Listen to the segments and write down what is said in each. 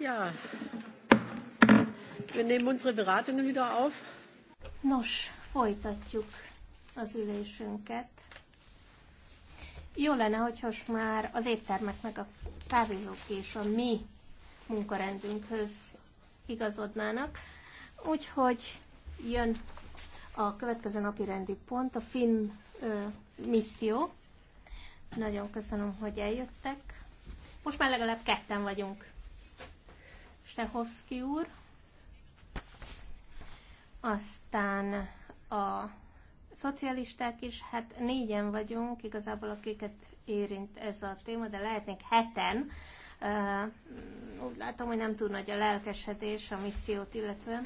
Ja, wir nehmen unsere Beratungen wieder auf. Nos, folytatjuk az ülésünket. Jó lenne, hogy most már az éttermek meg a kávézók és a mi munkarendünkhöz igazodnának. Úgyhogy jön a következő napi rendi pont, a finn ö, misszió. Nagyon köszönöm, hogy eljöttek. Most már legalább ketten vagyunk. Stehovski úr, aztán a szocialisták is, hát négyen vagyunk igazából, akiket érint ez a téma, de lehetnénk heten. Úgy látom, hogy nem túl nagy a lelkesedés a missziót illetve.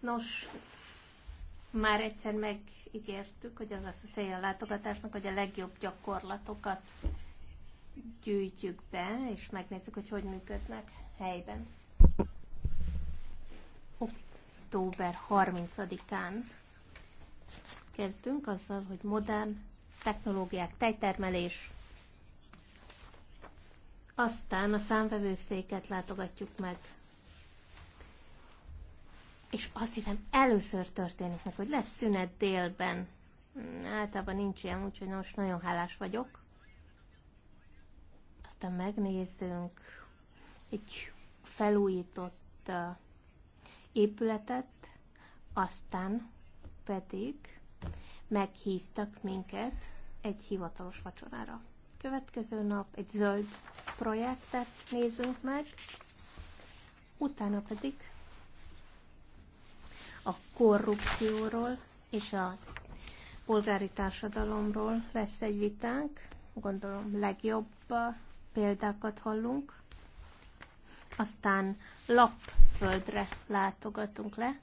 Nos, már egyszer megígértük, hogy az lesz a célja a látogatásnak, hogy a legjobb gyakorlatokat gyűjtjük be, és megnézzük, hogy hogy működnek helyben. Október 30-án kezdünk azzal, hogy modern technológiák, tejtermelés, aztán a számvevőszéket látogatjuk meg. És azt hiszem, először történik meg, hogy lesz szünet délben. Általában nincs ilyen, úgyhogy most nagyon hálás vagyok aztán megnézzünk egy felújított épületet, aztán pedig meghívtak minket egy hivatalos vacsorára. Következő nap egy zöld projektet nézünk meg, utána pedig a korrupcióról és a polgári társadalomról lesz egy vitánk, gondolom legjobb példákat hallunk, aztán lapföldre látogatunk le.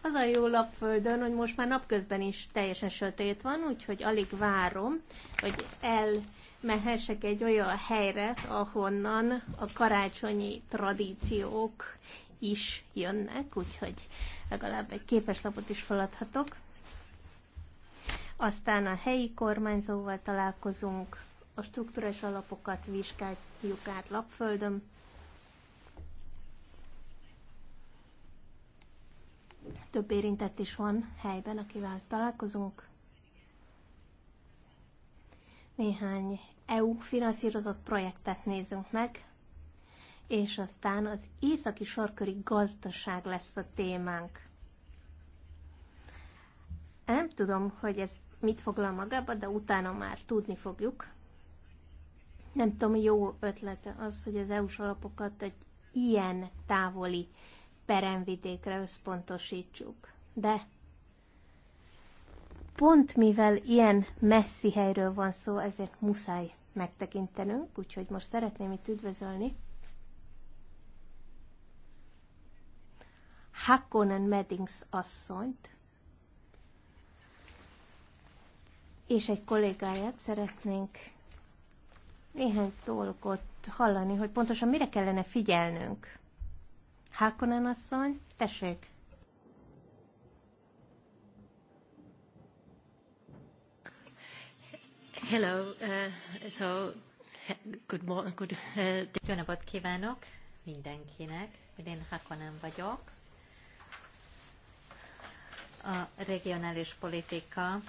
Az a jó lapföldön, hogy most már napközben is teljesen sötét van, úgyhogy alig várom, hogy elmehessek egy olyan helyre, ahonnan a karácsonyi tradíciók is jönnek, úgyhogy legalább egy képeslapot is feladhatok. Aztán a helyi kormányzóval találkozunk, a struktúrás alapokat vizsgáljuk át lapföldön. Több érintett is van helyben, akivel találkozunk. Néhány EU finanszírozott projektet nézünk meg, és aztán az északi sarköri gazdaság lesz a témánk. Nem tudom, hogy ez mit foglal magába, de utána már tudni fogjuk. Nem tudom, jó ötlete az, hogy az EU-s alapokat egy ilyen távoli peremvidékre összpontosítsuk. De pont mivel ilyen messzi helyről van szó, ezért muszáj megtekintenünk, úgyhogy most szeretném itt üdvözölni Hakkonen Meddings asszonyt, és egy kollégáját szeretnénk néhány dolgot hallani, hogy pontosan mire kellene figyelnünk. Hákonen asszony, tessék! Hello, uh, so good morning, good, uh, Jó napot kívánok mindenkinek, én Hakonen vagyok. A regionális politika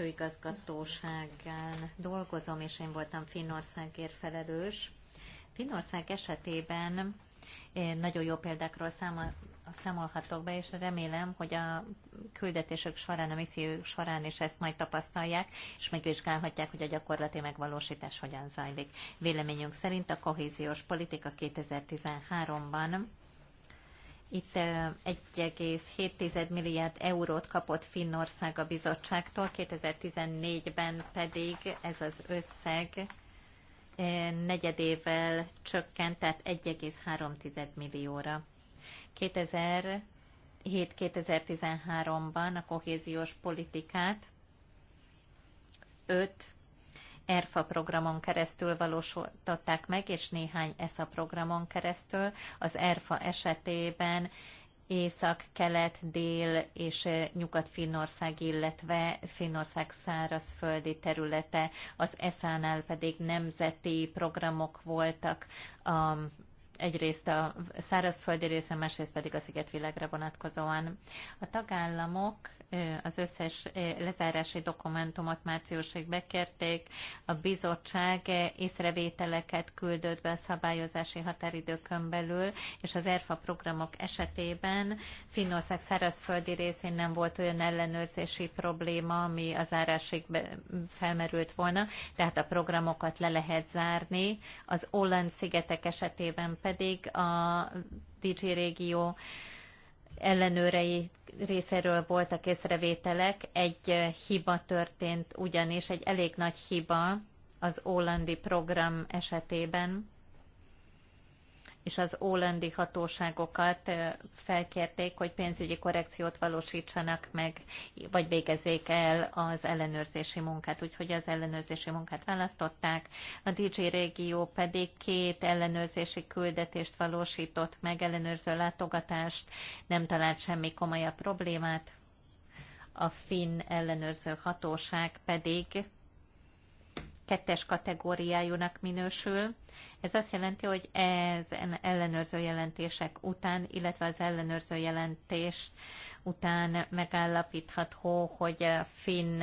főigazgatóságán dolgozom, és én voltam Finnországért felelős. Finnország esetében eh, nagyon jó példákról számolhatok be, és remélem, hogy a küldetések során, a missziók során is ezt majd tapasztalják, és megvizsgálhatják, hogy a gyakorlati megvalósítás hogyan zajlik. Véleményünk szerint a kohéziós politika 2013-ban itt 1,7 milliárd eurót kapott Finnország a bizottságtól, 2014-ben pedig ez az összeg negyedével csökkent, tehát 1,3 millióra. 2007-2013-ban a kohéziós politikát 5 ERFA programon keresztül valósították meg, és néhány ESA programon keresztül. Az ERFA esetében észak, kelet, dél és nyugat-Finnország, illetve Finnország szárazföldi területe, az ESZÁ-nál pedig nemzeti programok voltak, a, egyrészt a szárazföldi részen, másrészt pedig a szigetvilágra vonatkozóan. A tagállamok az összes lezárási dokumentumot márciusig bekérték, a bizottság észrevételeket küldött be a szabályozási határidőkön belül, és az ERFA programok esetében Finnország szárazföldi részén nem volt olyan ellenőrzési probléma, ami az zárásig felmerült volna, tehát a programokat le lehet zárni. Az Olland szigetek esetében pedig a DJ régió ellenőrei részéről voltak észrevételek. Egy eh, hiba történt ugyanis, egy elég nagy hiba az Ólandi program esetében és az ólandi hatóságokat felkérték, hogy pénzügyi korrekciót valósítsanak meg, vagy végezzék el az ellenőrzési munkát. Úgyhogy az ellenőrzési munkát választották. A DJ régió pedig két ellenőrzési küldetést valósított meg, ellenőrző látogatást, nem talált semmi komolyabb problémát. A finn ellenőrző hatóság pedig kettes kategóriájúnak minősül, ez azt jelenti, hogy ez ellenőrző jelentések után, illetve az ellenőrző jelentés után megállapítható, hogy a finn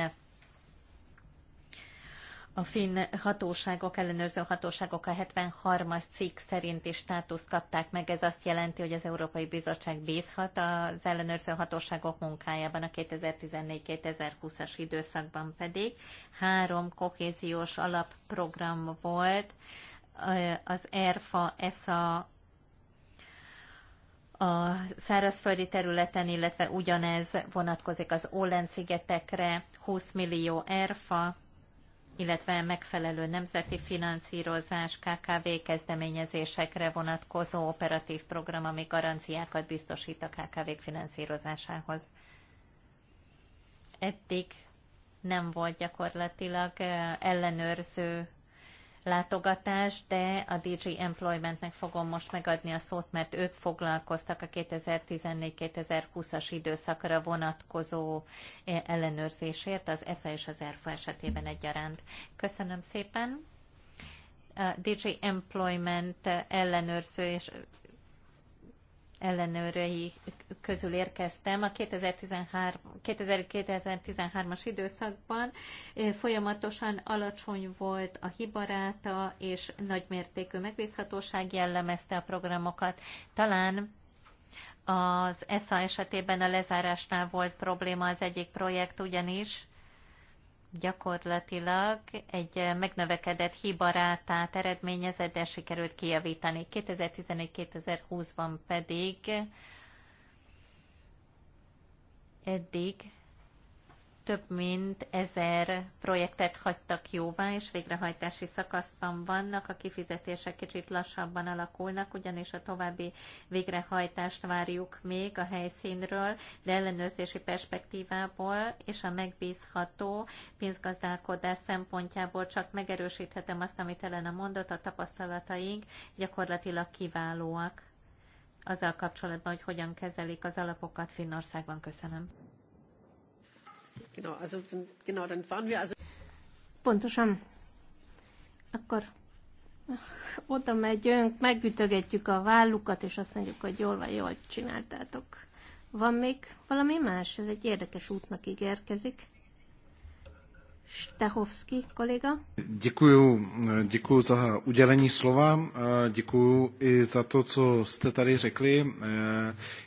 a finn hatóságok, ellenőrző hatóságok a 73. cikk szerinti státuszt kapták meg. Ez azt jelenti, hogy az Európai Bizottság bízhat az ellenőrző hatóságok munkájában a 2014-2020-as időszakban pedig három kohéziós alapprogram volt, az ERFA, ez a szárazföldi területen, illetve ugyanez vonatkozik az Ólen szigetekre, 20 millió ERFA, illetve megfelelő nemzeti finanszírozás, KKV kezdeményezésekre vonatkozó operatív program, ami garanciákat biztosít a kkv finanszírozásához. Eddig nem volt gyakorlatilag eh, ellenőrző látogatás, de a DG Employmentnek fogom most megadni a szót, mert ők foglalkoztak a 2014-2020-as időszakra vonatkozó e, ellenőrzésért, az ESA és az ERFA esetében egyaránt. Köszönöm szépen! a DG Employment ellenőrző és ellenőrei közül érkeztem. A 2013-as időszakban folyamatosan alacsony volt a hibaráta, és nagymértékű megbízhatóság jellemezte a programokat. Talán az ESA esetében a lezárásnál volt probléma az egyik projekt ugyanis, gyakorlatilag egy eh, megnövekedett hibarátát eredményezett, de sikerült kijavítani. 2011-2020-ban pedig eddig több mint ezer projektet hagytak jóvá, és végrehajtási szakaszban vannak, a kifizetések kicsit lassabban alakulnak, ugyanis a további végrehajtást várjuk még a helyszínről, de ellenőrzési perspektívából és a megbízható pénzgazdálkodás szempontjából csak megerősíthetem azt, amit Elena mondott, a tapasztalataink gyakorlatilag kiválóak azzal kapcsolatban, hogy hogyan kezelik az alapokat Finnországban. Köszönöm. Pontosan. Akkor oda megyünk, megütögetjük a vállukat, és azt mondjuk, hogy jól vagy, jól csináltátok. Van még valami más? Ez egy érdekes útnak ígérkezik. Štechovský kolega. Děkuju, děkuju za udělení slova, děkuju i za to, co jste tady řekli.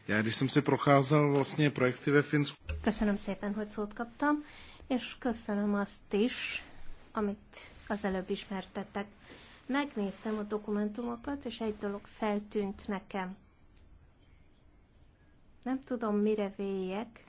Já, když jsem si procházel vlastně projekty ve Finsku... Köszönöm szépen, hogy szót kaptam, és köszönöm azt is, amit az előbb ismertettek. Megnéztem a dokumentumokat, és egy dolog feltűnt nekem. Nem tudom, mire véjek.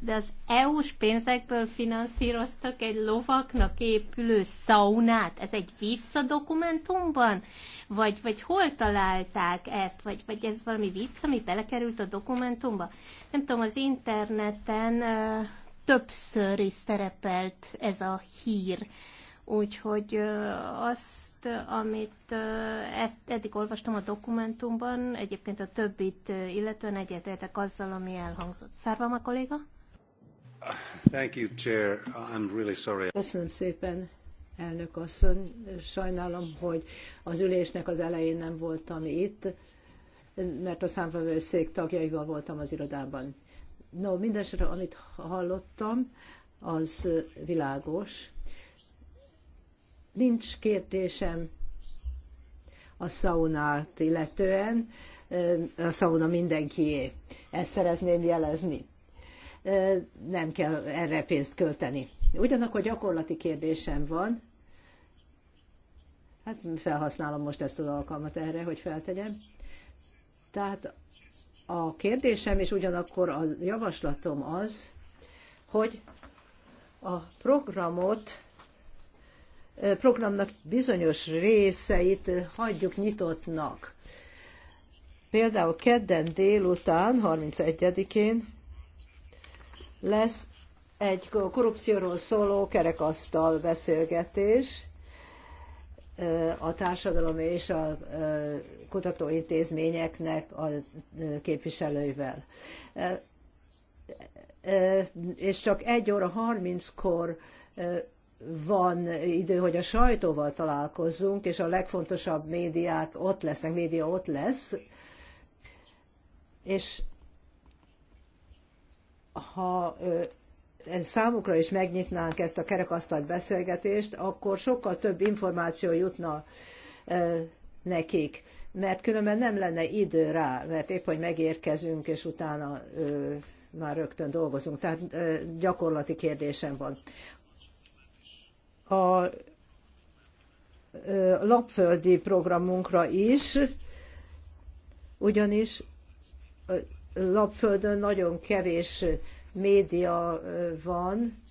de az EU-s pénzekből finanszíroztak egy lovaknak épülő szaunát. Ez egy visszadokumentumban? Vagy, vagy hol találták ezt? Vagy, vagy ez valami vicc, ami belekerült a dokumentumba? Nem tudom, az interneten ö, többször is szerepelt ez a hír. Úgyhogy ö, azt, amit ezt eddig olvastam a dokumentumban, egyébként a többit illetően egyetértek azzal, ami elhangzott. Szárva, a kolléga? Köszönöm szépen, elnök asszony. Sajnálom, hogy az ülésnek az elején nem voltam itt, mert a számvevőszék tagjaival voltam az irodában. No, mindesetre, amit hallottam, az világos. Nincs kérdésem a szaunát illetően, a szauna mindenkié. Ezt szeretném jelezni nem kell erre pénzt költeni. Ugyanakkor gyakorlati kérdésem van, hát felhasználom most ezt az alkalmat erre, hogy feltegyem. Tehát a kérdésem és ugyanakkor a javaslatom az, hogy a programot, programnak bizonyos részeit hagyjuk nyitottnak. Például kedden délután, 31-én lesz egy korrupcióról szóló kerekasztal beszélgetés a társadalom és a kutatóintézményeknek a képviselőivel. És csak 1 óra 30-kor van idő, hogy a sajtóval találkozzunk, és a legfontosabb médiák ott lesznek, média ott lesz, és ha számukra is megnyitnánk ezt a kerekasztalt beszélgetést, akkor sokkal több információ jutna nekik, mert különben nem lenne idő rá, mert épp, hogy megérkezünk, és utána már rögtön dolgozunk. Tehát gyakorlati kérdésem van. A lapföldi programunkra is, ugyanis lapföldön nagyon kevés média van,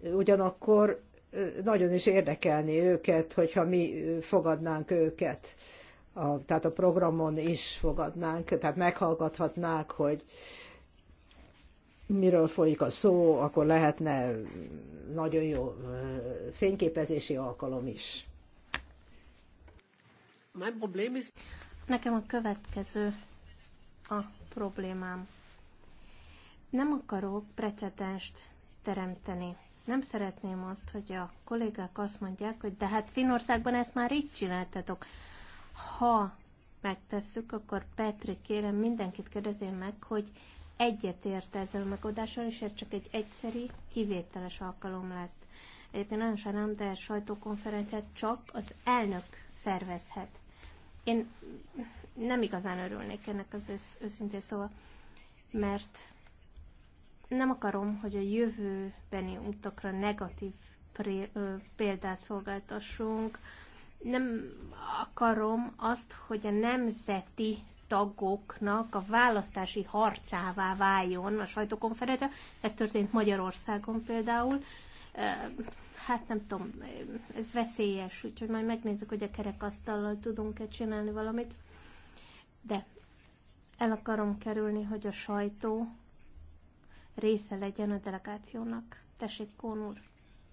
ugyanakkor nagyon is érdekelni őket, hogyha mi fogadnánk őket, a, tehát a programon is fogadnánk, tehát meghallgathatnák, hogy miről folyik a szó, akkor lehetne nagyon jó fényképezési alkalom is. Nekem a következő a problémám. Nem akarok precedenst teremteni. Nem szeretném azt, hogy a kollégák azt mondják, hogy de hát Finországban ezt már így csináltatok. Ha megtesszük, akkor Petri, kérem, mindenkit kérdezél meg, hogy egyetért ezzel a megoldással, és ez csak egy egyszeri, kivételes alkalom lesz. Egyébként nagyon sajnálom, de sajtókonferenciát csak az elnök szervezhet. Én nem igazán örülnék ennek az ősz, őszintén szóval, mert nem akarom, hogy a jövőbeni utakra negatív pré, ö, példát szolgáltassunk. Nem akarom azt, hogy a nemzeti tagoknak a választási harcává váljon a sajtókonferencia. Ez történt Magyarországon például. Hát nem tudom, ez veszélyes, úgyhogy majd megnézzük, hogy a kerekasztallal tudunk-e csinálni valamit. De el akarom kerülni, hogy a sajtó része legyen a delegációnak. Tessék, Kón úr.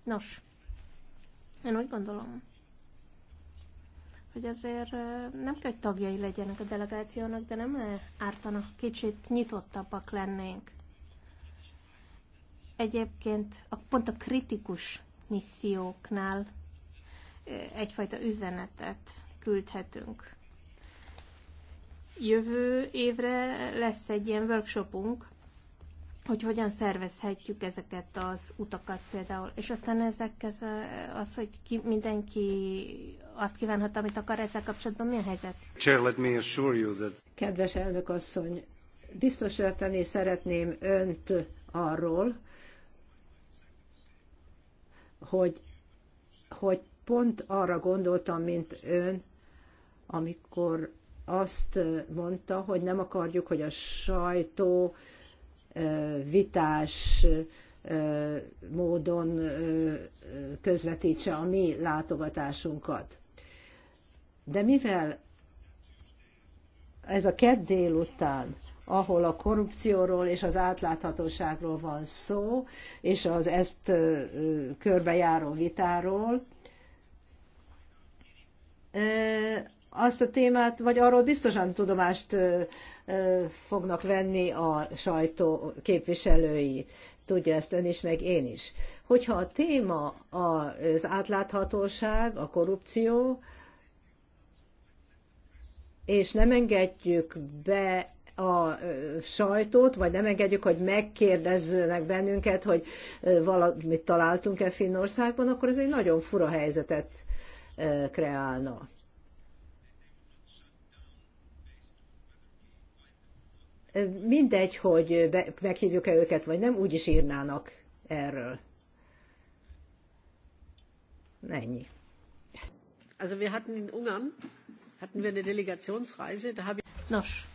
Nos, én úgy gondolom, hogy azért nem kell, hogy tagjai legyenek a delegációnak, de nem ártana, kicsit nyitottabbak lennénk. Egyébként a, pont a kritikus misszióknál egyfajta üzenetet küldhetünk jövő évre lesz egy ilyen workshopunk, hogy hogyan szervezhetjük ezeket az utakat például. És aztán ezek, ez az, hogy ki, mindenki azt kívánhat, amit akar ezzel kapcsolatban, mi a helyzet? Chair, let me assure you that... Kedves elnök asszony, biztosra tenni szeretném önt arról, hogy, hogy pont arra gondoltam, mint ön, amikor azt mondta, hogy nem akarjuk, hogy a sajtó vitás módon közvetítse a mi látogatásunkat. De mivel ez a kedd délután, ahol a korrupcióról és az átláthatóságról van szó, és az ezt körbejáró vitáról, azt a témát, vagy arról biztosan tudomást fognak venni a sajtó képviselői. Tudja ezt ön is, meg én is. Hogyha a téma az átláthatóság, a korrupció, és nem engedjük be a sajtót, vagy nem engedjük, hogy megkérdezzenek bennünket, hogy valamit találtunk-e Finnországban, akkor ez egy nagyon fura helyzetet kreálna. mindegy, hogy meghívjuk-e őket, vagy nem, úgyis írnának erről. Ennyi. Also wir hatten in Ungarn, hatten wir eine Delegationsreise, da habe ich... Nos,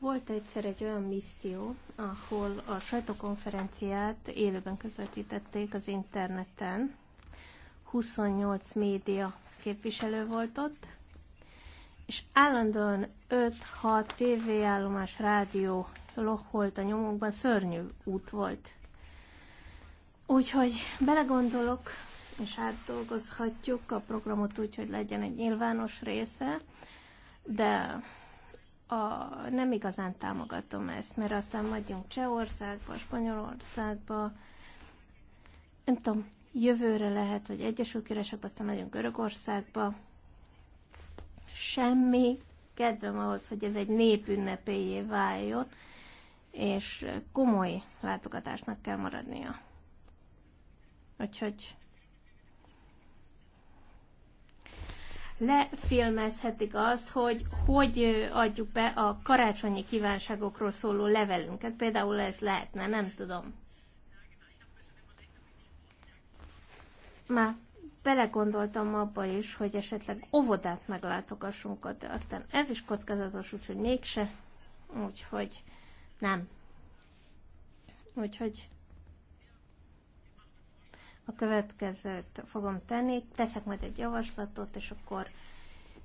volt egyszer egy olyan misszió, ahol a sajtókonferenciát élőben közvetítették az interneten. 28 média képviselő volt ott, és állandóan 5-6 tévéállomás rádió loholt a nyomokban, szörnyű út volt. Úgyhogy belegondolok, és átdolgozhatjuk a programot úgy, hogy legyen egy nyilvános része, de a, nem igazán támogatom ezt, mert aztán vagyunk Csehországba, Spanyolországba, nem tudom, jövőre lehet, hogy Egyesült Királyságba, aztán megyünk Görögországba, semmi kedvem ahhoz, hogy ez egy népünnepéjé váljon, és komoly látogatásnak kell maradnia. Úgyhogy lefilmezhetik azt, hogy hogy adjuk be a karácsonyi kívánságokról szóló levelünket. Például ez lehetne, nem tudom. Már belegondoltam abba is, hogy esetleg óvodát meglátogassunk ott, de aztán ez is kockázatos, úgyhogy mégse, úgyhogy nem. Úgyhogy a következőt fogom tenni, teszek majd egy javaslatot, és akkor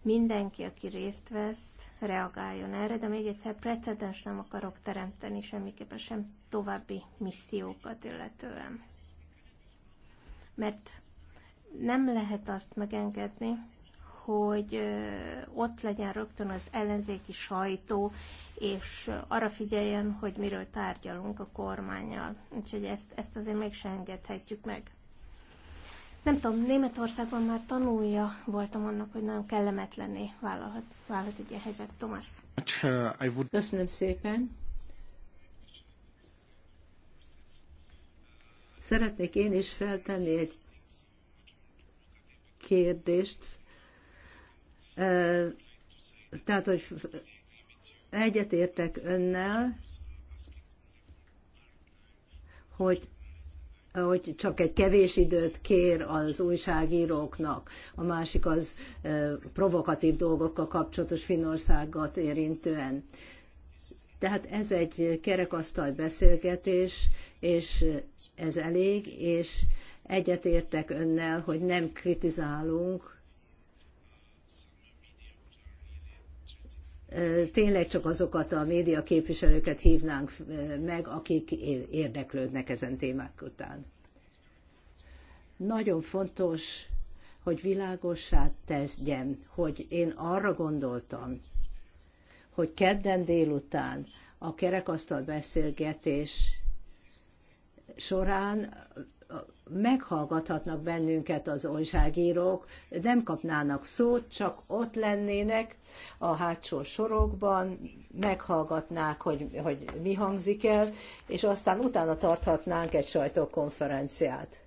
mindenki, aki részt vesz, reagáljon erre, de még egyszer precedens nem akarok teremteni semmiképpen sem további missziókat illetően. Mert nem lehet azt megengedni, hogy ott legyen rögtön az ellenzéki sajtó, és arra figyeljen, hogy miről tárgyalunk a kormányjal. Úgyhogy ezt, ezt azért még se engedhetjük meg. Nem tudom, Németországban már tanulja voltam annak, hogy nagyon kellemetlenné vállalhat, vállalhat egy ilyen helyzet. Tomás. Köszönöm szépen. Szeretnék én is feltenni egy kérdést, tehát, hogy egyetértek önnel, hogy hogy csak egy kevés időt kér az újságíróknak, a másik az provokatív dolgokkal kapcsolatos Finországot érintően. Tehát ez egy kerekasztal beszélgetés, és ez elég, és Egyetértek önnel, hogy nem kritizálunk, tényleg csak azokat a média képviselőket hívnánk meg, akik érdeklődnek ezen témák után. Nagyon fontos, hogy világossá tezdjem, hogy én arra gondoltam, hogy kedden délután a kerekasztal beszélgetés során meghallgathatnak bennünket az újságírók, nem kapnának szót, csak ott lennének a hátsó sorokban, meghallgatnák, hogy, hogy mi hangzik el, és aztán utána tarthatnánk egy sajtókonferenciát.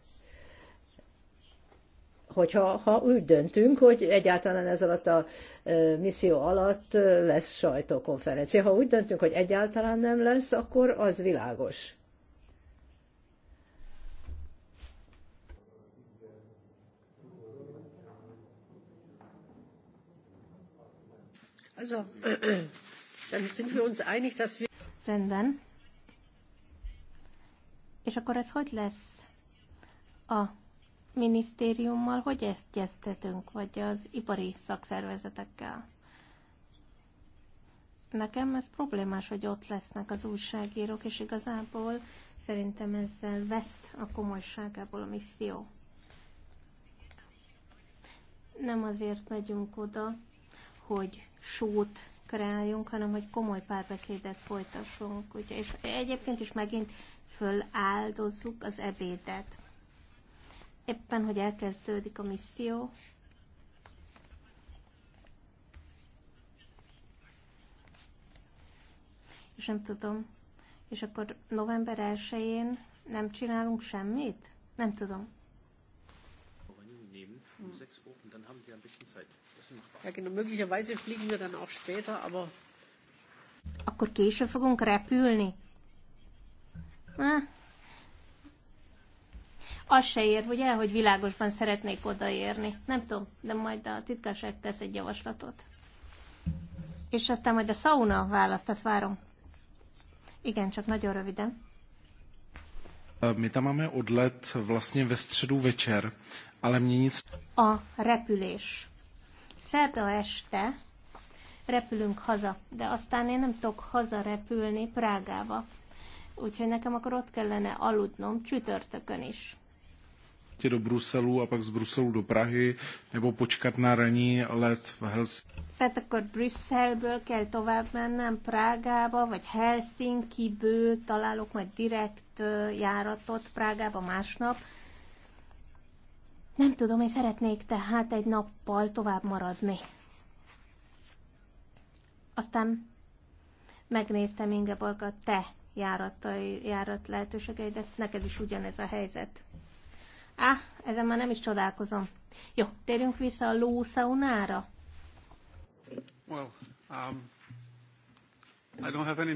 Hogyha ha úgy döntünk, hogy egyáltalán ez alatt a e, misszió alatt lesz sajtókonferencia. Ha úgy döntünk, hogy egyáltalán nem lesz, akkor az világos Also, dann sind wir uns einig, dass wir... Rendben. És akkor ez hogy lesz a minisztériummal, hogy ezt gyeztetünk, vagy az ipari szakszervezetekkel? Nekem ez problémás, hogy ott lesznek az újságírók, és igazából szerintem ezzel veszt a komolyságából a misszió. Nem azért megyünk oda, hogy sót kreáljunk, hanem hogy komoly párbeszédet folytassunk. Ugye, és egyébként is megint föláldozzuk az ebédet. Éppen, hogy elkezdődik a misszió, és nem tudom, és akkor november 1-én nem csinálunk semmit? Nem tudom. Hm. Ja, genau, möglicherweise fliegen wir dann auch später, aber... Akkor később fogunk repülni? Ha? Az se ér, ugye, hogy világosban szeretnék odaérni. Nem tudom, de majd a titkárság tesz egy javaslatot. És aztán majd a sauna választ, azt várom. Igen, csak nagyon röviden. Eh, Mi tam máme odlet vlastně ve středu večer, ale mě nic... A repülés szerda este repülünk haza, de aztán én nem tudok hazarepülni Prágába. Úgyhogy nekem akkor ott kellene aludnom csütörtökön is. do Bruselu a pak z Bruselu do Prahy, nebo počkat na raní let v Helsinki. Tehát akkor Brüsszelből kell tovább mennem Prágába, vagy Helsinkiből találok majd direkt járatot Prágába másnap nem tudom, én szeretnék tehát egy nappal tovább maradni. Aztán megnéztem Ingeborg a te járatai, járat lehetőségeidet, neked is ugyanez a helyzet. Á, ah, ezen már nem is csodálkozom. Jó, térjünk vissza a lószaunára. Well, um, I don't have any...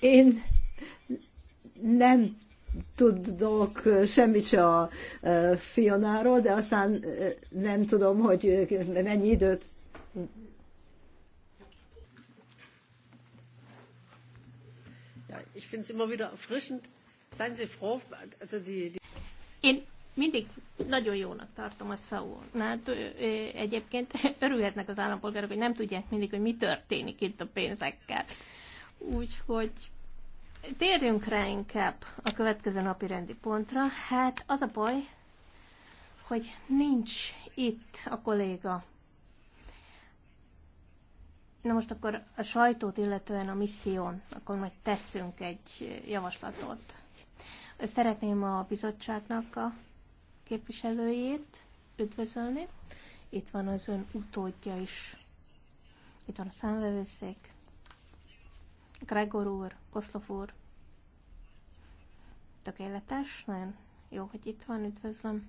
Én nem tudok semmit se a Fionáról, de aztán nem tudom, hogy mennyi időt Én mindig nagyon jónak tartom a Na, Egyébként örülhetnek az állampolgárok, hogy nem tudják mindig, hogy mi történik itt a pénzekkel. Úgyhogy Térjünk rá inkább a következő napi rendi pontra. Hát az a baj, hogy nincs itt a kolléga. Na most akkor a sajtót, illetően a misszión, akkor majd teszünk egy javaslatot. Szeretném a bizottságnak a képviselőjét üdvözölni. Itt van az ön utódja is. Itt van a számvevőszék. Gregor úr, Koszlov úr. Tökéletes, nagyon jó, hogy itt van, üdvözlöm.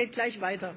geht gleich weiter.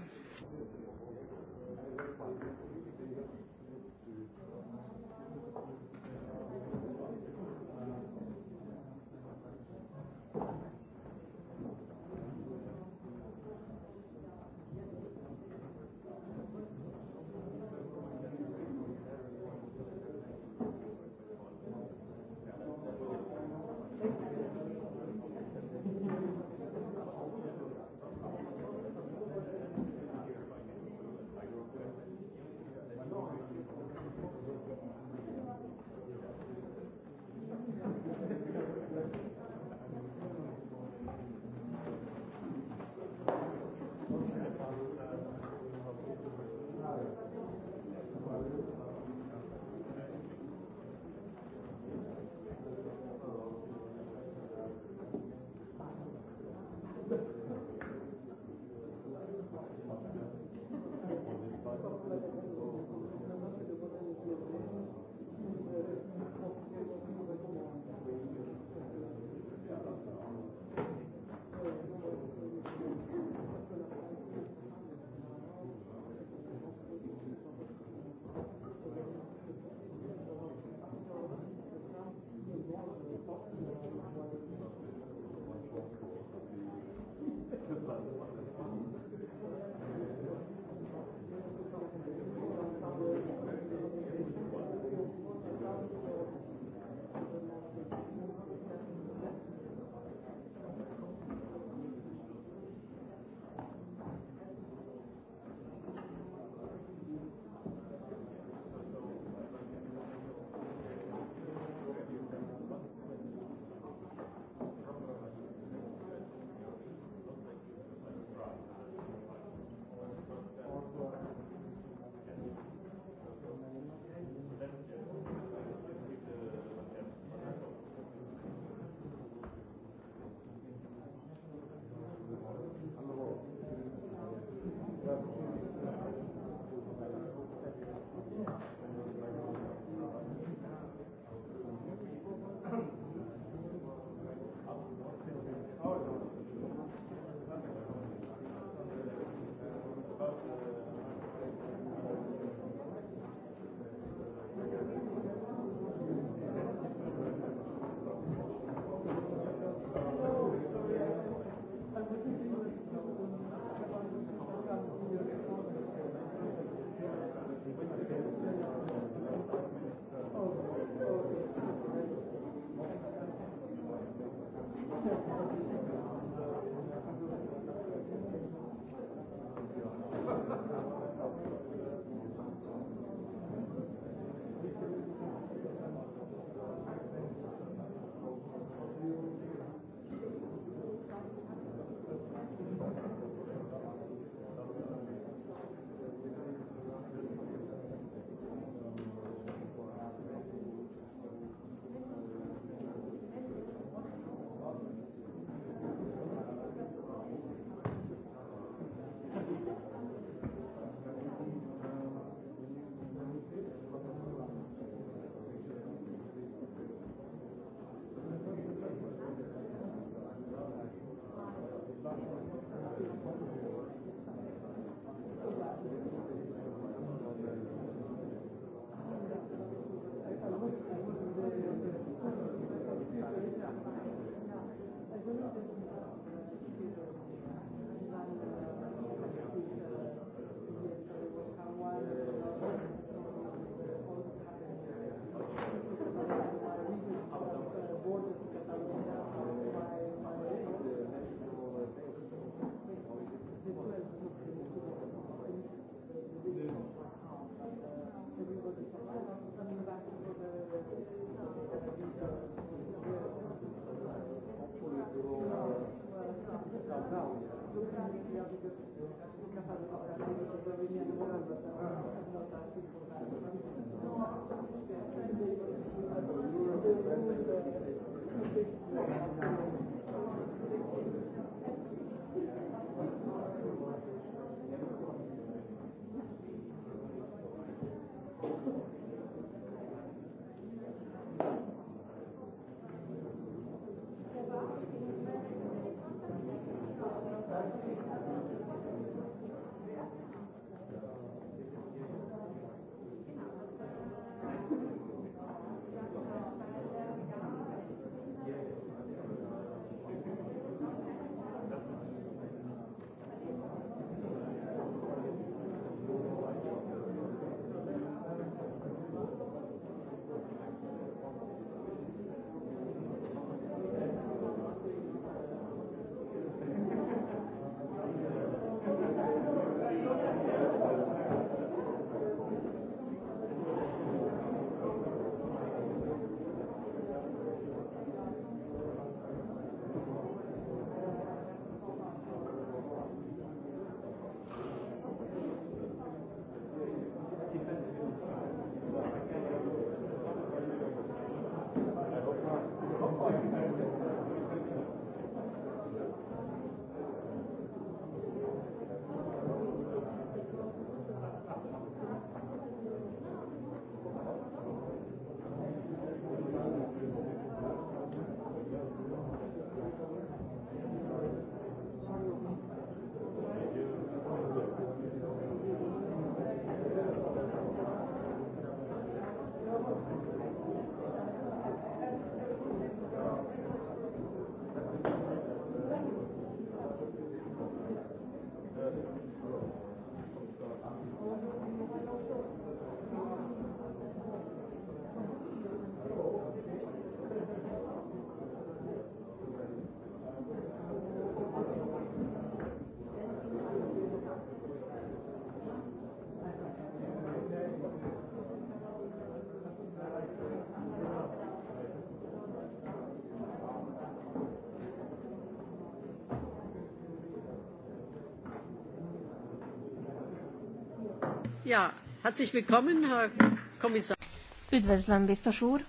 Üdvözlöm, biztos úr.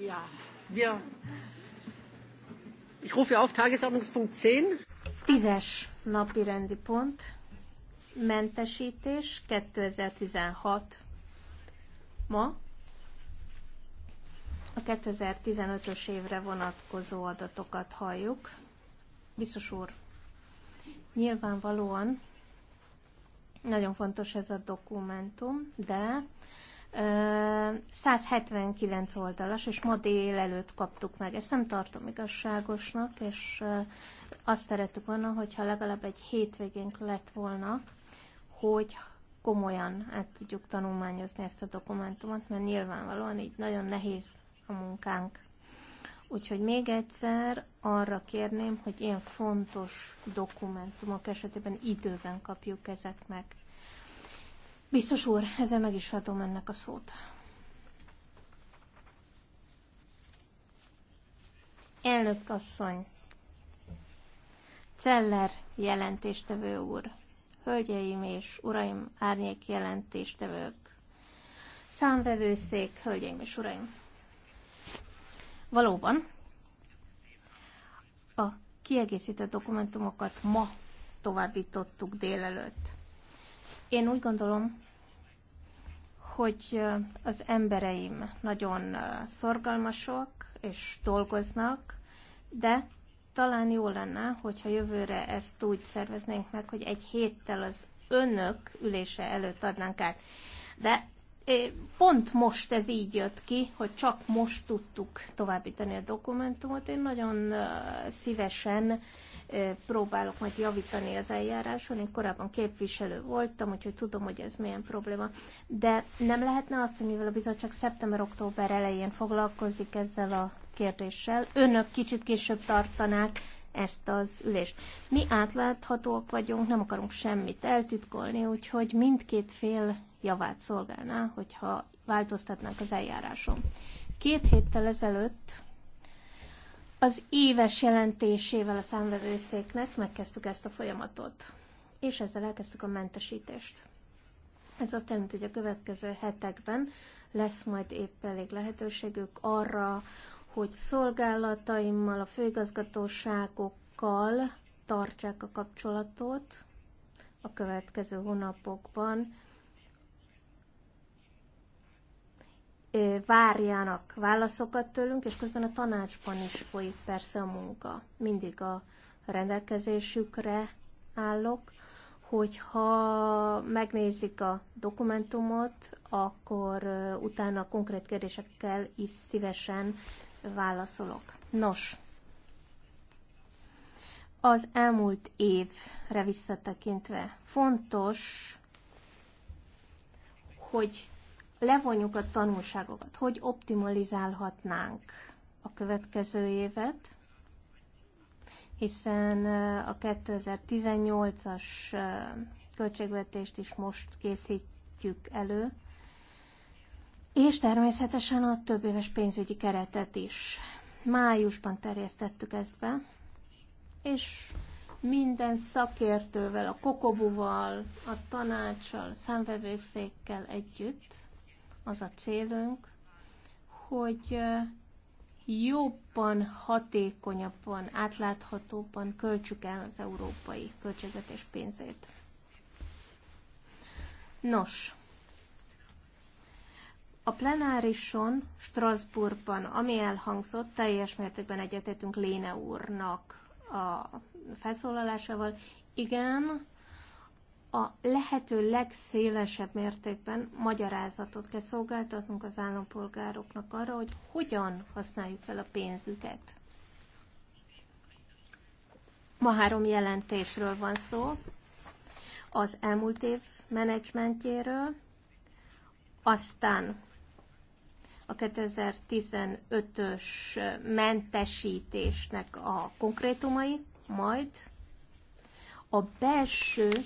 Ja, wir, Tízes napi rendi pont, mentesítés 2016. Ma a 2015-ös évre vonatkozó adatokat halljuk. Biztos úr, nyilvánvalóan nagyon fontos ez a dokumentum, de 179 oldalas, és ma délelőtt kaptuk meg. Ezt nem tartom igazságosnak, és azt szerettük volna, hogyha legalább egy hétvégénk lett volna, hogy komolyan át tudjuk tanulmányozni ezt a dokumentumot, mert nyilvánvalóan így nagyon nehéz a munkánk. Úgyhogy még egyszer arra kérném, hogy ilyen fontos dokumentumok esetében időben kapjuk ezek meg. Biztos úr, ezzel meg is adom ennek a szót. Elnök asszony, Celler jelentéstevő úr, hölgyeim és uraim, árnyék jelentéstevők, számvevőszék, hölgyeim és uraim. Valóban a kiegészítő dokumentumokat ma továbbítottuk délelőtt. Én úgy gondolom, hogy az embereim nagyon szorgalmasok és dolgoznak, de talán jó lenne, hogyha jövőre ezt úgy szerveznénk meg, hogy egy héttel az önök ülése előtt adnánk át. De Pont most ez így jött ki, hogy csak most tudtuk továbbítani a dokumentumot. Én nagyon szívesen próbálok majd javítani az eljáráson. Én korábban képviselő voltam, úgyhogy tudom, hogy ez milyen probléma. De nem lehetne azt, hogy mivel a bizottság szeptember-október elején foglalkozik ezzel a kérdéssel, önök kicsit később tartanák ezt az ülést. Mi átláthatóak vagyunk, nem akarunk semmit eltitkolni, úgyhogy mindkét fél javát szolgálná, hogyha változtatnánk az eljáráson. Két héttel ezelőtt az éves jelentésével a számvevőszéknek megkezdtük ezt a folyamatot, és ezzel elkezdtük a mentesítést. Ez azt jelenti, hogy a következő hetekben lesz majd épp elég lehetőségük arra, hogy szolgálataimmal, a főigazgatóságokkal tartsák a kapcsolatot a következő hónapokban, várjanak válaszokat tőlünk, és közben a tanácsban is folyik persze a munka. Mindig a rendelkezésükre állok, hogyha megnézik a dokumentumot, akkor utána konkrét kérdésekkel is szívesen válaszolok. Nos, az elmúlt évre visszatekintve fontos, hogy levonjuk a tanulságokat, hogy optimalizálhatnánk a következő évet, hiszen a 2018-as költségvetést is most készítjük elő, és természetesen a több éves pénzügyi keretet is. Májusban terjesztettük ezt be, és minden szakértővel, a Kokobuval, a tanácssal, a együtt az a célunk, hogy jobban, hatékonyabban, átláthatóban költsük el az európai költségvetés pénzét. Nos, a plenárison Strasbourgban, ami elhangzott, teljes mértékben egyetértünk Léne úrnak a felszólalásával. Igen, a lehető legszélesebb mértékben magyarázatot kell szolgáltatnunk az állampolgároknak arra, hogy hogyan használjuk fel a pénzüket. Ma három jelentésről van szó. Az elmúlt év menedzsmentjéről, aztán a 2015-ös mentesítésnek a konkrétumai, majd a belső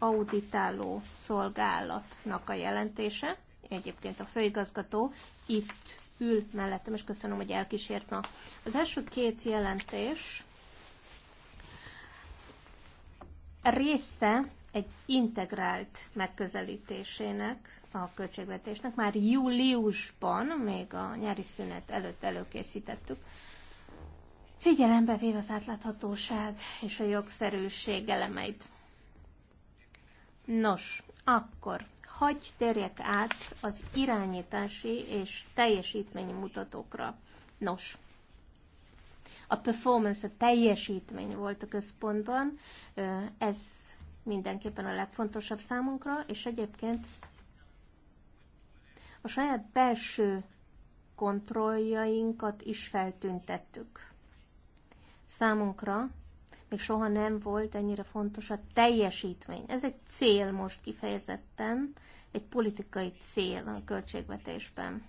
auditáló szolgálatnak a jelentése. Egyébként a főigazgató itt ül mellettem, és köszönöm, hogy elkísért ma. Az első két jelentés része egy integrált megközelítésének a költségvetésnek. Már júliusban, még a nyári szünet előtt előkészítettük, figyelembe véve az átláthatóság és a jogszerűség elemeit. Nos, akkor hagy térjek át az irányítási és teljesítményi mutatókra. Nos, a performance, a teljesítmény volt a központban, ez mindenképpen a legfontosabb számunkra, és egyébként a saját belső kontrolljainkat is feltüntettük. Számunkra még soha nem volt ennyire fontos a teljesítmény. Ez egy cél most kifejezetten, egy politikai cél a költségvetésben.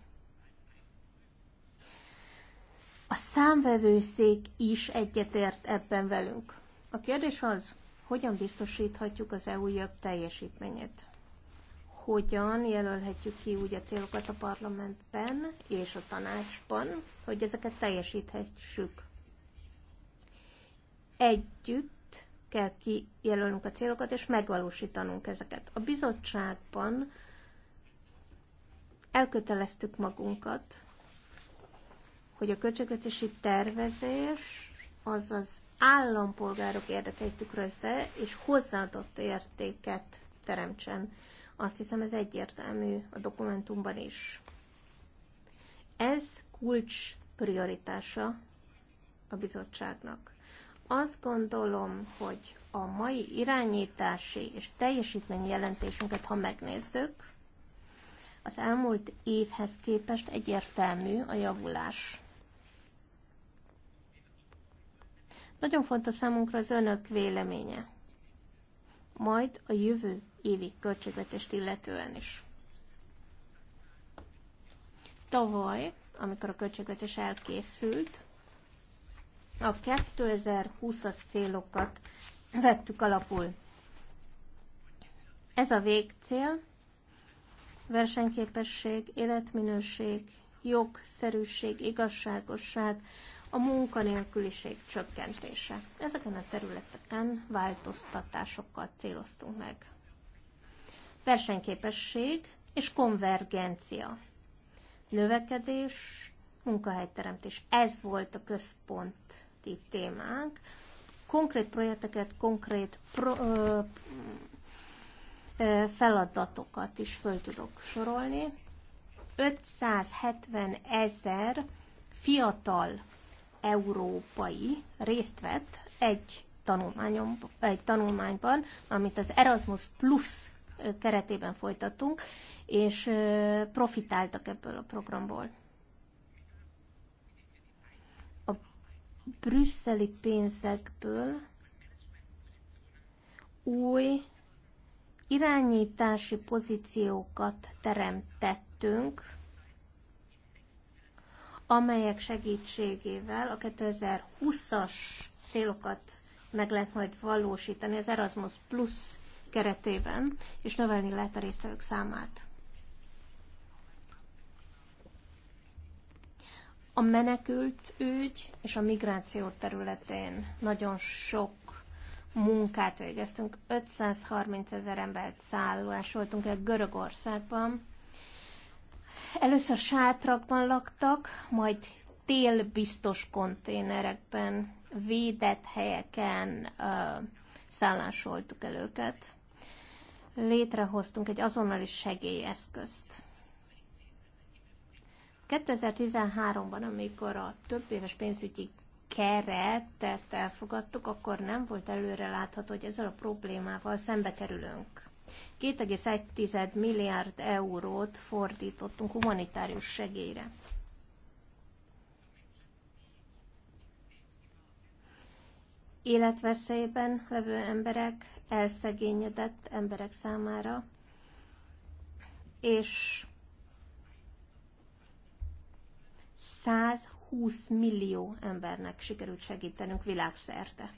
A számvevőszék is egyetért ebben velünk. A kérdés az, hogyan biztosíthatjuk az EU jobb teljesítményét? Hogyan jelölhetjük ki úgy a célokat a parlamentben és a tanácsban, hogy ezeket teljesíthessük? együtt kell kijelölnünk a célokat, és megvalósítanunk ezeket. A bizottságban elköteleztük magunkat, hogy a költségvetési tervezés az az állampolgárok érdekeit tükrözze, és hozzáadott értéket teremtsen. Azt hiszem ez egyértelmű a dokumentumban is. Ez kulcs prioritása a bizottságnak. Azt gondolom, hogy a mai irányítási és teljesítmény jelentésünket, ha megnézzük, az elmúlt évhez képest egyértelmű a javulás. Nagyon fontos számunkra az önök véleménye, majd a jövő évi költségvetést illetően is. Tavaly, amikor a költségvetés elkészült, a 2020-as célokat vettük alapul. Ez a végcél, versenyképesség, életminőség, jogszerűség, igazságosság, a munkanélküliség csökkentése. Ezeken a területeken változtatásokkal céloztunk meg. Versenyképesség és konvergencia. Növekedés, munkahelyteremtés. Ez volt a központ nemzeti témánk, konkrét projekteket, konkrét pro, ö, ö, feladatokat is föl tudok sorolni. 570 ezer fiatal európai részt vett egy, tanulmányon, egy tanulmányban, amit az Erasmus Plus keretében folytattunk, és profitáltak ebből a programból. brüsszeli pénzekből új irányítási pozíciókat teremtettünk, amelyek segítségével a 2020-as célokat meg lehet majd valósítani az Erasmus Plus keretében, és növelni lehet a résztvevők számát. A menekült ügy és a migráció területén nagyon sok munkát végeztünk. 530 ezer embert szállásoltunk el Görögországban. Először sátrakban laktak, majd télbiztos konténerekben, védett helyeken uh, szállásoltuk el őket. Létrehoztunk egy azonnali segélyeszközt. 2013-ban, amikor a több éves pénzügyi keretet elfogadtuk, akkor nem volt előre látható, hogy ezzel a problémával szembe kerülünk. 2,1 milliárd eurót fordítottunk humanitárius segélyre. Életveszélyben levő emberek, elszegényedett emberek számára, és 120 millió embernek sikerült segítenünk világszerte.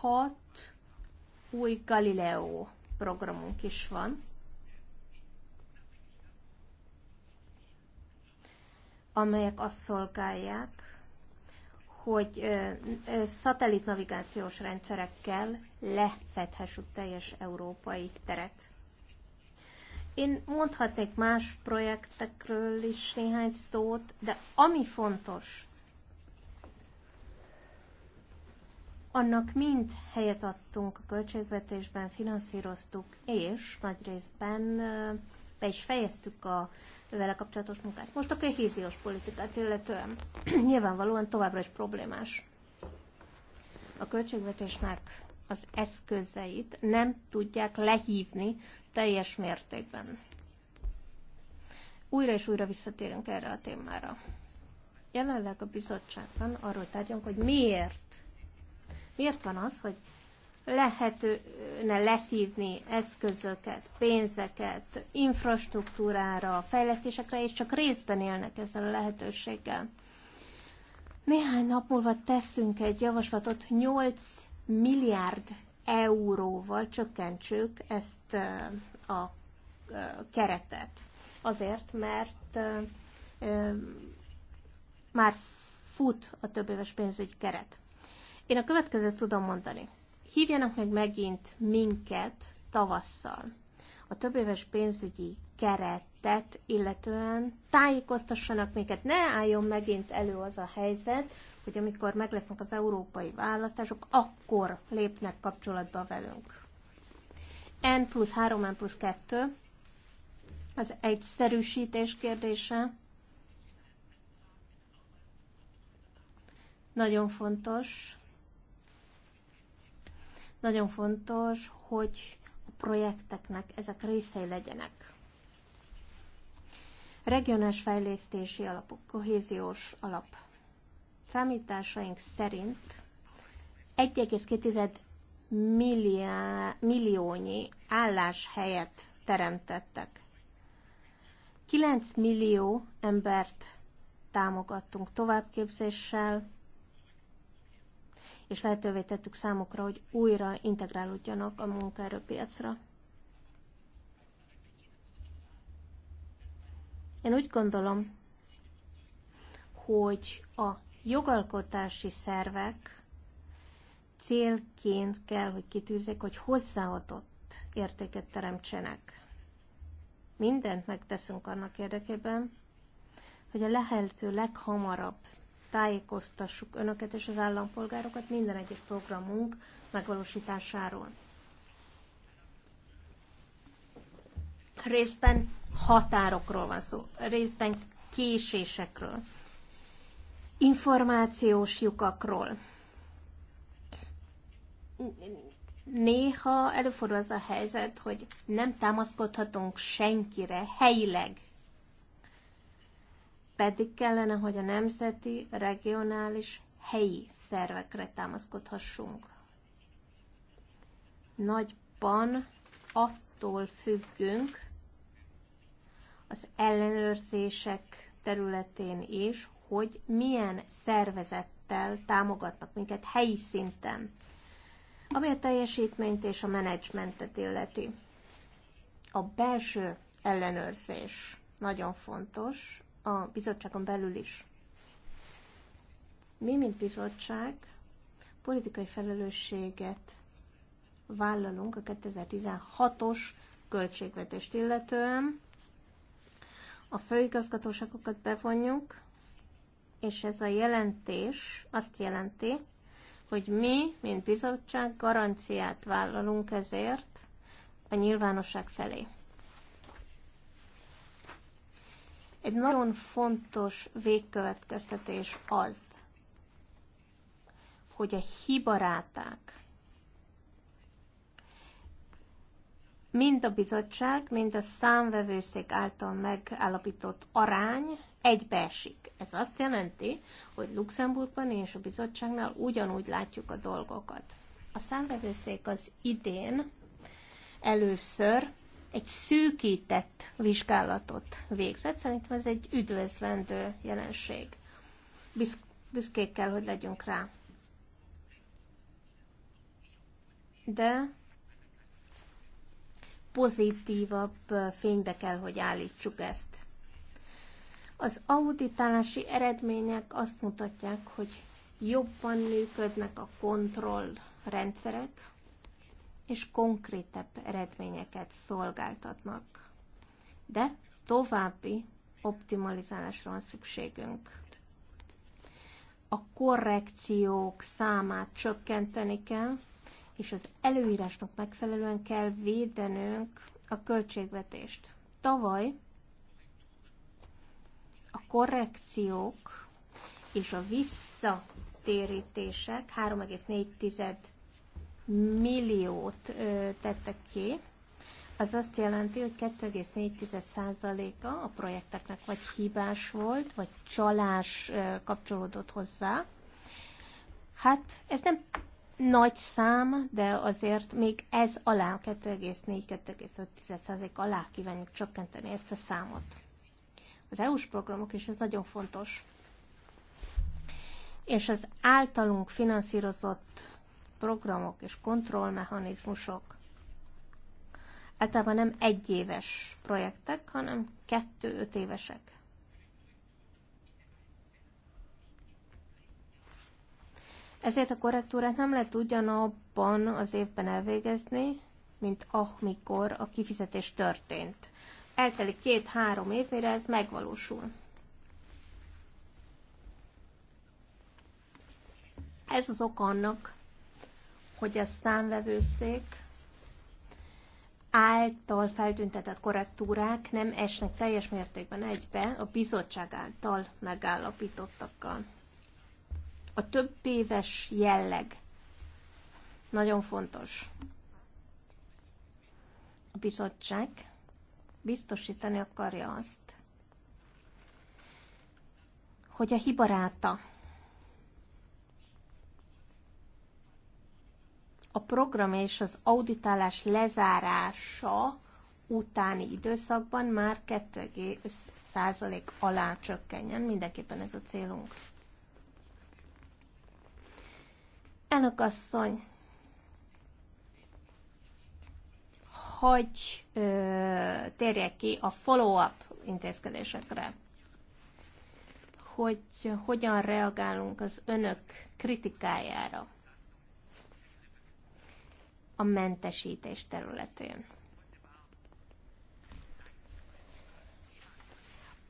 Hat új Galileo programunk is van, amelyek azt szolgálják, hogy szatellit navigációs rendszerekkel lefedhessük teljes európai teret. Én mondhatnék más projektekről is néhány szót, de ami fontos, annak mind helyet adtunk a költségvetésben, finanszíroztuk, és nagy részben be is fejeztük a vele kapcsolatos munkát. Most a kohéziós politikát illetően nyilvánvalóan továbbra is problémás. A költségvetésnek az eszközeit nem tudják lehívni teljes mértékben. Újra és újra visszatérünk erre a témára. Jelenleg a bizottságban arról tárgyunk, hogy miért. Miért van az, hogy lehetne leszívni eszközöket, pénzeket, infrastruktúrára, fejlesztésekre, és csak részben élnek ezzel a lehetőséggel. Néhány nap múlva teszünk egy javaslatot 8 milliárd euróval csökkentsük ezt a keretet. Azért, mert már fut a több éves pénzügyi keret. Én a következőt tudom mondani. Hívjanak meg megint minket tavasszal. A több éves pénzügyi keretet illetően tájékoztassanak minket. Ne álljon megint elő az a helyzet, hogy amikor meg lesznek az európai választások, akkor lépnek kapcsolatba velünk. N plusz 3, N plusz 2, az egyszerűsítés kérdése. Nagyon fontos. Nagyon fontos, hogy a projekteknek ezek részei legyenek. Regionális fejlesztési alapok, kohéziós alap. Számításaink szerint 1,2 milliá, milliónyi álláshelyet teremtettek. 9 millió embert támogattunk továbbképzéssel, és lehetővé tettük számukra, hogy újra integrálódjanak a munkaerőpiacra. Én úgy gondolom, hogy a jogalkotási szervek célként kell, hogy kitűzzék, hogy hozzáadott értéket teremtsenek. Mindent megteszünk annak érdekében, hogy a lehető leghamarabb tájékoztassuk önöket és az állampolgárokat minden egyes programunk megvalósításáról. Részben határokról van szó, részben késésekről, információs lyukakról. Néha előfordul az a helyzet, hogy nem támaszkodhatunk senkire helyileg. Pedig kellene, hogy a nemzeti, regionális, helyi szervekre támaszkodhassunk. Nagyban attól függünk az ellenőrzések területén is, hogy milyen szervezettel támogatnak minket helyi szinten, ami a teljesítményt és a menedzsmentet illeti. A belső ellenőrzés nagyon fontos a bizottságon belül is. Mi, mint bizottság, politikai felelősséget vállalunk a 2016-os költségvetést illetően. A főigazgatóságokat bevonjuk, és ez a jelentés azt jelenti, hogy mi, mint bizottság, garanciát vállalunk ezért a nyilvánosság felé. Egy nagyon fontos végkövetkeztetés az, hogy a hibaráták mind a bizottság, mind a számvevőszék által megállapított arány egybeesik. Ez azt jelenti, hogy Luxemburgban és a bizottságnál ugyanúgy látjuk a dolgokat. A számvevőszék az idén először egy szűkített vizsgálatot végzett. Szerintem ez egy üdvözlendő jelenség. büszkék kell, hogy legyünk rá. De pozitívabb fénybe kell, hogy állítsuk ezt. Az auditálási eredmények azt mutatják, hogy jobban működnek a kontrollrendszerek, és konkrétebb eredményeket szolgáltatnak. De további optimalizálásra van szükségünk. A korrekciók számát csökkenteni kell, és az előírásnak megfelelően kell védenünk a költségvetést. Tavaly a korrekciók és a visszatérítések 3,4 milliót tettek ki, az azt jelenti, hogy 2,4%-a a projekteknek vagy hibás volt, vagy csalás kapcsolódott hozzá. Hát ez nem nagy szám, de azért még ez alá, 2,4-2,5% alá kívánjuk csökkenteni ezt a számot az EU-s programok, és ez nagyon fontos. És az általunk finanszírozott programok és kontrollmechanizmusok általában nem egyéves projektek, hanem kettő-öt évesek. Ezért a korrektúrát nem lehet ugyanabban az évben elvégezni, mint amikor a kifizetés történt eltelik két-három év, mire ez megvalósul. Ez az ok annak, hogy a számvevőszék által feltüntetett korrektúrák nem esnek teljes mértékben egybe a bizottság által megállapítottakkal. A több éves jelleg nagyon fontos. A bizottság biztosítani akarja azt, hogy a hibaráta a program és az auditálás lezárása utáni időszakban már 2,5% alá csökkenjen. Mindenképpen ez a célunk. Elnök asszony, Hogy ö, térjek ki a follow-up intézkedésekre, hogy hogyan reagálunk az önök kritikájára a mentesítés területén.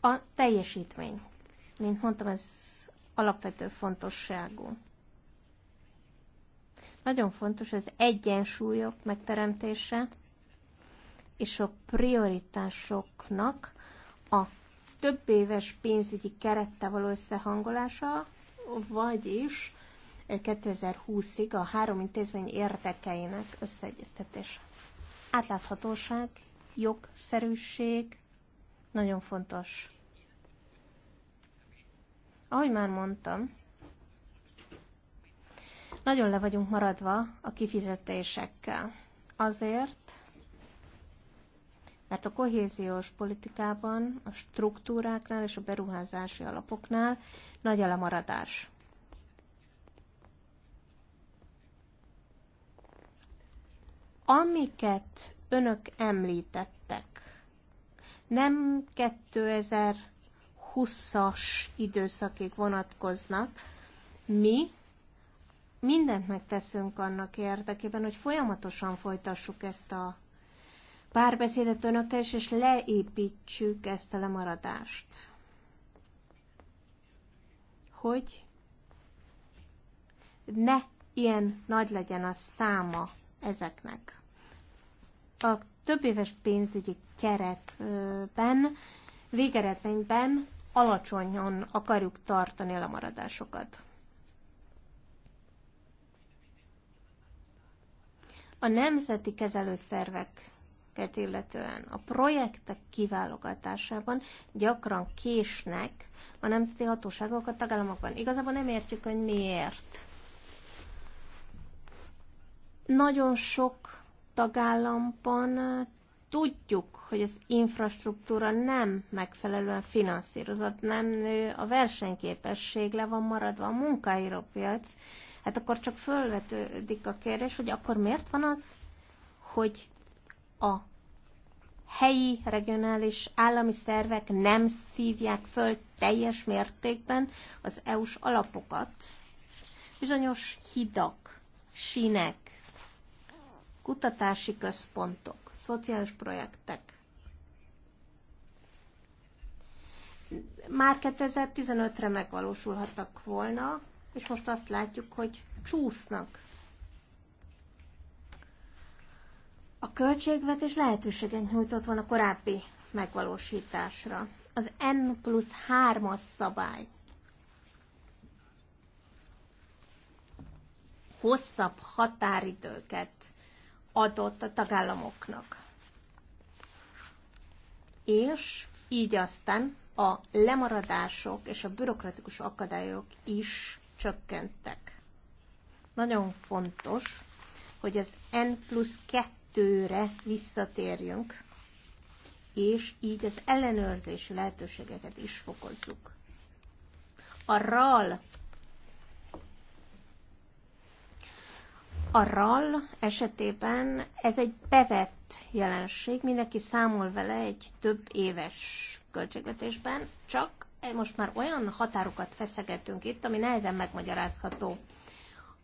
A teljesítmény, mint mondtam, ez alapvető fontosságú. Nagyon fontos az egyensúlyok megteremtése és a prioritásoknak a több éves pénzügyi kerettel való összehangolása, vagyis 2020-ig a három intézmény érdekeinek összeegyeztetése. Átláthatóság, jogszerűség, nagyon fontos. Ahogy már mondtam, nagyon le vagyunk maradva a kifizetésekkel. Azért, mert a kohéziós politikában, a struktúráknál és a beruházási alapoknál nagy a lemaradás. Amiket önök említettek, nem 2020-as időszakig vonatkoznak, mi mindent megteszünk annak érdekében, hogy folyamatosan folytassuk ezt a párbeszédet önökkel és, és leépítsük ezt a lemaradást. Hogy ne ilyen nagy legyen a száma ezeknek. A több éves pénzügyi keretben, végeredményben alacsonyan akarjuk tartani a lemaradásokat. A nemzeti kezelőszervek projekteket illetően. A projektek kiválogatásában gyakran késnek a nemzeti hatóságok a tagállamokban. Igazából nem értjük, hogy miért. Nagyon sok tagállamban eh, tudjuk, hogy az infrastruktúra nem megfelelően finanszírozott, nem nő, eh, a versenyképesség le van maradva, a munkaírópiac, hát akkor csak fölvetődik a kérdés, hogy akkor miért van az, hogy a helyi, regionális, állami szervek nem szívják föl teljes mértékben az EU-s alapokat. Bizonyos hidak, sínek, kutatási központok, szociális projektek. Már 2015-re megvalósulhattak volna, és most azt látjuk, hogy csúsznak A költségvetés lehetőséget nyújtott volna korábbi megvalósításra. Az n plusz 3-as szabály hosszabb határidőket adott a tagállamoknak. És így aztán a lemaradások és a bürokratikus akadályok is csökkentek. Nagyon fontos, hogy az N plusz kettőre visszatérjünk, és így az ellenőrzési lehetőségeket is fokozzuk. A RAL A RAL esetében ez egy bevett jelenség, mindenki számol vele egy több éves költségvetésben, csak most már olyan határokat feszegetünk itt, ami nehezen megmagyarázható.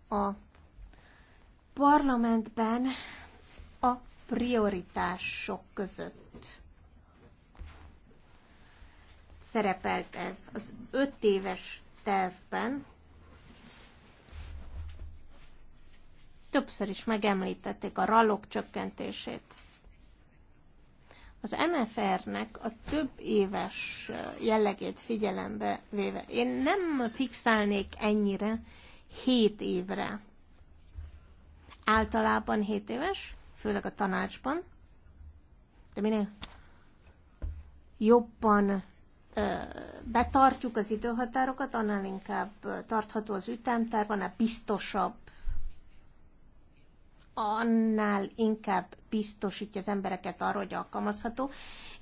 A parlamentben a prioritások között szerepelt ez az öt éves tervben. Többször is megemlítették a rallok csökkentését. Az MFR-nek a több éves jellegét figyelembe véve, én nem fixálnék ennyire 7 évre. Általában 7 éves, főleg a tanácsban, de minél jobban betartjuk az időhatárokat, annál inkább tartható az ütemterv, annál biztosabb, annál inkább biztosítja az embereket arra, hogy alkalmazható.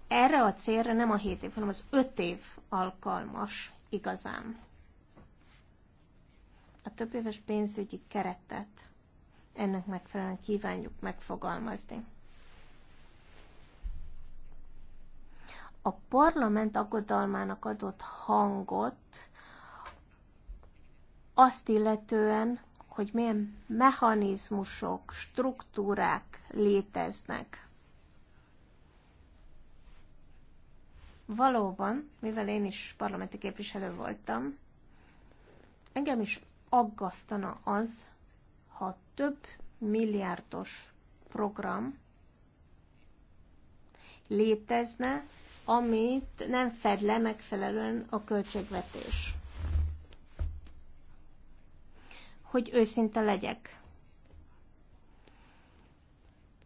Erre a célra nem a 7 év, hanem az 5 év alkalmas igazán. A több éves pénzügyi keretet ennek megfelelően kívánjuk megfogalmazni. A parlament aggodalmának adott hangot azt illetően, hogy milyen mechanizmusok, struktúrák léteznek. Valóban, mivel én is parlamenti képviselő voltam, engem is aggasztana az, ha több milliárdos program létezne, amit nem fed le megfelelően a költségvetés. Hogy őszinte legyek.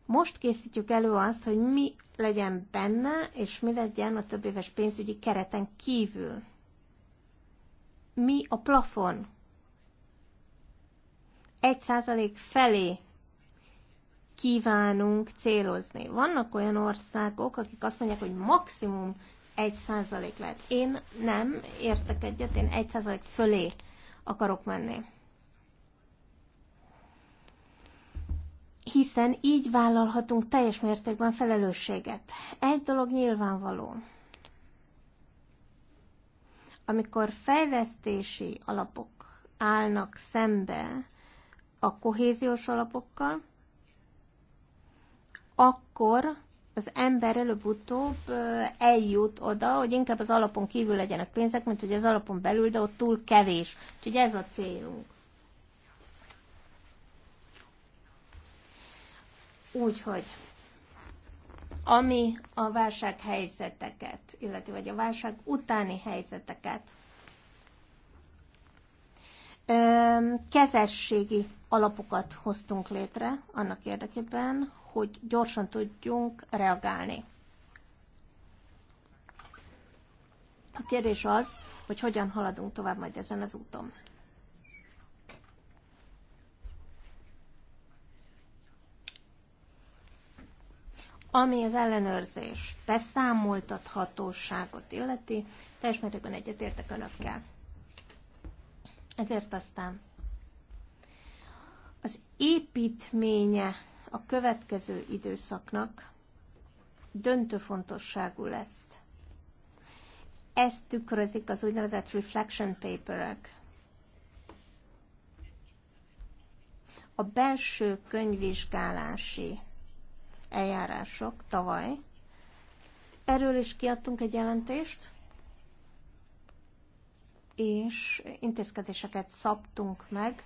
Most készítjük elő azt, hogy mi legyen benne, és mi legyen a több éves pénzügyi kereten kívül. Mi a plafon? 1% felé kívánunk célozni. Vannak olyan országok, akik azt mondják, hogy maximum 1% lehet. Én nem értek egyet, én 1% fölé akarok menni. Hiszen így vállalhatunk teljes mértékben felelősséget. Egy dolog nyilvánvaló. Amikor fejlesztési alapok állnak szembe a kohéziós alapokkal, akkor az ember előbb-utóbb eljut oda, hogy inkább az alapon kívül legyenek pénzek, mint hogy az alapon belül, de ott túl kevés. Úgyhogy ez a célunk. Úgyhogy ami a válsághelyzeteket, illetve vagy a válság utáni helyzeteket, kezességi alapokat hoztunk létre annak érdekében, hogy gyorsan tudjunk reagálni. A kérdés az, hogy hogyan haladunk tovább majd ezen az úton. Ami az ellenőrzés beszámoltathatóságot illeti, teljes mértékben egyetértek önökkel. Ezért aztán az építménye a következő időszaknak döntő fontosságú lesz. Ezt tükrözik az úgynevezett reflection paperek. A belső könyvvizsgálási eljárások tavaly. Erről is kiadtunk egy jelentést, és intézkedéseket szabtunk meg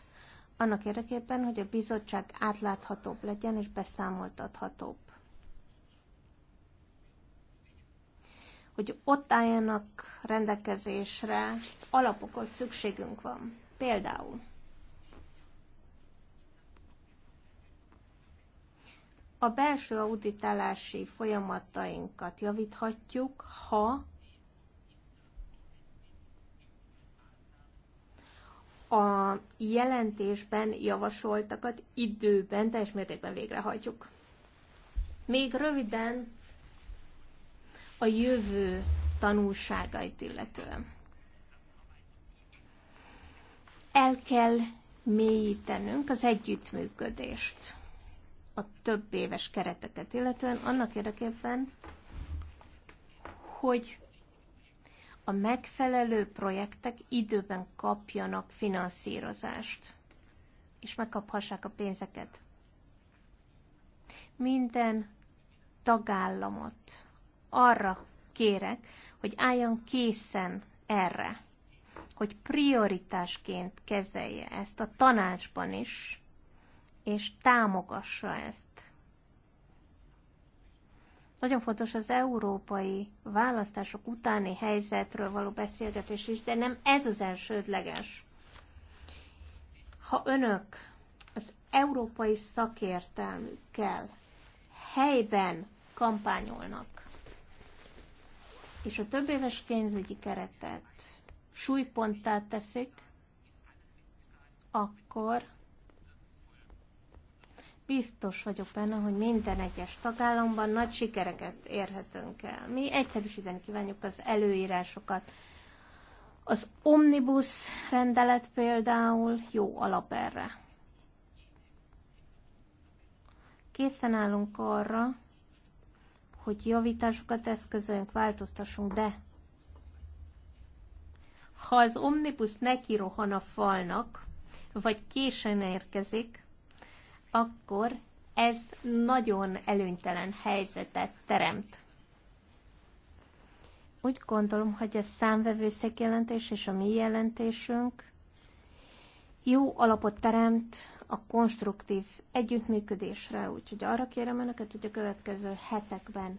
annak érdekében, hogy a bizottság átláthatóbb legyen és beszámoltathatóbb. Hogy ott álljanak rendelkezésre alapokon szükségünk van. Például a belső auditálási folyamatainkat javíthatjuk, ha a jelentésben javasoltakat időben, teljes mértékben végrehajtjuk. Még röviden a jövő tanulságait illetően. El kell mélyítenünk az együttműködést a több éves kereteket illetően, annak érdekében, hogy a megfelelő projektek időben kapjanak finanszírozást, és megkaphassák a pénzeket. Minden tagállamot arra kérek, hogy álljon készen erre, hogy prioritásként kezelje ezt a tanácsban is, és támogassa ezt. Nagyon fontos az európai választások utáni helyzetről való beszélgetés is, de nem ez az elsődleges. Ha önök az európai szakértelmükkel helyben kampányolnak, és a több éves pénzügyi keretet súlyponttá teszik, akkor biztos vagyok benne, hogy minden egyes tagállamban nagy sikereket érhetünk el. Mi egyszerűsíteni kívánjuk az előírásokat. Az omnibus rendelet például jó alap erre. Készen állunk arra, hogy javításokat eszközöljünk, változtassunk, de ha az omnibus neki rohan a falnak, vagy későn érkezik, akkor ez nagyon előnytelen helyzetet teremt. Úgy gondolom, hogy a számvevőszék jelentés és a mi jelentésünk jó alapot teremt a konstruktív együttműködésre, úgyhogy arra kérem Önöket, hogy a következő hetekben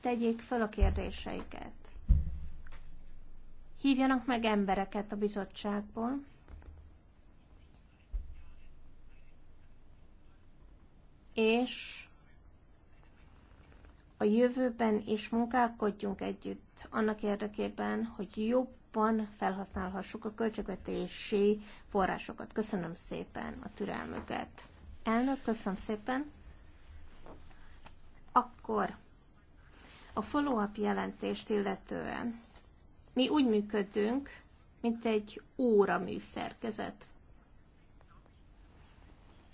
tegyék fel a kérdéseiket. Hívjanak meg embereket a bizottságból, és a jövőben is munkálkodjunk együtt annak érdekében, hogy jobban felhasználhassuk a költségvetési forrásokat. Köszönöm szépen a türelmüket. Elnök, köszönöm szépen. Akkor a follow-up jelentést illetően mi úgy működünk, mint egy óra műszerkezet.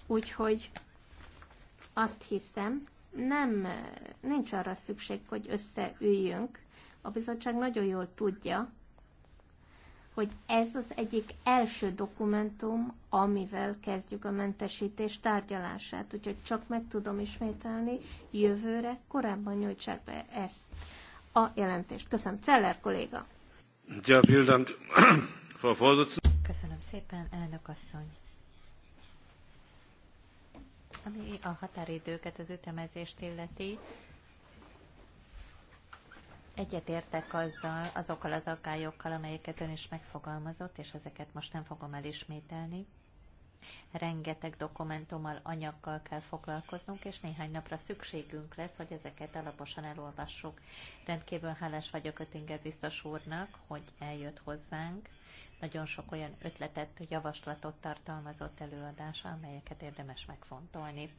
Úgyhogy azt hiszem, nem, nincs arra szükség, hogy összeüljünk. A bizottság nagyon jól tudja, hogy ez az egyik első dokumentum, amivel kezdjük a mentesítés tárgyalását. Úgyhogy csak meg tudom ismételni, jövőre korábban nyújtsák be ezt a jelentést. Köszönöm. Celler kolléga. Köszönöm szépen, elnök asszony. Ami a határidőket, az ütemezést illeti, egyetértek azzal, azokkal az aggályokkal, amelyeket ön is megfogalmazott, és ezeket most nem fogom elismételni. Rengeteg dokumentummal, anyaggal kell foglalkoznunk, és néhány napra szükségünk lesz, hogy ezeket alaposan elolvassuk. Rendkívül hálás vagyok Ötinger biztos úrnak, hogy eljött hozzánk, nagyon sok olyan ötletet, javaslatot tartalmazott előadása, amelyeket érdemes megfontolni.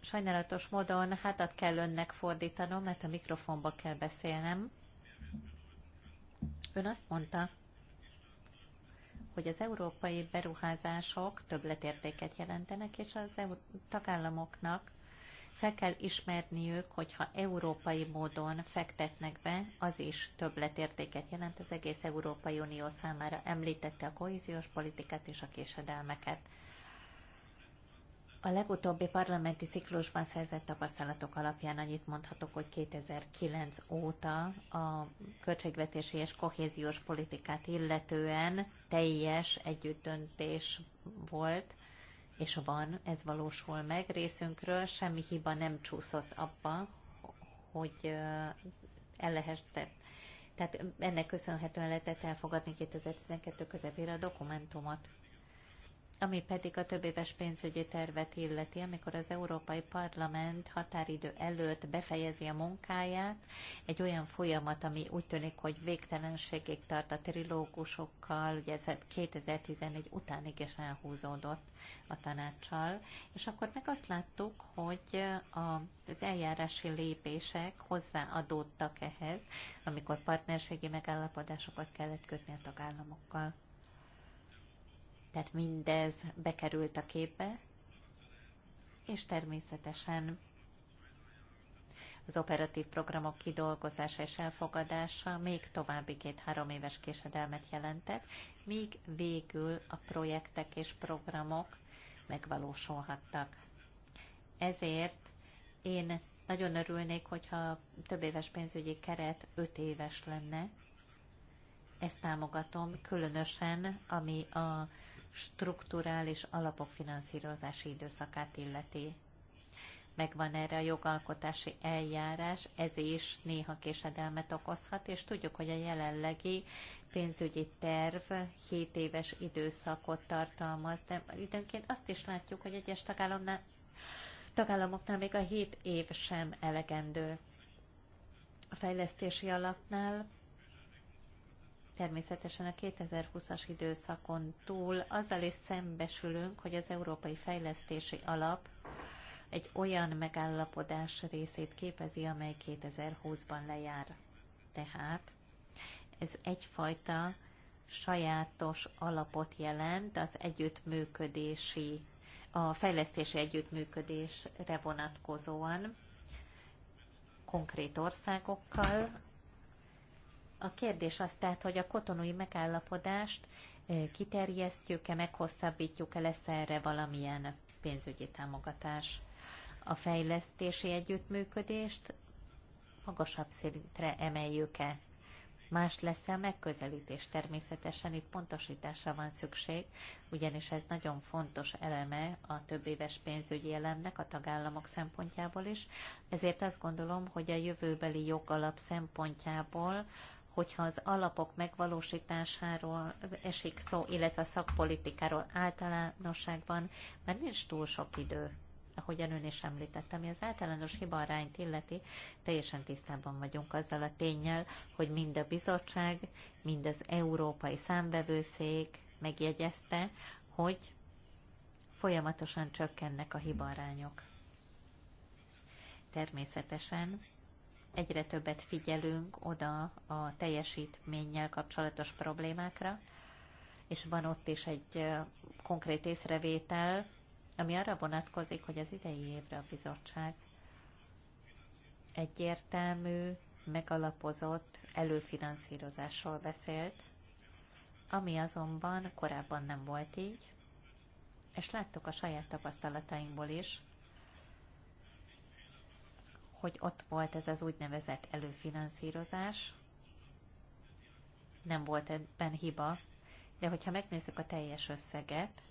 Sajnálatos módon hátat kell önnek fordítanom, mert a mikrofonba kell beszélnem. Ön azt mondta, hogy az európai beruházások többletértéket jelentenek, és az EU tagállamoknak fel kell ismerniük, hogyha európai módon fektetnek be, az is többletértéket jelent az egész Európai Unió számára. Említette a kohéziós politikát és a késedelmeket. A legutóbbi parlamenti ciklusban szerzett tapasztalatok alapján annyit mondhatok, hogy 2009 óta a költségvetési és kohéziós politikát illetően teljes együttöntés volt és van, ez valósul meg részünkről, semmi hiba nem csúszott abba, hogy ellehestett. Tehát ennek köszönhetően lehetett elfogadni 2012 közepére a dokumentumot. Ami pedig a többéves pénzügyi tervet illeti, amikor az Európai Parlament határidő előtt befejezi a munkáját, egy olyan folyamat, ami úgy tűnik, hogy végtelenségig tart a trilógusokkal, ugye ez 2011 hát utánig is elhúzódott a tanácssal, és akkor meg azt láttuk, hogy az eljárási lépések hozzáadódtak ehhez, amikor partnerségi megállapodásokat kellett kötni a tagállamokkal. Tehát mindez bekerült a képbe, és természetesen az operatív programok kidolgozása és elfogadása még további két-három éves késedelmet jelentett, míg végül a projektek és programok megvalósulhattak. Ezért én nagyon örülnék, hogyha több éves pénzügyi keret öt éves lenne. Ezt támogatom, különösen ami a strukturális alapok finanszírozási időszakát illeti. Megvan erre a jogalkotási eljárás, ez is néha késedelmet okozhat, és tudjuk, hogy a jelenlegi pénzügyi terv 7 éves időszakot tartalmaz, de időnként azt is látjuk, hogy egyes tagállamnál, tagállamoknál még a 7 év sem elegendő. A fejlesztési alapnál Természetesen a 2020-as időszakon túl azzal is szembesülünk, hogy az Európai Fejlesztési Alap egy olyan megállapodás részét képezi, amely 2020-ban lejár. Tehát ez egyfajta sajátos alapot jelent az együttműködési, a fejlesztési együttműködésre vonatkozóan konkrét országokkal, a kérdés az tehát, hogy a kotonói megállapodást kiterjesztjük-e, meghosszabbítjuk-e, lesz erre valamilyen pénzügyi támogatás. A fejlesztési együttműködést magasabb szintre emeljük-e? Más lesz a megközelítés. Természetesen itt pontosításra van szükség, ugyanis ez nagyon fontos eleme a több éves pénzügyi elemnek a tagállamok szempontjából is. Ezért azt gondolom, hogy a jövőbeli jogalap szempontjából hogyha az alapok megvalósításáról esik szó, illetve a szakpolitikáról általánosságban, mert nincs túl sok idő, ahogyan ön is említette, ami az általános hibarányt illeti, teljesen tisztában vagyunk azzal a tényel, hogy mind a bizottság, mind az európai számbevőszék megjegyezte, hogy folyamatosan csökkennek a hibarányok. Természetesen egyre többet figyelünk oda a teljesítménnyel kapcsolatos problémákra, és van ott is egy konkrét észrevétel, ami arra vonatkozik, hogy az idei évre a bizottság egyértelmű, megalapozott előfinanszírozásról beszélt, ami azonban korábban nem volt így, és láttuk a saját tapasztalatainkból is, hogy ott volt ez az úgynevezett előfinanszírozás, nem volt ebben hiba, de hogyha megnézzük a teljes összeget,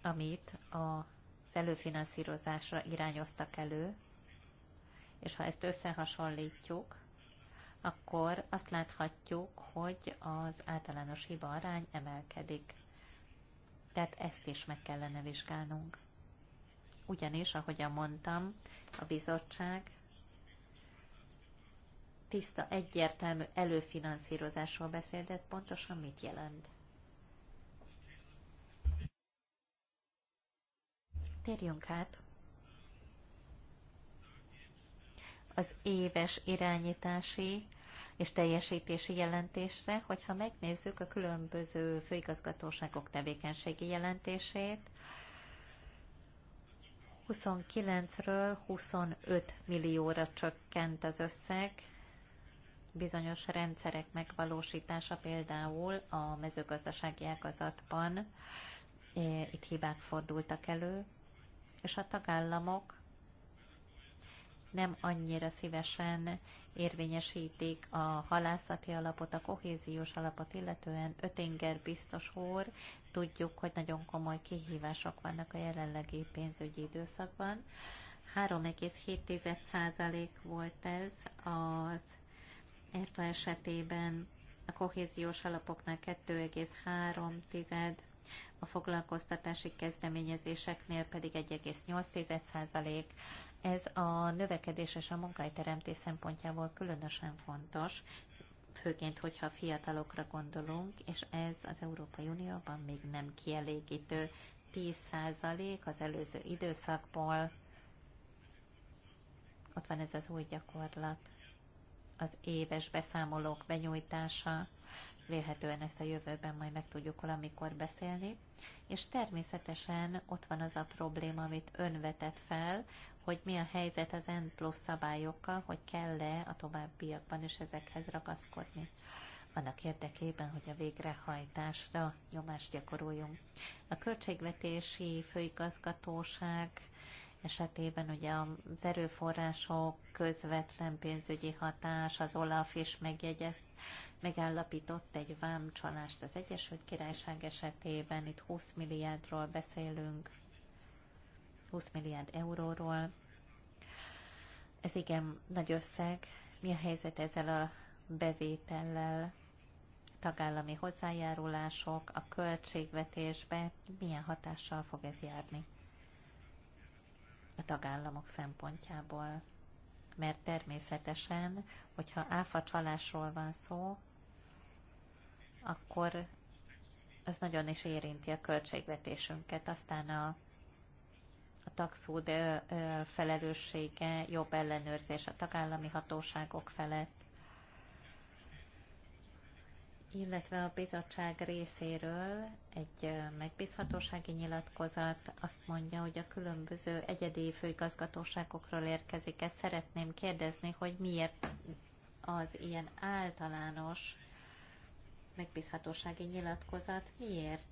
amit az előfinanszírozásra irányoztak elő, és ha ezt összehasonlítjuk, akkor azt láthatjuk, hogy az általános hiba arány emelkedik. Tehát ezt is meg kellene vizsgálnunk ugyanis, ahogyan mondtam, a bizottság tiszta, egyértelmű előfinanszírozásról beszél, de ez pontosan mit jelent? Térjünk át az éves irányítási és teljesítési jelentésre, hogyha megnézzük a különböző főigazgatóságok tevékenységi jelentését, 29-ről 25 millióra csökkent az összeg, bizonyos rendszerek megvalósítása például a mezőgazdasági ágazatban, eh, itt hibák fordultak elő, és a tagállamok nem annyira szívesen érvényesítik a halászati alapot, a kohéziós alapot, illetően Ötinger biztos úr, tudjuk, hogy nagyon komoly kihívások vannak a jelenlegi pénzügyi időszakban. 3,7% volt ez az ERPA esetében, a kohéziós alapoknál 2,3, a foglalkoztatási kezdeményezéseknél pedig 1,8 ez a növekedés és a munkahelyteremtés szempontjából különösen fontos, főként, hogyha fiatalokra gondolunk, és ez az Európai Unióban még nem kielégítő. 10% az előző időszakból, ott van ez az új gyakorlat, az éves beszámolók benyújtása, vélhetően ezt a jövőben majd meg tudjuk valamikor beszélni. És természetesen ott van az a probléma, amit ön vetett fel, hogy mi a helyzet az N plusz szabályokkal, hogy kell-e a továbbiakban is ezekhez ragaszkodni annak érdekében, hogy a végrehajtásra nyomást gyakoroljunk. A költségvetési főigazgatóság esetében ugye az erőforrások közvetlen pénzügyi hatás, az Olaf is megjegyez, megállapított egy vámcsalást az Egyesült Királyság esetében, itt 20 milliárdról beszélünk, 20 milliárd euróról. Ez igen nagy összeg. Mi a helyzet ezzel a bevétellel? Tagállami hozzájárulások a költségvetésbe milyen hatással fog ez járni a tagállamok szempontjából? Mert természetesen, hogyha áfa csalásról van szó, akkor az nagyon is érinti a költségvetésünket. Aztán a a taxud felelőssége jobb ellenőrzés a tagállami hatóságok felett, illetve a bizottság részéről egy megbízhatósági nyilatkozat azt mondja, hogy a különböző egyedi főigazgatóságokról érkezik. Ezt szeretném kérdezni, hogy miért az ilyen általános megbízhatósági nyilatkozat miért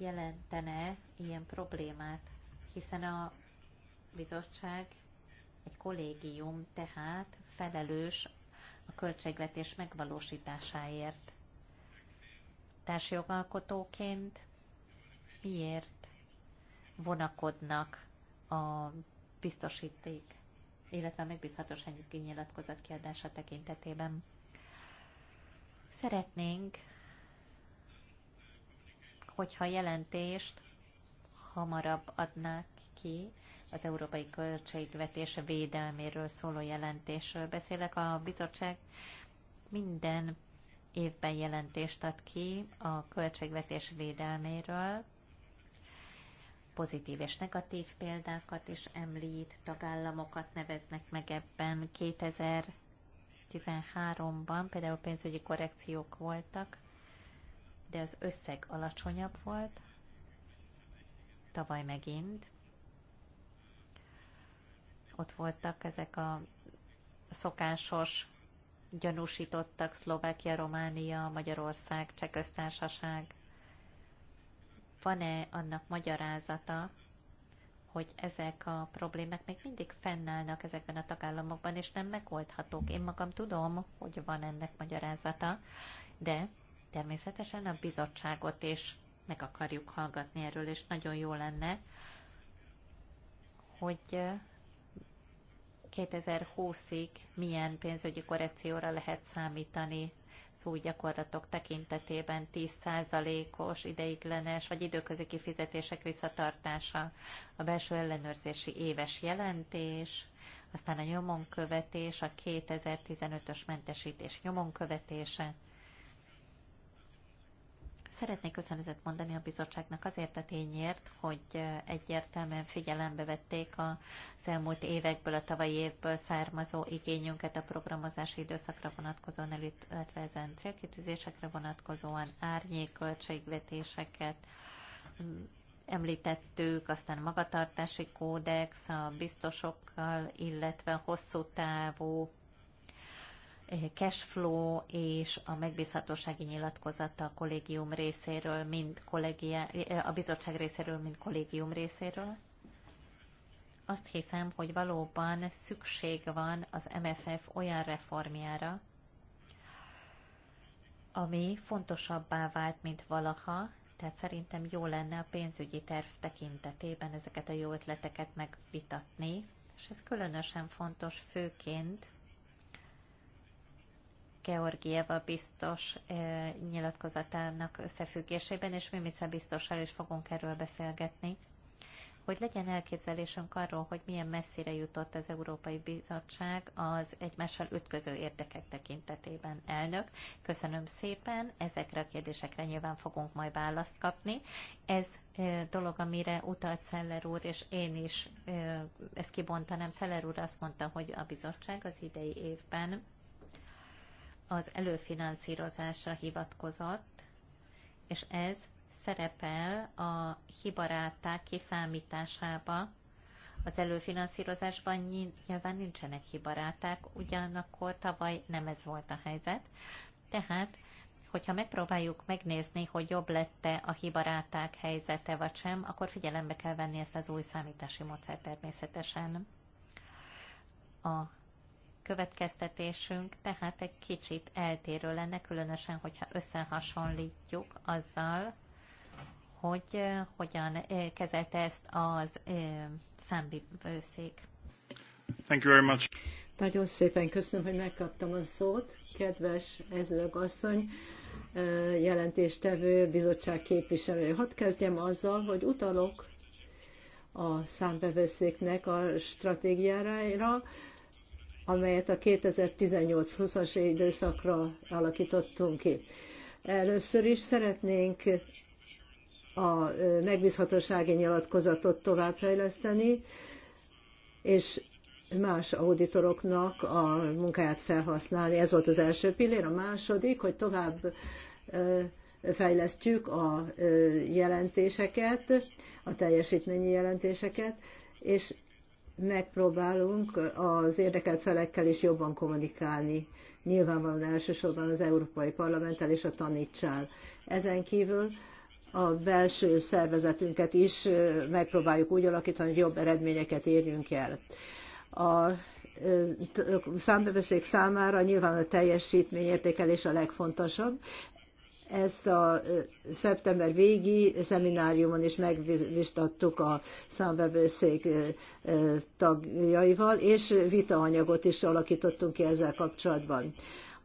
jelentene ilyen problémát, hiszen a bizottság egy kollégium, tehát felelős a költségvetés megvalósításáért. Társjogalkotóként miért vonakodnak a biztosíték, illetve a megbízhatósági nyilatkozat kiadása tekintetében? Szeretnénk hogyha jelentést hamarabb adnák ki, az európai költségvetés védelméről szóló jelentésről beszélek. A bizottság minden évben jelentést ad ki a költségvetés védelméről, pozitív és negatív példákat is említ, tagállamokat neveznek meg ebben. 2013-ban például pénzügyi korrekciók voltak, de az összeg alacsonyabb volt, tavaly megint. Ott voltak ezek a szokásos gyanúsítottak Szlovákia, Románia, Magyarország, Csehköztársaság. Van-e annak magyarázata, hogy ezek a problémák még mindig fennállnak ezekben a tagállamokban, és nem megoldhatók. Én magam tudom, hogy van ennek magyarázata, de Természetesen a bizottságot is meg akarjuk hallgatni erről, és nagyon jó lenne, hogy 2020-ig milyen pénzügyi korrekcióra lehet számítani az új gyakorlatok tekintetében 10%-os ideiglenes vagy időközi kifizetések visszatartása, a belső ellenőrzési éves jelentés, aztán a nyomonkövetés, a 2015-ös mentesítés nyomonkövetése. követése Szeretnék köszönetet mondani a bizottságnak azért a tényért, hogy egyértelműen figyelembe vették az elmúlt évekből, a tavalyi évből származó igényünket a programozási időszakra vonatkozóan, illetve ezen célkitűzésekre vonatkozóan árnyék költségvetéseket mm, említettük, aztán magatartási kódex a biztosokkal, illetve a hosszú távú cashflow és a megbízhatósági nyilatkozat a kollégium részéről, mind kollégia, a bizottság részéről, mind kollégium részéről. Azt hiszem, hogy valóban szükség van az MFF olyan reformjára, ami fontosabbá vált, mint valaha, tehát szerintem jó lenne a pénzügyi terv tekintetében ezeket a jó ötleteket megvitatni, és ez különösen fontos főként Georgieva biztos nyilatkozatának összefüggésében, és Mimica biztossal is fogunk erről beszélgetni, hogy legyen elképzelésünk arról, hogy milyen messzire jutott az Európai Bizottság az egymással ütköző érdekek tekintetében. Elnök, köszönöm szépen, ezekre a kérdésekre nyilván fogunk majd választ kapni. Ez e, dolog, amire utalt Szeller úr, és én is e, ezt kibontanám. Szeller úr azt mondta, hogy a bizottság az idei évben az előfinanszírozásra hivatkozott, és ez szerepel a hibaráták kiszámításába. Az előfinanszírozásban nyilván nincsenek hibaráták, ugyanakkor tavaly nem ez volt a helyzet. Tehát, hogyha megpróbáljuk megnézni, hogy jobb lette a hibaráták helyzete vagy sem, akkor figyelembe kell venni ezt az új számítási módszert természetesen. A következtetésünk tehát egy kicsit eltérő lenne, különösen, hogyha összehasonlítjuk azzal, hogy eh, hogyan eh, kezelte ezt az eh, számbibőszék. Thank you very much. Nagyon szépen köszönöm, hogy megkaptam a szót. Kedves Ezlög asszony, jelentéstevő, bizottság képviselő. Hadd kezdjem azzal, hogy utalok a számbevőszéknek a stratégiára, amelyet a 2018-20-as időszakra alakítottunk ki. Először is szeretnénk a megbízhatósági nyilatkozatot továbbfejleszteni, és más auditoroknak a munkáját felhasználni. Ez volt az első pillér. A második, hogy tovább fejlesztjük a jelentéseket, a teljesítményi jelentéseket, és megpróbálunk az érdekelt felekkel is jobban kommunikálni. Nyilvánvalóan elsősorban az Európai Parlamenttel és a tanítsál. Ezen kívül a belső szervezetünket is megpróbáljuk úgy alakítani, hogy jobb eredményeket érjünk el. A számbeveszék számára nyilván a teljesítményértékelés a legfontosabb. Ezt a szeptember végi szemináriumon is megvistattuk a számvevőszék tagjaival, és vitaanyagot is alakítottunk ki ezzel kapcsolatban.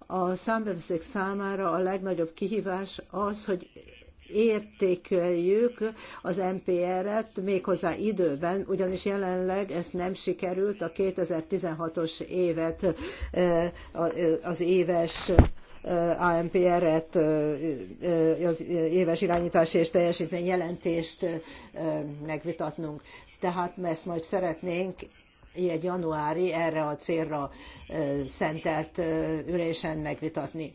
A számvevőszék számára a legnagyobb kihívás az, hogy értékeljük az MPR-et méghozzá időben, ugyanis jelenleg ez nem sikerült a 2016-os évet az éves AMPR-et, az éves irányítási és teljesítmény jelentést megvitatnunk. Tehát ezt majd szeretnénk egy januári erre a célra szentelt ülésen megvitatni.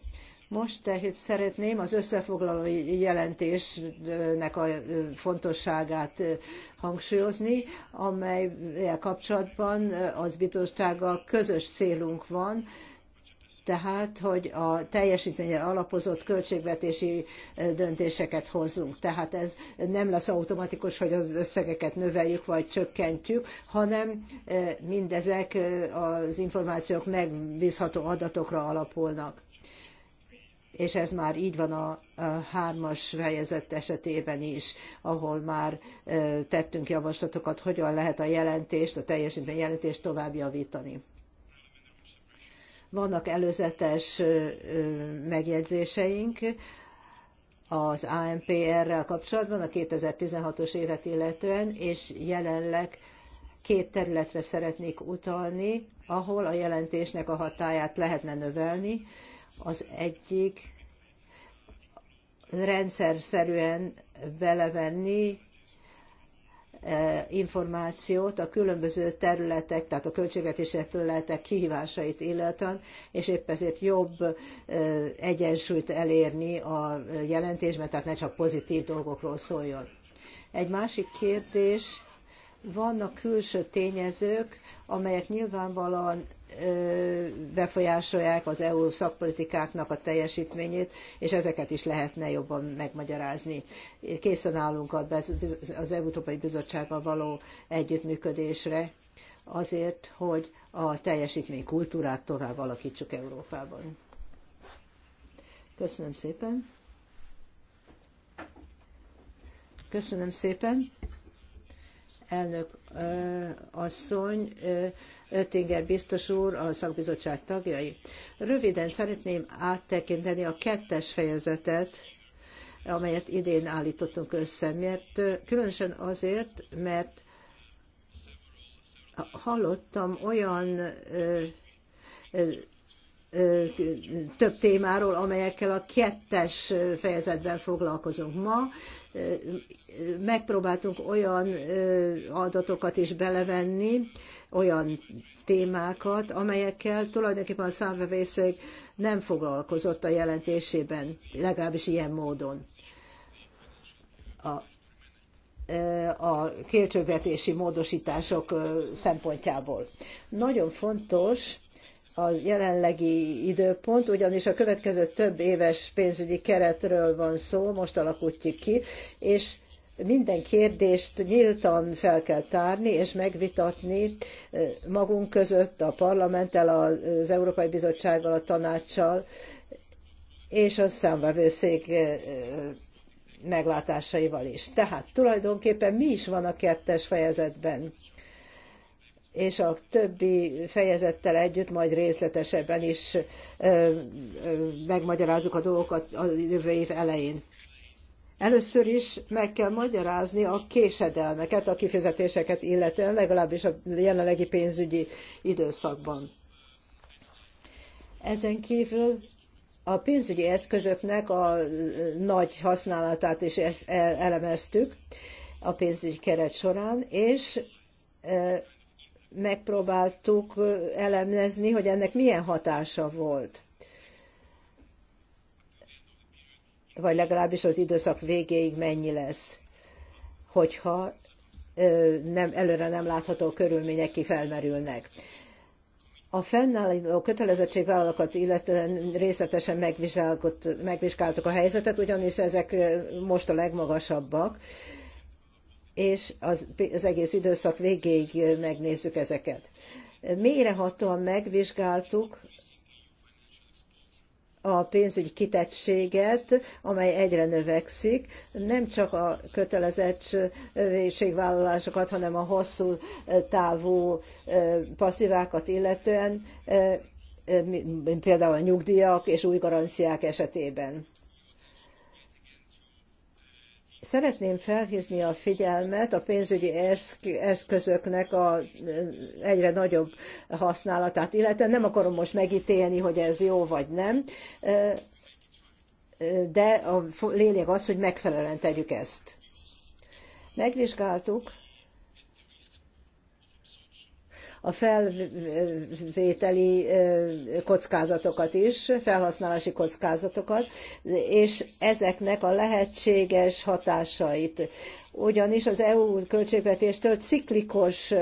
Most tehát szeretném az összefoglaló jelentésnek a fontosságát hangsúlyozni, amelyel kapcsolatban az bizottsággal közös célunk van, tehát, hogy a teljesítményre alapozott költségvetési döntéseket hozzunk. Tehát ez nem lesz automatikus, hogy az összegeket növeljük vagy csökkentjük, hanem mindezek az információk megbízható adatokra alapulnak. És ez már így van a hármas fejezet esetében is, ahol már tettünk javaslatokat, hogyan lehet a jelentést, a teljesítmény jelentést tovább javítani vannak előzetes megjegyzéseink az ANPR-rel kapcsolatban, a 2016-os évet illetően, és jelenleg két területre szeretnék utalni, ahol a jelentésnek a hatáját lehetne növelni. Az egyik rendszer szerűen belevenni információt a különböző területek, tehát a költségvetési területek kihívásait illetően, és épp ezért jobb egyensúlyt elérni a jelentésben, tehát ne csak pozitív dolgokról szóljon. Egy másik kérdés, vannak külső tényezők, amelyek nyilvánvalóan befolyásolják az EU szakpolitikáknak a teljesítményét, és ezeket is lehetne jobban megmagyarázni. Készen állunk az Európai Bizottsággal való együttműködésre azért, hogy a teljesítmény kultúrát tovább alakítsuk Európában. Köszönöm szépen. Köszönöm szépen elnök asszony, Öttinger biztos úr, a szakbizottság tagjai. Röviden szeretném áttekinteni a kettes fejezetet, amelyet idén állítottunk össze, mert különösen azért, mert hallottam olyan több témáról, amelyekkel a kettes fejezetben foglalkozunk ma. Megpróbáltunk olyan adatokat is belevenni, olyan témákat, amelyekkel tulajdonképpen a számvevészék nem foglalkozott a jelentésében, legalábbis ilyen módon. A a költségvetési módosítások szempontjából. Nagyon fontos, a jelenlegi időpont, ugyanis a következő több éves pénzügyi keretről van szó, most alakultjuk ki, és minden kérdést nyíltan fel kell tárni és megvitatni eh, magunk között, a parlamenttel, az Európai Bizottsággal, a tanácssal, és a számvevőszék eh, eh, meglátásaival is. Tehát tulajdonképpen mi is van a kettes fejezetben? és a többi fejezettel együtt majd részletesebben is megmagyarázzuk a dolgokat a jövő év elején. Először is meg kell magyarázni a késedelmeket, a kifizetéseket illetően, legalábbis a jelenlegi pénzügyi időszakban. Ezen kívül a pénzügyi eszközöknek a nagy használatát is e, elemeztük a pénzügyi keret során, és megpróbáltuk elemezni, hogy ennek milyen hatása volt. Vagy legalábbis az időszak végéig mennyi lesz, hogyha nem, előre nem látható körülmények kifelmerülnek. A fennálló kötelezettségvállalakat illetően részletesen megvizsgáltuk a helyzetet, ugyanis ezek most a legmagasabbak és az, az egész időszak végéig megnézzük ezeket. Mélyrehatóan megvizsgáltuk a pénzügyi kitettséget, amely egyre növekszik, nem csak a kötelezettségvállalásokat, hanem a hosszú távú passzívákat illetően, például a nyugdíjak és új garanciák esetében. Szeretném felhívni a figyelmet a pénzügyi eszközöknek a egyre nagyobb használatát, illetve nem akarom most megítélni, hogy ez jó vagy nem, de a lényeg az, hogy megfelelően tegyük ezt. Megvizsgáltuk a felvételi kockázatokat is, felhasználási kockázatokat, és ezeknek a lehetséges hatásait. Ugyanis az EU költségvetéstől ciklikus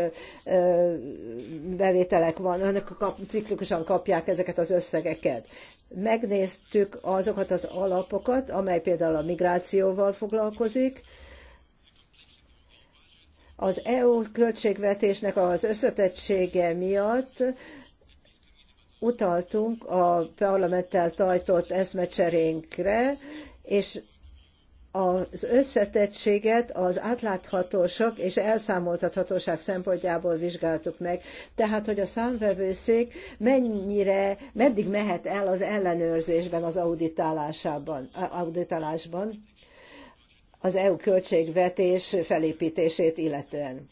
bevételek van, önök ciklikusan kapják ezeket az összegeket megnéztük azokat az alapokat, amely például a migrációval foglalkozik, az EU költségvetésnek az összetettsége miatt utaltunk a parlamenttel tartott eszmecserénkre, és az összetettséget az átláthatóság és elszámoltathatóság szempontjából vizsgáltuk meg. Tehát, hogy a számvevőszék mennyire, meddig mehet el az ellenőrzésben, az auditálásában, auditálásban az EU költségvetés felépítését illetően.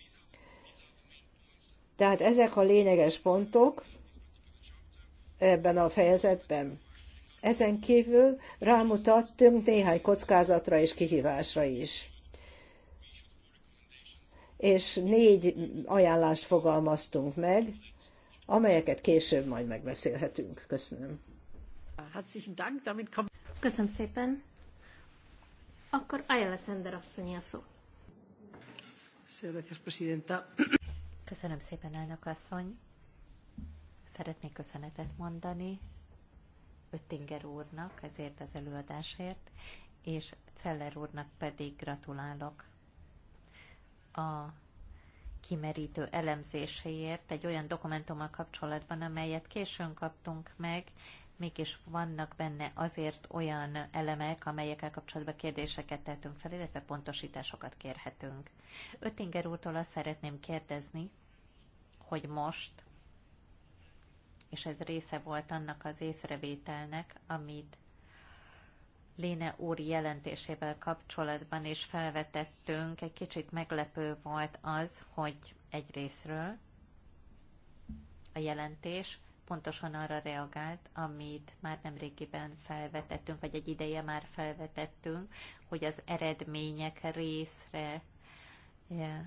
Tehát ezek a lényeges pontok ebben a fejezetben. Ezen kívül rámutattunk néhány kockázatra és kihívásra is. És négy ajánlást fogalmaztunk meg, amelyeket később majd megbeszélhetünk. Köszönöm. Köszönöm szépen. Akkor Ayala asszony a szó. Köszönöm szépen, elnök asszony. Szeretnék köszönetet mondani Öttinger úrnak ezért az előadásért, és Celler úrnak pedig gratulálok a kimerítő elemzéséért egy olyan dokumentummal kapcsolatban, amelyet későn kaptunk meg, mégis vannak benne azért olyan elemek, amelyekkel kapcsolatban kérdéseket tettünk fel, illetve pontosításokat kérhetünk. Öttinger úrtól azt szeretném kérdezni, hogy most, és ez része volt annak az észrevételnek, amit Léne úr jelentésével kapcsolatban is felvetettünk, egy kicsit meglepő volt az, hogy egy részről a jelentés pontosan arra reagált, amit már nemrégiben felvetettünk, vagy egy ideje már felvetettünk, hogy az eredmények részre eh,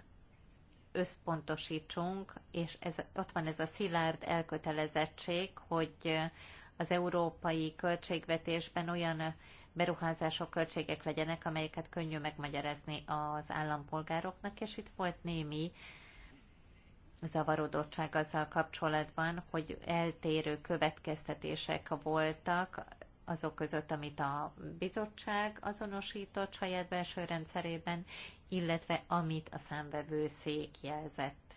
összpontosítsunk, és ez, ott van ez a szilárd elkötelezettség, hogy eh, az európai költségvetésben olyan beruházások, költségek legyenek, amelyeket könnyű megmagyarázni az állampolgároknak, és itt volt némi zavarodottság azzal kapcsolatban, hogy eltérő következtetések voltak azok között, amit a bizottság azonosított saját belső rendszerében, illetve amit a számvevőszék jelzett.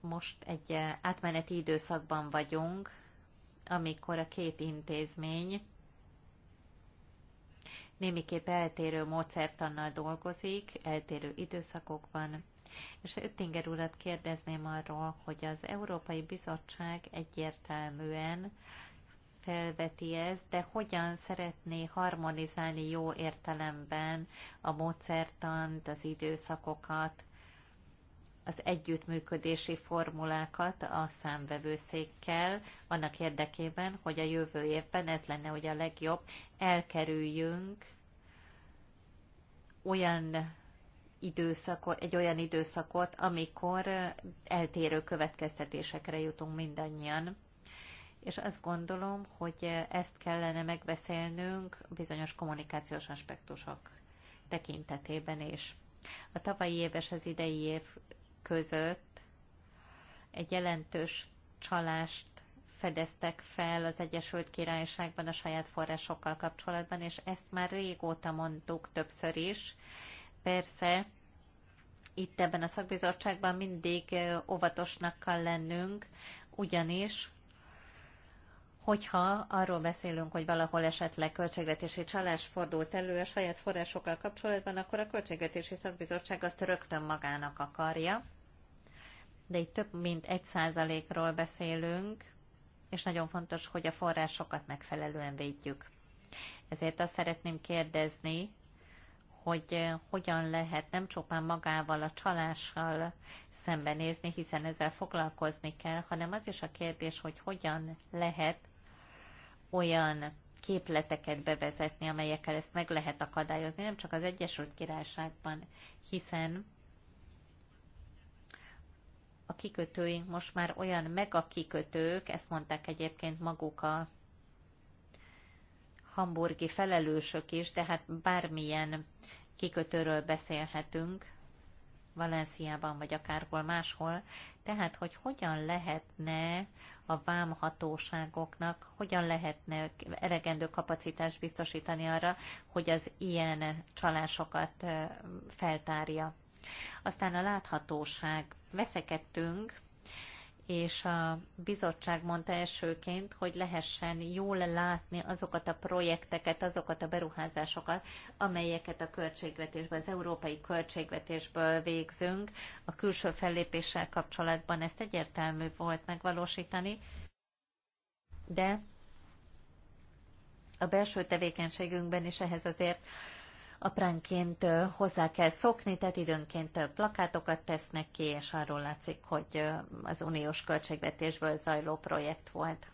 Most egy átmeneti időszakban vagyunk, amikor a két intézmény némiképp eltérő módszertannal dolgozik, eltérő időszakokban. És Öttinger urat kérdezném arról, hogy az Európai Bizottság egyértelműen felveti ez, de hogyan szeretné harmonizálni jó értelemben a módszertant, az időszakokat, az együttműködési formulákat a számvevőszékkel, annak érdekében, hogy a jövő évben ez lenne ugye a legjobb, elkerüljünk olyan időszakot, egy olyan időszakot, amikor eltérő következtetésekre jutunk mindannyian. És azt gondolom, hogy ezt kellene megbeszélnünk bizonyos kommunikációs aspektusok tekintetében is. A tavalyi éves az idei év között egy jelentős csalást fedeztek fel az Egyesült Királyságban a saját forrásokkal kapcsolatban, és ezt már régóta mondtuk többször is. Persze itt ebben a szakbizottságban mindig óvatosnak kell lennünk, ugyanis hogyha arról beszélünk, hogy valahol esetleg költségvetési csalás fordult elő a saját forrásokkal kapcsolatban, akkor a költségvetési szakbizottság azt rögtön magának akarja de itt több mint egy ról beszélünk, és nagyon fontos, hogy a forrásokat megfelelően védjük. Ezért azt szeretném kérdezni, hogy eh, hogyan lehet nem csupán magával a csalással szembenézni, hiszen ezzel foglalkozni kell, hanem az is a kérdés, hogy hogyan lehet olyan képleteket bevezetni, amelyekkel ezt meg lehet akadályozni, nem csak az Egyesült Királyságban, hiszen a kikötőink most már olyan mega kikötők, ezt mondták egyébként maguk a hamburgi felelősök is, de hát bármilyen kikötőről beszélhetünk, Valenciában vagy akárhol máshol, tehát hogy hogyan lehetne a vámhatóságoknak, hogyan lehetne elegendő kapacitást biztosítani arra, hogy az ilyen csalásokat feltárja. Aztán a láthatóság. Veszekedtünk, és a bizottság mondta elsőként, hogy lehessen jól látni azokat a projekteket, azokat a beruházásokat, amelyeket a költségvetésből, az európai költségvetésből végzünk. A külső fellépéssel kapcsolatban ezt egyértelmű volt megvalósítani, de a belső tevékenységünkben is ehhez azért apránként hozzá kell szokni, tehát időnként plakátokat tesznek ki, és arról látszik, hogy az uniós költségvetésből zajló projekt volt.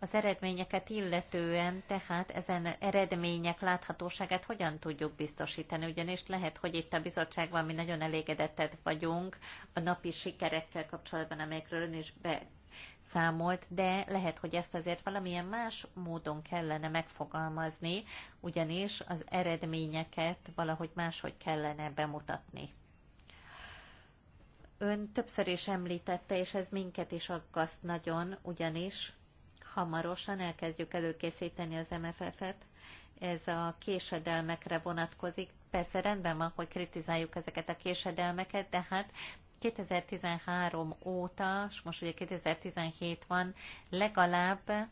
Az eredményeket illetően, tehát ezen eredmények láthatóságát hogyan tudjuk biztosítani, ugyanis lehet, hogy itt a bizottságban mi nagyon elégedettet vagyunk a napi sikerekkel kapcsolatban, amelyekről ön is be számolt, de lehet, hogy ezt azért valamilyen más módon kellene megfogalmazni, ugyanis az eredményeket valahogy máshogy kellene bemutatni. Ön többször is említette, és ez minket is aggaszt nagyon, ugyanis hamarosan elkezdjük előkészíteni az MFF-et. Ez a késedelmekre vonatkozik. Persze rendben van, hogy kritizáljuk ezeket a késedelmeket, de hát 2013 óta, és most ugye 2017 van, legalább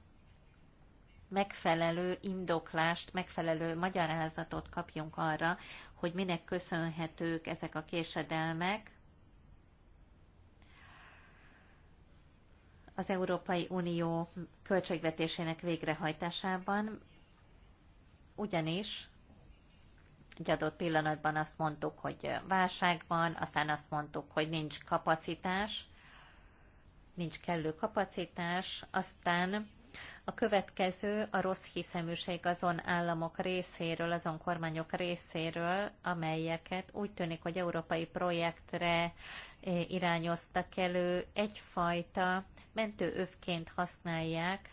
megfelelő indoklást, megfelelő magyarázatot kapjunk arra, hogy minek köszönhetők ezek a késedelmek, az Európai Unió költségvetésének végrehajtásában, ugyanis egy adott pillanatban azt mondtuk, hogy válság van, aztán azt mondtuk, hogy nincs kapacitás, nincs kellő kapacitás, aztán a következő a rossz hiszeműség azon államok részéről, azon kormányok részéről, amelyeket úgy tűnik, hogy európai projektre eh, irányoztak elő, egyfajta mentőövként használják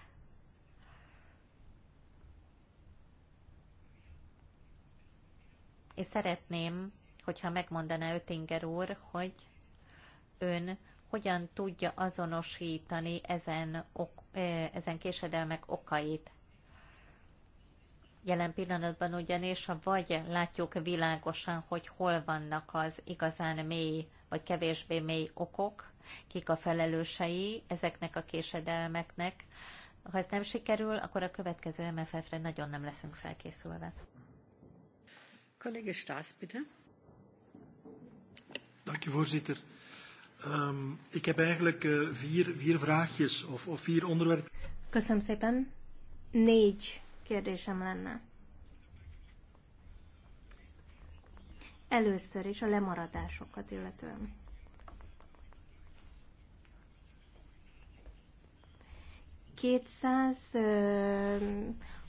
és szeretném, hogyha megmondaná Ötinger úr, hogy ön hogyan tudja azonosítani ezen, ok, ezen késedelmek okait. Jelen pillanatban ugyanis, ha vagy látjuk világosan, hogy hol vannak az igazán mély vagy kevésbé mély okok, kik a felelősei ezeknek a késedelmeknek, ha ez nem sikerül, akkor a következő MFF-re nagyon nem leszünk felkészülve. Collega Staes, bitte. Dank u, voorzitter. Um, ik heb eigenlijk uh, vier, vier vraagjes of, of vier onderwerpen. Köszönöm szépen. Négy kérdésem lenne. Először is a lemaradásokat illetően. Kétszáz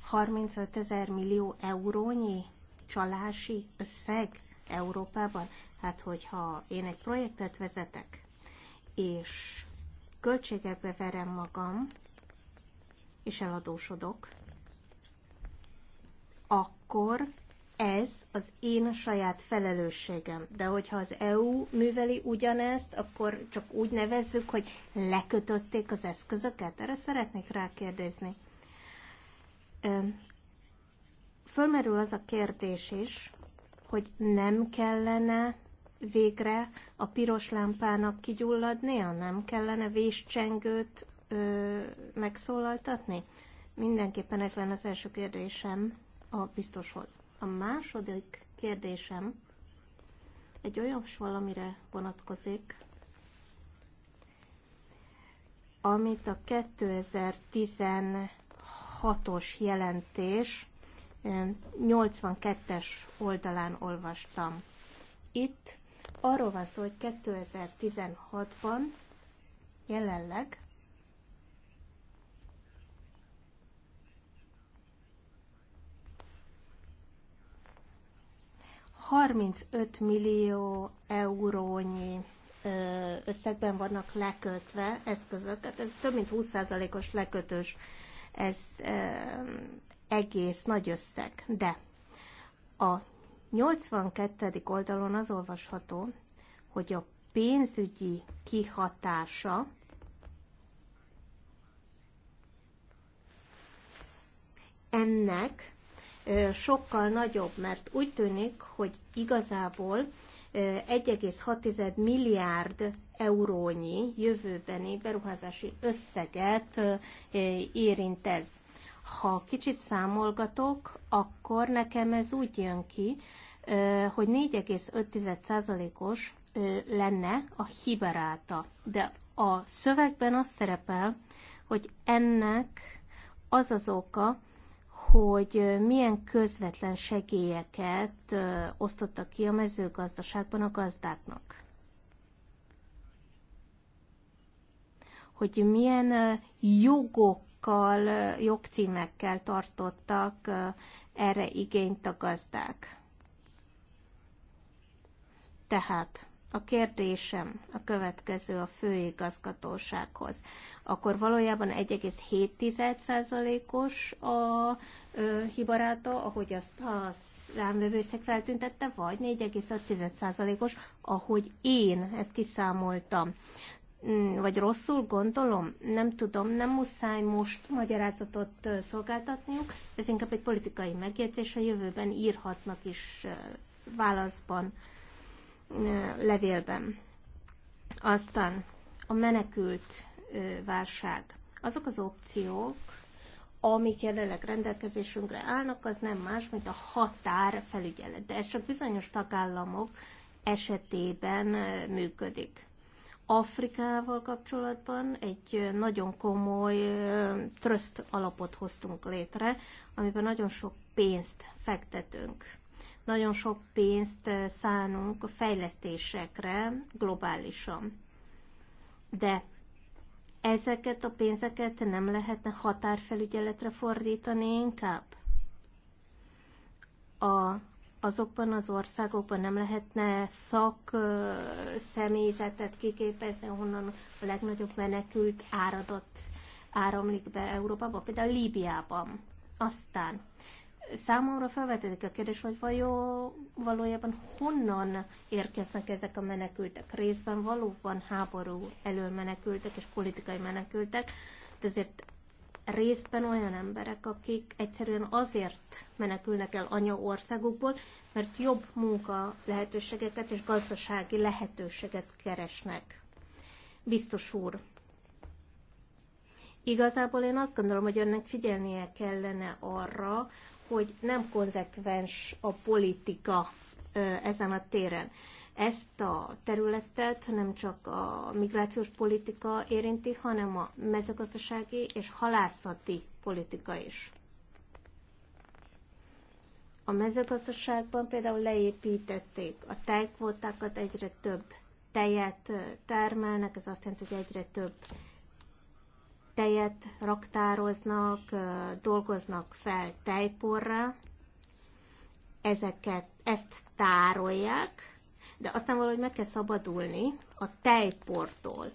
35 ezer millió eurónyi csalási összeg Európában. Hát, hogyha én egy projektet vezetek, és költségekbe verem magam, és eladósodok, akkor ez az én saját felelősségem. De hogyha az EU műveli ugyanezt, akkor csak úgy nevezzük, hogy lekötötték az eszközöket? Erre szeretnék rákérdezni fölmerül az a kérdés is, hogy nem kellene végre a piros lámpának kigyulladnia, nem kellene véscsengőt ö, megszólaltatni? Mindenképpen ez lenne az első kérdésem a biztoshoz. A második kérdésem egy olyan valamire vonatkozik, amit a 2016-os jelentés 82-es oldalán olvastam. Itt arról van szó, hogy 2016-ban jelenleg ...35 millió eurónyi összegben vannak lekötve eszközök, tehát ez több mint 20%-os lekötős ez egész nagy összeg, de a 82. oldalon az olvasható, hogy a pénzügyi kihatása ennek sokkal nagyobb, mert úgy tűnik, hogy igazából 1,6 milliárd eurónyi jövőbeni beruházási összeget érint ez ha kicsit számolgatok, akkor nekem ez úgy jön ki, hogy 4,5%-os lenne a hibaráta. De a szövegben az szerepel, hogy ennek az az oka, hogy milyen közvetlen segélyeket osztottak ki a mezőgazdaságban a gazdáknak. Hogy milyen jogok jogokkal, jogcímekkel tartottak erre igényt a gazdák. Tehát a kérdésem a következő a főigazgatósághoz. Akkor valójában 1,7%-os a ö, hibaráta, ahogy azt a számvevőszek feltüntette, vagy 4,5%-os, ahogy én ezt kiszámoltam. Mm, vagy rosszul gondolom, nem tudom, nem muszáj most magyarázatot szolgáltatniuk, ez inkább egy politikai megjegyzés, a jövőben írhatnak is válaszban, levélben. Aztán a menekült válság. Azok az opciók, amik jelenleg rendelkezésünkre állnak, az nem más, mint a felügyelet. De ez csak bizonyos tagállamok esetében működik Afrikával kapcsolatban egy nagyon komoly tröszt alapot hoztunk létre, amiben nagyon sok pénzt fektetünk. Nagyon sok pénzt szánunk a fejlesztésekre globálisan. De ezeket a pénzeket nem lehetne határfelügyeletre fordítani inkább? A azokban az országokban nem lehetne szak személyzetet kiképezni, honnan a legnagyobb menekült áradat áramlik be Európába, például Líbiában. Aztán számomra felvetődik a kérdés, hogy vajon valójában honnan érkeznek ezek a menekültek. Részben valóban háború elől menekültek és politikai menekültek, de azért részben olyan emberek, akik egyszerűen azért menekülnek el országukból, mert jobb munka lehetőségeket és gazdasági lehetőséget keresnek. Biztos úr, Igazából én azt gondolom, hogy önnek figyelnie kellene arra, hogy nem konzekvens a politika ezen a téren ezt a területet nem csak a migrációs politika érinti, hanem a mezőgazdasági és halászati politika is. A mezőgazdaságban például leépítették a tejkvótákat, egyre több tejet termelnek, ez azt jelenti, hogy egyre több tejet raktároznak, dolgoznak fel tejporra, ezeket, ezt tárolják, de aztán valahogy meg kell szabadulni a tejportól.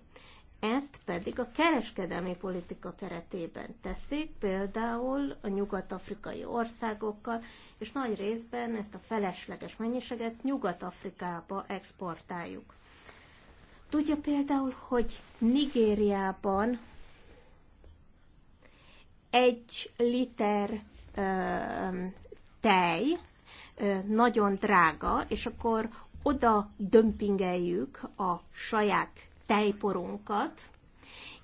Ezt pedig a kereskedelmi politika keretében teszik, például a nyugat-afrikai országokkal, és nagy részben ezt a felesleges mennyiséget Nyugat-Afrikába exportáljuk. Tudja például, hogy Nigériában egy liter ö, tej ö, nagyon drága, és akkor oda dömpingeljük a saját tejporunkat,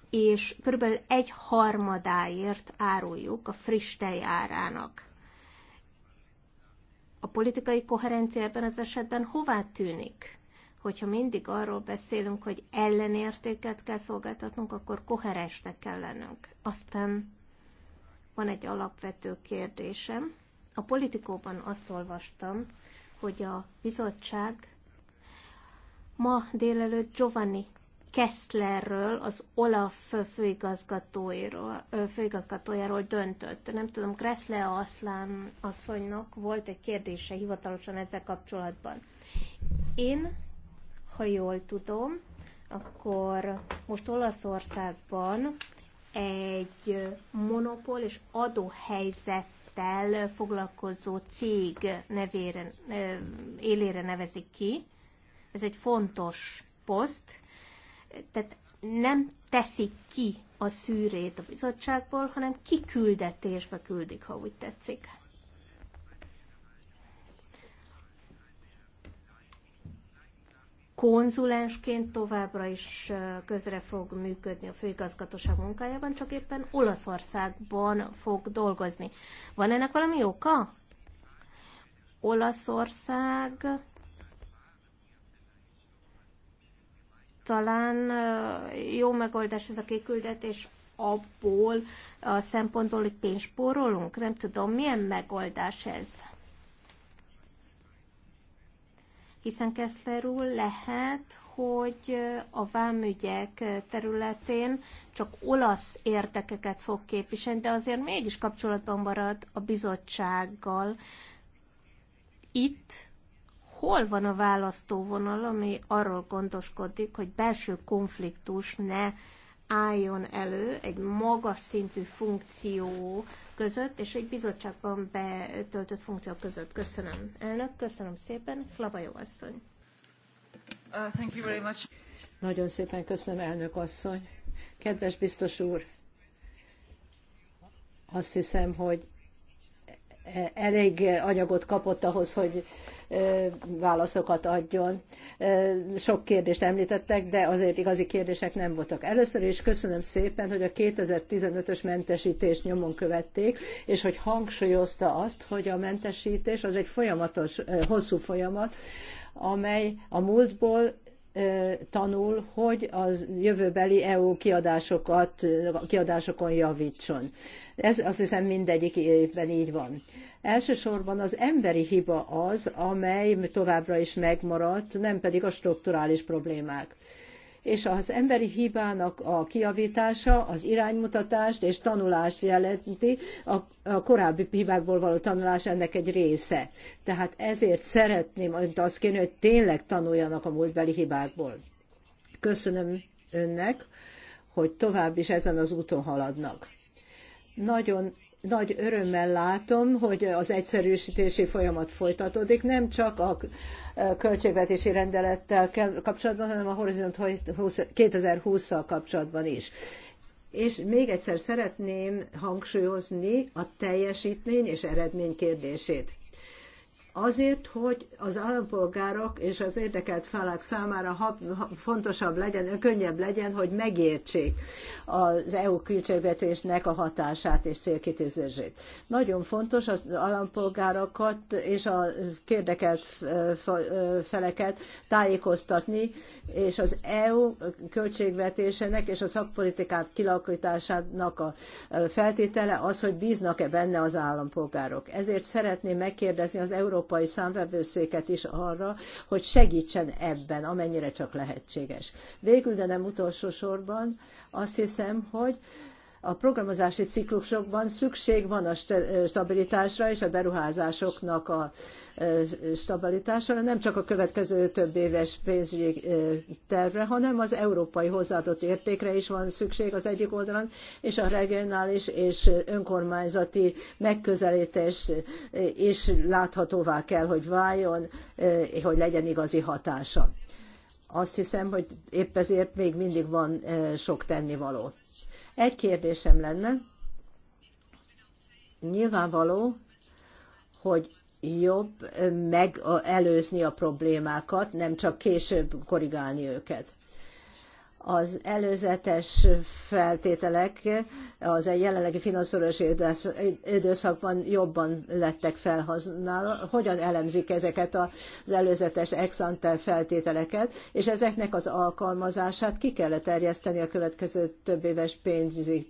és kb. egy harmadáért áruljuk a friss tej árának. A politikai koherencia ebben az esetben hová tűnik? Hogyha mindig arról beszélünk, hogy ellenértéket kell szolgáltatnunk, akkor koherensnek kell lennünk. Aztán van egy alapvető kérdésem. A politikóban azt olvastam, hogy a bizottság ma délelőtt Giovanni Kesslerről, az Olaf főigazgatójáról döntött. Nem tudom, Kressle Aszlán asszonynak volt egy kérdése hivatalosan ezzel kapcsolatban. Én, ha jól tudom, akkor most Olaszországban egy monopól és adóhelyzet projekttel foglalkozó cég nevére, élére nevezik ki. Ez egy fontos poszt. Tehát nem teszik ki a szűrét a bizottságból, hanem kiküldetésbe küldik, ha úgy tetszik. konzulensként továbbra is közre fog működni a főigazgatóság munkájában, csak éppen Olaszországban fog dolgozni. Van ennek valami oka? Olaszország talán jó megoldás ez a kiküldetés abból a szempontból, hogy pénzspórolunk? Nem tudom, milyen megoldás ez? hiszen Kessler úr lehet, hogy a vámügyek területén csak olasz érdekeket fog képviselni, de azért mégis kapcsolatban marad a bizottsággal. Itt hol van a választóvonal, ami arról gondoskodik, hogy belső konfliktus ne álljon elő egy magas szintű funkció között, és egy bizottságban betöltött funkció között. Köszönöm, elnök, köszönöm szépen, jó asszony. Uh, thank you very much. Nagyon szépen köszönöm, elnök asszony. Kedves biztos úr, azt hiszem, hogy e- elég anyagot kapott ahhoz, hogy válaszokat adjon. Sok kérdést említettek, de azért igazi kérdések nem voltak. Először is köszönöm szépen, hogy a 2015-ös mentesítést nyomon követték, és hogy hangsúlyozta azt, hogy a mentesítés az egy folyamatos, hosszú folyamat, amely a múltból tanul, hogy a jövőbeli EU kiadásokat, kiadásokon javítson. Ez azt hiszem mindegyik évben így van. Elsősorban az emberi hiba az, amely továbbra is megmaradt, nem pedig a strukturális problémák és az emberi hibának a kiavítása az iránymutatást és tanulást jelenti, a, a korábbi hibákból való tanulás ennek egy része. Tehát ezért szeretném önt azt kérni, hogy tényleg tanuljanak a múltbeli hibákból. Köszönöm önnek, hogy tovább is ezen az úton haladnak. Nagyon nagy örömmel látom, hogy az egyszerűsítési folyamat folytatódik, nem csak a e, költségvetési rendelettel kapcsolatban, hanem a Horizont 2020-szal kapcsolatban is. És még egyszer szeretném hangsúlyozni a teljesítmény és eredmény kérdését azért, hogy az állampolgárok és az érdekelt felek számára fontosabb legyen, könnyebb legyen, hogy megértsék az EU költségvetésnek a hatását és célkitűzését. Nagyon fontos az állampolgárokat és a kérdekelt feleket tájékoztatni, és az EU költségvetésének és a szakpolitikát kilakításának a feltétele az, hogy bíznak-e benne az állampolgárok. Ezért szeretném megkérdezni az Európai európai számvevőszéket is arra, hogy segítsen ebben, amennyire csak lehetséges. Végül, de nem utolsó sorban, azt hiszem, hogy a programozási ciklusokban szükség van a stabilitásra és a beruházásoknak a e, stabilitására, nem csak a következő több éves pénzügyi e, tervre, hanem az európai hozzáadott értékre is van szükség az egyik oldalon, és a regionális és önkormányzati megközelítés is láthatóvá kell, hogy váljon, e, hogy legyen igazi hatása. Azt hiszem, hogy épp ezért még mindig van sok tennivaló. Egy kérdésem lenne. Nyilvánvaló, hogy jobb megelőzni a problémákat, nem csak később korrigálni őket az előzetes feltételek az egy jelenlegi finanszírozási időszakban jobban lettek felhasználva. Hogyan elemzik ezeket az előzetes ex ante feltételeket, és ezeknek az alkalmazását ki kell terjeszteni a következő több éves pénzügyi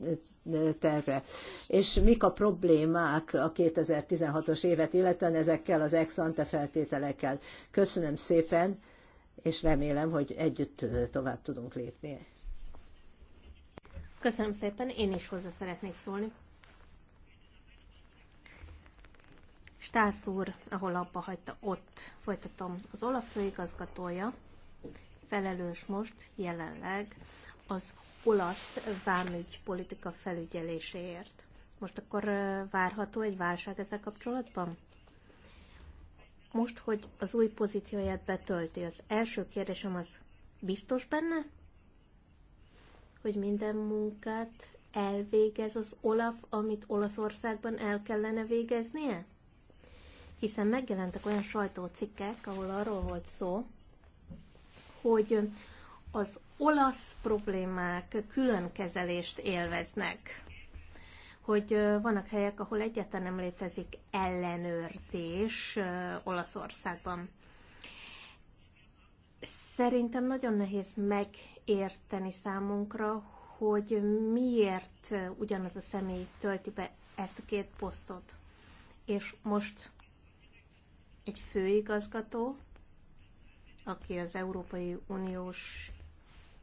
tervre. És mik a problémák a 2016-os évet, illetően ezekkel az ex ante feltételekkel. Köszönöm szépen és remélem, hogy együtt tovább tudunk lépni. Köszönöm szépen, én is hozzá szeretnék szólni. Stász úr, ahol abba hagyta, ott folytatom. Az Olaf főigazgatója felelős most jelenleg az olasz vámügy politika felügyeléséért. Most akkor várható egy válság ezzel kapcsolatban? most, hogy az új pozícióját betölti. Az első kérdésem az, biztos benne, hogy minden munkát elvégez az Olaf, amit Olaszországban el kellene végeznie? Hiszen megjelentek olyan sajtócikkek, ahol arról volt szó, hogy az olasz problémák külön kezelést élveznek hogy vannak helyek, ahol egyáltalán nem létezik ellenőrzés Olaszországban. Szerintem nagyon nehéz megérteni számunkra, hogy miért ugyanaz a személy tölti be ezt a két posztot. És most egy főigazgató, aki az Európai Uniós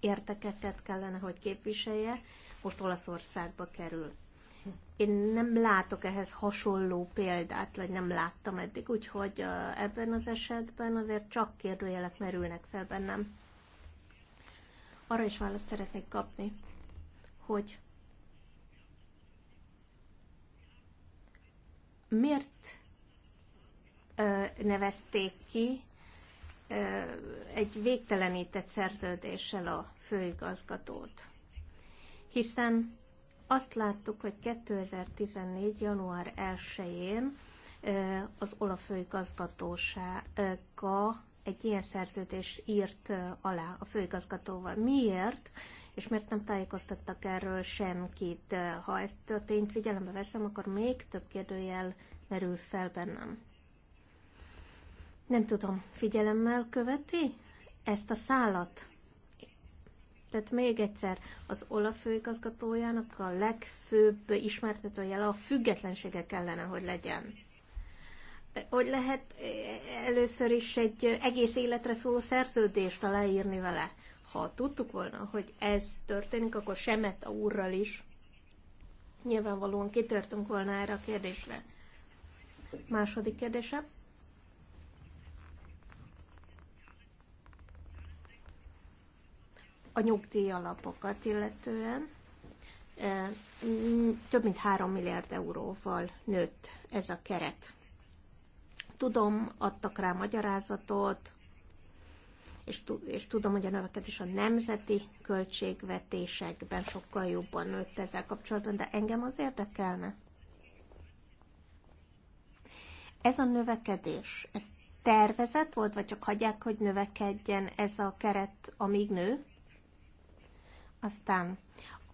értekeket kellene, hogy képviselje, most Olaszországba kerül. Én nem látok ehhez hasonló példát, vagy nem láttam eddig, úgyhogy ebben az esetben azért csak kérdőjelek merülnek fel bennem. Arra is választ szeretnék kapni, hogy miért nevezték ki egy végtelenített szerződéssel a főigazgatót. Hiszen azt láttuk, hogy 2014. január 1-én az Olafői főigazgatósága egy ilyen szerződést írt alá a főigazgatóval. Miért? És miért nem tájékoztattak erről senkit? Ha ezt a tényt figyelembe veszem, akkor még több kérdőjel merül fel bennem. Nem tudom, figyelemmel követi ezt a szállat, tehát még egyszer, az OLAF főigazgatójának a legfőbb ismertető jele a függetlensége kellene, hogy legyen. E, hogy lehet e, először is egy egész életre szóló szerződést aláírni vele? Ha tudtuk volna, hogy ez történik, akkor Semet a úrral is nyilvánvalóan kitörtünk volna erre a kérdésre. Második kérdésem. a nyugdíjalapokat illetően több mint 3 milliárd euróval nőtt ez a keret. Tudom, adtak rá magyarázatot, és, és tudom, hogy a növekedés a nemzeti költségvetésekben sokkal jobban nőtt ezzel kapcsolatban, de engem az érdekelne. Ez a növekedés, ez tervezett volt, vagy csak hagyják, hogy növekedjen ez a keret, amíg nő? Aztán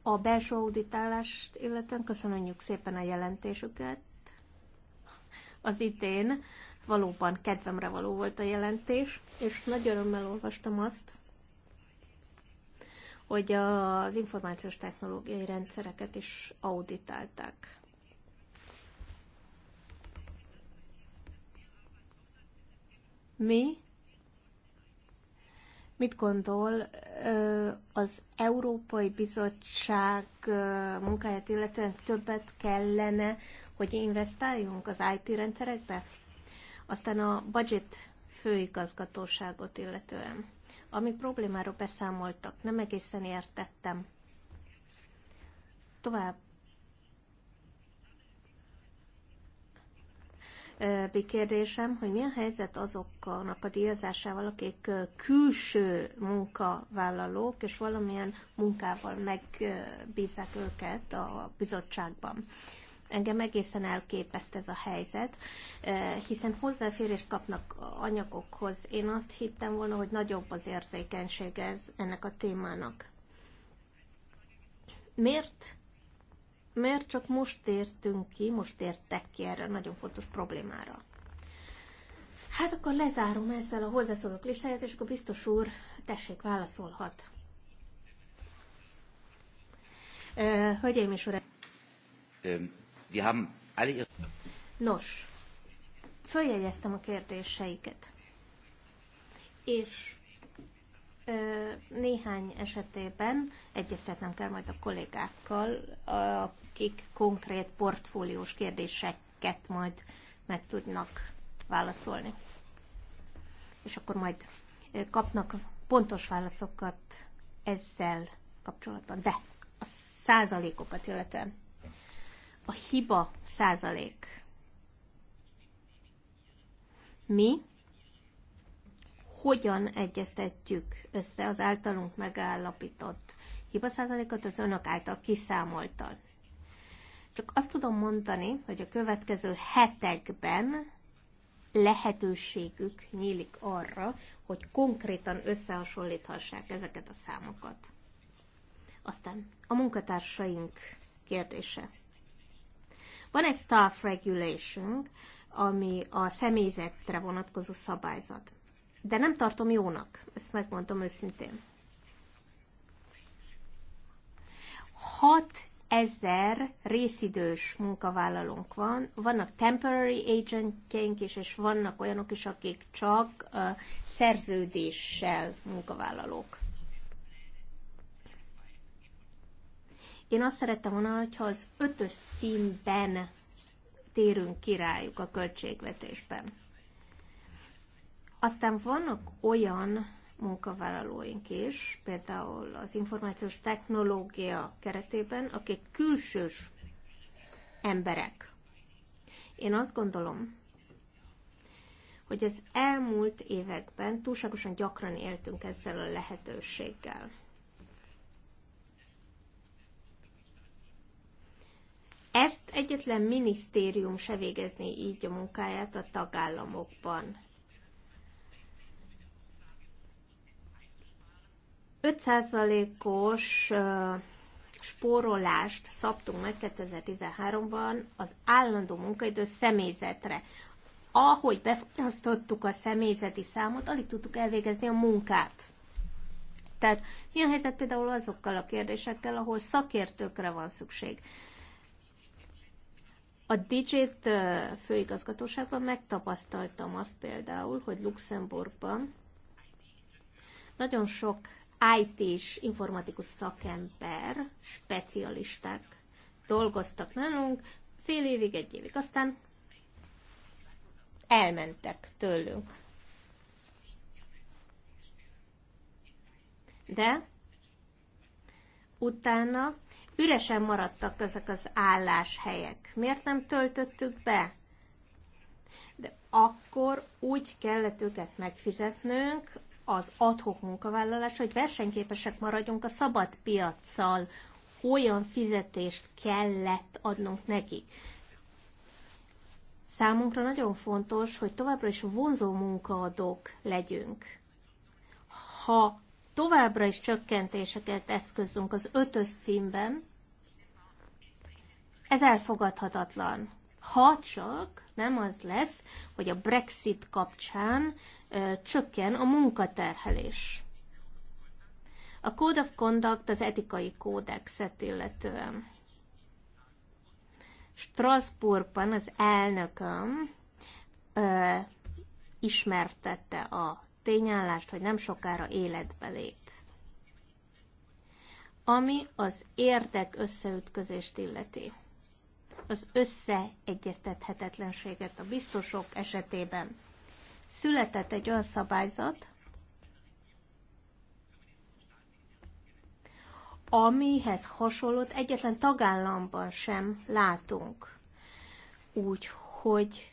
a belső auditálást illetően köszönjük szépen a jelentésüket. Az idén valóban kedvemre való volt a jelentés, és nagy örömmel olvastam azt, hogy az információs technológiai rendszereket is auditálták. Mi Mit gondol az Európai Bizottság munkáját illetően többet kellene, hogy investáljunk az IT rendszerekbe? Aztán a budget főigazgatóságot illetően. Ami problémáról beszámoltak, nem egészen értettem. Tovább kérdésem, hogy mi a helyzet azoknak a díjazásával, akik külső munkavállalók, és valamilyen munkával megbízzák őket a bizottságban. Engem egészen elképeszt ez a helyzet, hiszen hozzáférést kapnak anyagokhoz. Én azt hittem volna, hogy nagyobb az érzékenység ez ennek a témának. Miért mert csak most értünk ki, most értek ki erre a nagyon fontos problémára. Hát akkor lezárom ezzel a hozzászólók listáját, és akkor biztos úr, tessék, válaszolhat. Hölgyeim és uraim! Nos, följegyeztem a kérdéseiket. És néhány esetében egyeztetnem kell majd a kollégákkal, akik konkrét portfóliós kérdéseket majd meg tudnak válaszolni. És akkor majd kapnak pontos válaszokat ezzel kapcsolatban. De a százalékokat illetően a hiba százalék. Mi hogyan egyeztetjük össze az általunk megállapított hibaszázalékot az önök által kiszámoltan. Csak azt tudom mondani, hogy a következő hetekben lehetőségük nyílik arra, hogy konkrétan összehasonlíthassák ezeket a számokat. Aztán a munkatársaink kérdése. Van egy staff regulation, ami a személyzetre vonatkozó szabályzat de nem tartom jónak, ezt megmondom őszintén. 6 ezer részidős munkavállalónk van, vannak temporary agentjeink is, és vannak olyanok is, akik csak uh, szerződéssel munkavállalók. Én azt szerettem volna, hogyha az ötös címben térünk királyuk a költségvetésben. Aztán vannak olyan munkavállalóink is, például az információs technológia keretében, akik külsős emberek. Én azt gondolom, hogy az elmúlt években túlságosan gyakran éltünk ezzel a lehetőséggel. Ezt egyetlen minisztérium se végezné így a munkáját a tagállamokban. 5%-os spórolást szabtunk meg 2013-ban az állandó munkaidő személyzetre. Ahogy befogyasztottuk a személyzeti számot, alig tudtuk elvégezni a munkát. Tehát mi a helyzet például azokkal a kérdésekkel, ahol szakértőkre van szükség? A Digit főigazgatóságban megtapasztaltam azt például, hogy Luxemburgban nagyon sok IT-s informatikus szakember, specialisták dolgoztak nálunk, fél évig, egy évig, aztán elmentek tőlünk. De utána üresen maradtak ezek az álláshelyek. Miért nem töltöttük be? De akkor úgy kellett őket megfizetnünk, az adhok munkavállalás, hogy versenyképesek maradjunk a szabad piacsal, olyan fizetést kellett adnunk nekik. Számunkra nagyon fontos, hogy továbbra is vonzó munkaadók legyünk. Ha továbbra is csökkentéseket eszközünk az ötös színben, ez elfogadhatatlan ha csak nem az lesz, hogy a Brexit kapcsán ö, csökken a munkaterhelés. A Code of Conduct az etikai kódexet illetően. Strasbourgban az elnököm ö, ismertette a tényállást, hogy nem sokára életbe lép. Ami az érdek összeütközést illeti az összeegyeztethetetlenséget a biztosok esetében. Született egy olyan szabályzat, amihez hasonlót egyetlen tagállamban sem látunk. Úgyhogy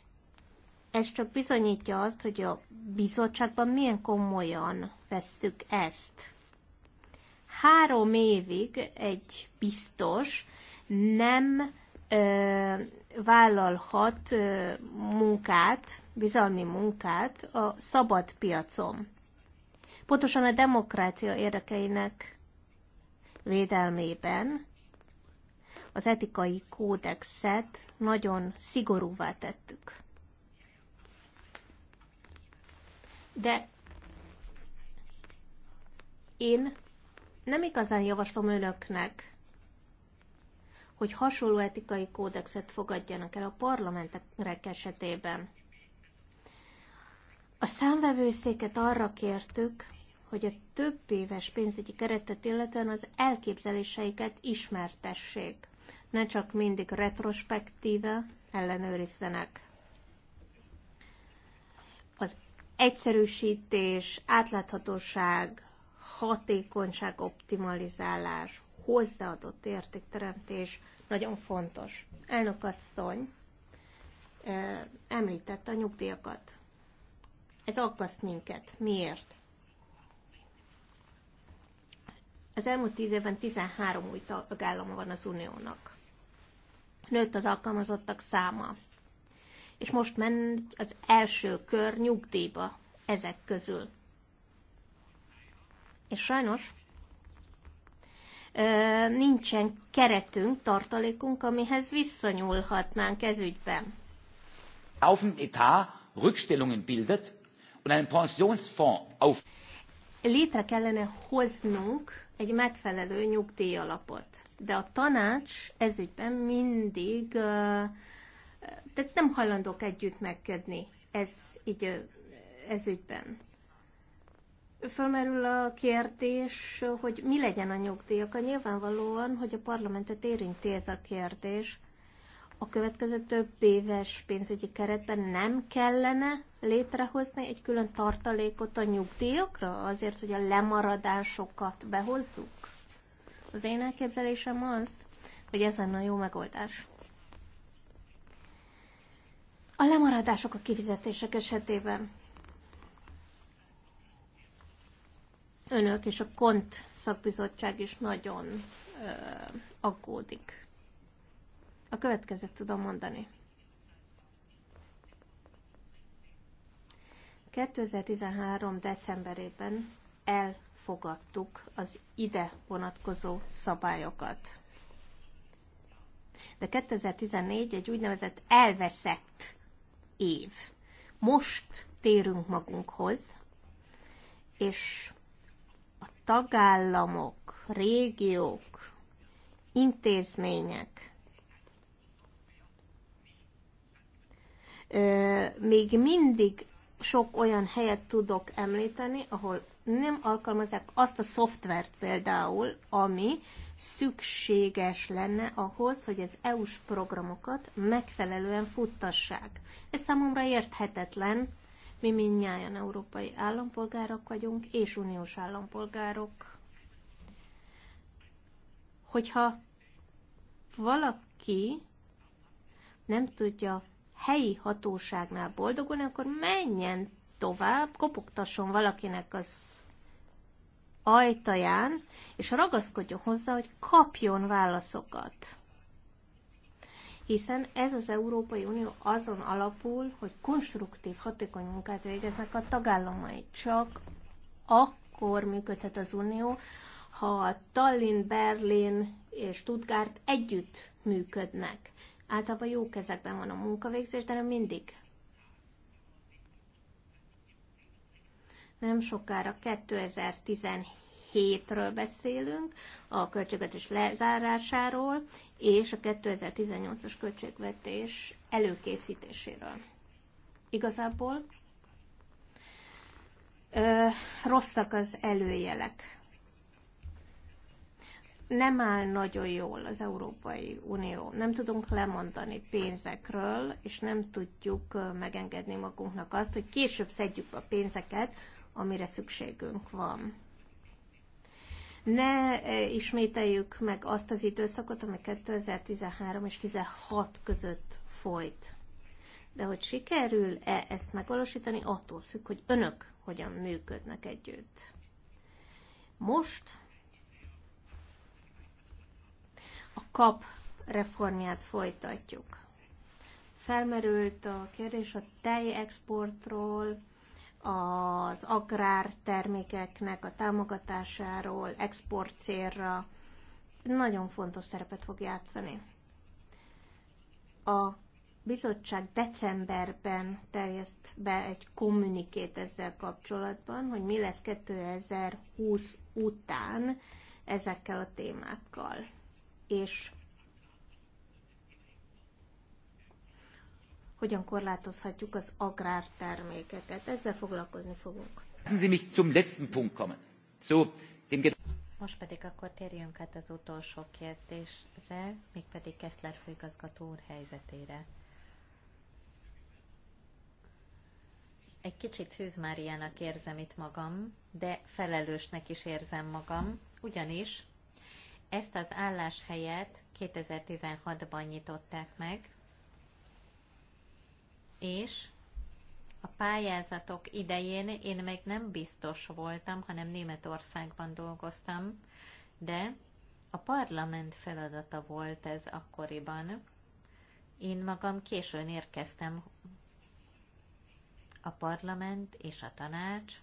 ez csak bizonyítja azt, hogy a bizottságban milyen komolyan vesszük ezt. Három évig egy biztos nem vállalhat munkát, bizalmi munkát a szabad piacon. Pontosan a demokrácia érdekeinek védelmében az etikai kódexet nagyon szigorúvá tettük. De én nem igazán javaslom önöknek, hogy hasonló etikai kódexet fogadjanak el a parlamentek esetében. A számvevőszéket arra kértük, hogy a több éves pénzügyi keretet illetően az elképzeléseiket ismertessék. Ne csak mindig retrospektíve ellenőrizzenek. Az egyszerűsítés, átláthatóság, hatékonyság optimalizálás, hozzáadott értékteremtés nagyon fontos. Elnök asszony említette a nyugdíjakat. Ez aggaszt minket. Miért? Az elmúlt tíz évben 13 új tagállama van az Uniónak. Nőtt az alkalmazottak száma. És most menj az első kör nyugdíjba ezek közül. És sajnos nincsen keretünk, tartalékunk, amihez visszanyúlhatnánk ez ügyben. dem Etat Rückstellungen bildet und einen Pensionsfonds auf. Létre kellene hoznunk egy megfelelő nyugdíjalapot. De a tanács ezügyben mindig tehát nem hajlandók együtt megkedni ez, így, ez ügyben. Fölmerül a kérdés, hogy mi legyen a nyugdíjakkal. Nyilvánvalóan, hogy a parlamentet érinti ez a kérdés. A következő több éves pénzügyi keretben nem kellene létrehozni egy külön tartalékot a nyugdíjakra, azért, hogy a lemaradásokat behozzuk? Az én elképzelésem az, hogy ez lenne a jó megoldás. A lemaradások a kifizetések esetében önök és a KONT szakbizottság is nagyon ö, aggódik. A következőt tudom mondani. 2013. decemberében elfogadtuk az ide vonatkozó szabályokat. De 2014 egy úgynevezett elveszett év. Most térünk magunkhoz, és tagállamok, régiók, intézmények még mindig sok olyan helyet tudok említeni, ahol nem alkalmazzák azt a szoftvert például, ami szükséges lenne ahhoz, hogy az EU-s programokat megfelelően futtassák. Ez számomra érthetetlen, mi mindnyájan európai állampolgárok vagyunk, és uniós állampolgárok. Hogyha valaki nem tudja helyi hatóságnál boldogulni, akkor menjen tovább, kopogtasson valakinek az ajtaján, és ragaszkodjon hozzá, hogy kapjon válaszokat hiszen ez az Európai Unió azon alapul, hogy konstruktív, hatékony munkát végeznek a tagállamai. Csak akkor működhet az Unió, ha Tallinn, Berlin és Stuttgart együtt működnek. Általában jó kezekben van a munkavégzés, de nem mindig. Nem sokára 2017-ről beszélünk, a költségvetés lezárásáról, és a 2018-as költségvetés előkészítéséről. Igazából ö, rosszak az előjelek. Nem áll nagyon jól az Európai Unió. Nem tudunk lemondani pénzekről, és nem tudjuk megengedni magunknak azt, hogy később szedjük a pénzeket, amire szükségünk van ne eh, ismételjük meg azt az időszakot, ami 2013 és 2016 között folyt. De hogy sikerül-e ezt megvalósítani, attól függ, hogy önök hogyan működnek együtt. Most a kap reformját folytatjuk. Felmerült a kérdés a tejexportról, az agrártermékeknek a támogatásáról, export célra nagyon fontos szerepet fog játszani. A bizottság decemberben terjeszt be egy kommunikét ezzel kapcsolatban, hogy mi lesz 2020 után ezekkel a témákkal. És hogyan korlátozhatjuk az agrártermékeket. Ezzel foglalkozni fogunk. most pedig akkor térjünk át az utolsó kérdésre, mégpedig Kessler főigazgató úr helyzetére. Egy kicsit Hűzmáriának érzem itt magam, de felelősnek is érzem magam, ugyanis ezt az álláshelyet 2016-ban nyitották meg, és a pályázatok idején én még nem biztos voltam, hanem Németországban dolgoztam, de a parlament feladata volt ez akkoriban. Én magam későn érkeztem. A parlament és a tanács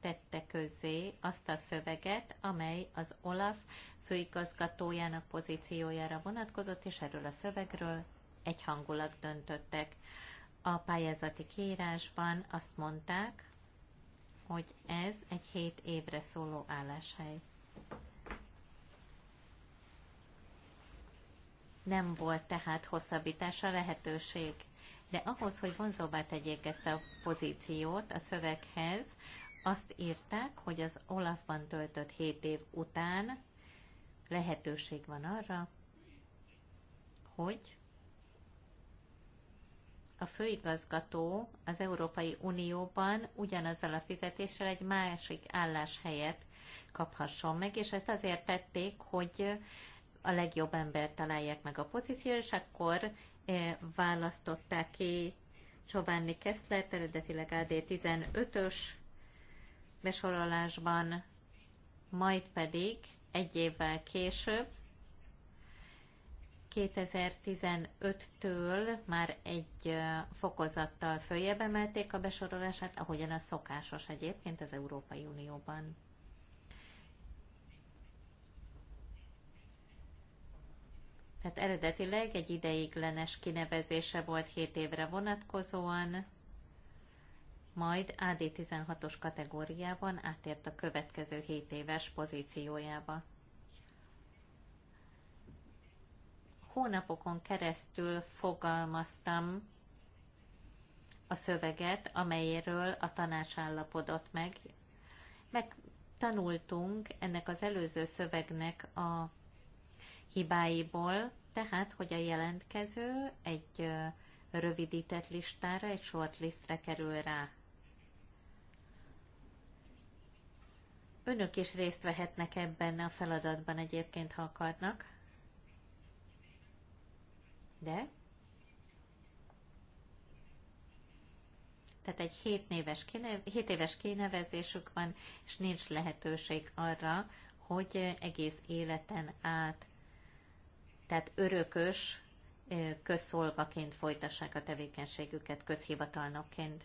tette közzé azt a szöveget, amely az Olaf főigazgatójának pozíciójára vonatkozott, és erről a szövegről egyhangulag döntöttek. A pályázati kiírásban azt mondták, hogy ez egy 7 évre szóló álláshely. Nem volt tehát hosszabbítása lehetőség, de ahhoz, hogy vonzóvá tegyék ezt a pozíciót a szöveghez, azt írták, hogy az Olafban töltött 7 év után lehetőség van arra, hogy a főigazgató az Európai Unióban ugyanazzal a fizetéssel egy másik álláshelyet kaphasson meg, és ezt azért tették, hogy a legjobb embert találják meg a pozícióra, és akkor eh, választották ki Csovánni Keszlet, eredetileg AD15-ös besorolásban, majd pedig egy évvel később 2015-től már egy fokozattal följebb emelték a besorolását, ahogyan a szokásos egyébként az Európai Unióban. Tehát eredetileg egy ideiglenes kinevezése volt 7 évre vonatkozóan, majd AD16-os kategóriában átért a következő 7 éves pozíciójába. hónapokon keresztül fogalmaztam a szöveget, amelyről a tanács állapodott meg. Megtanultunk ennek az előző szövegnek a hibáiból, tehát, hogy a jelentkező egy rövidített listára, egy shortlistre kerül rá. Önök is részt vehetnek ebben a feladatban egyébként, ha akarnak de tehát egy 7, néves kinev, 7 éves kinevezésük van, és nincs lehetőség arra, hogy egész életen át, tehát örökös közszolgaként folytassák a tevékenységüket közhivatalnokként.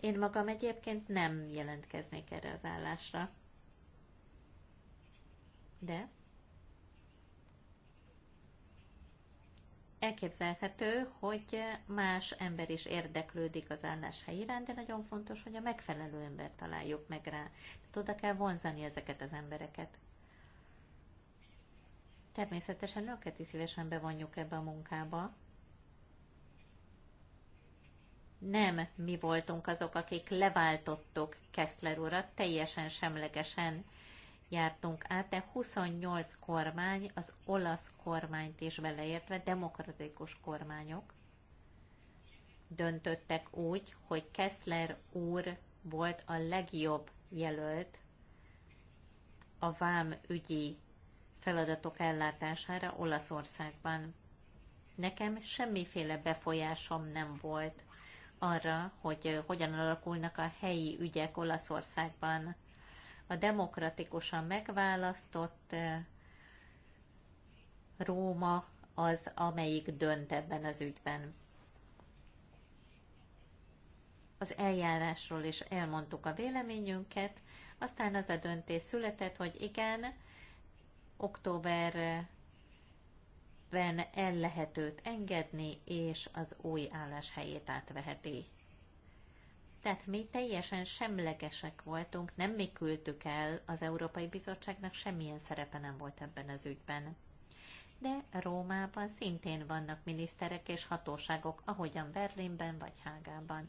Én magam egyébként nem jelentkeznék erre az állásra. De elképzelhető, hogy más ember is érdeklődik az állás helyén, de nagyon fontos, hogy a megfelelő ember találjuk meg rá. Tehát oda kell vonzani ezeket az embereket. Természetesen őket is szívesen bevonjuk ebbe a munkába. Nem mi voltunk azok, akik leváltottuk Keszler urat, teljesen semlegesen jártunk át, de 28 kormány, az olasz kormányt is beleértve, demokratikus kormányok döntöttek úgy, hogy Kessler úr volt a legjobb jelölt a vám ügyi feladatok ellátására Olaszországban. Nekem semmiféle befolyásom nem volt arra, hogy hogyan alakulnak a helyi ügyek Olaszországban a demokratikusan megválasztott Róma az, amelyik dönt ebben az ügyben. Az eljárásról is elmondtuk a véleményünket, aztán az a döntés született, hogy igen, októberben el lehetőt engedni, és az új álláshelyét átveheti. Tehát mi teljesen semlegesek voltunk, nem mi küldtük el, az Európai Bizottságnak semmilyen szerepe nem volt ebben az ügyben. De Rómában szintén vannak miniszterek és hatóságok, ahogyan Berlinben vagy Hágában.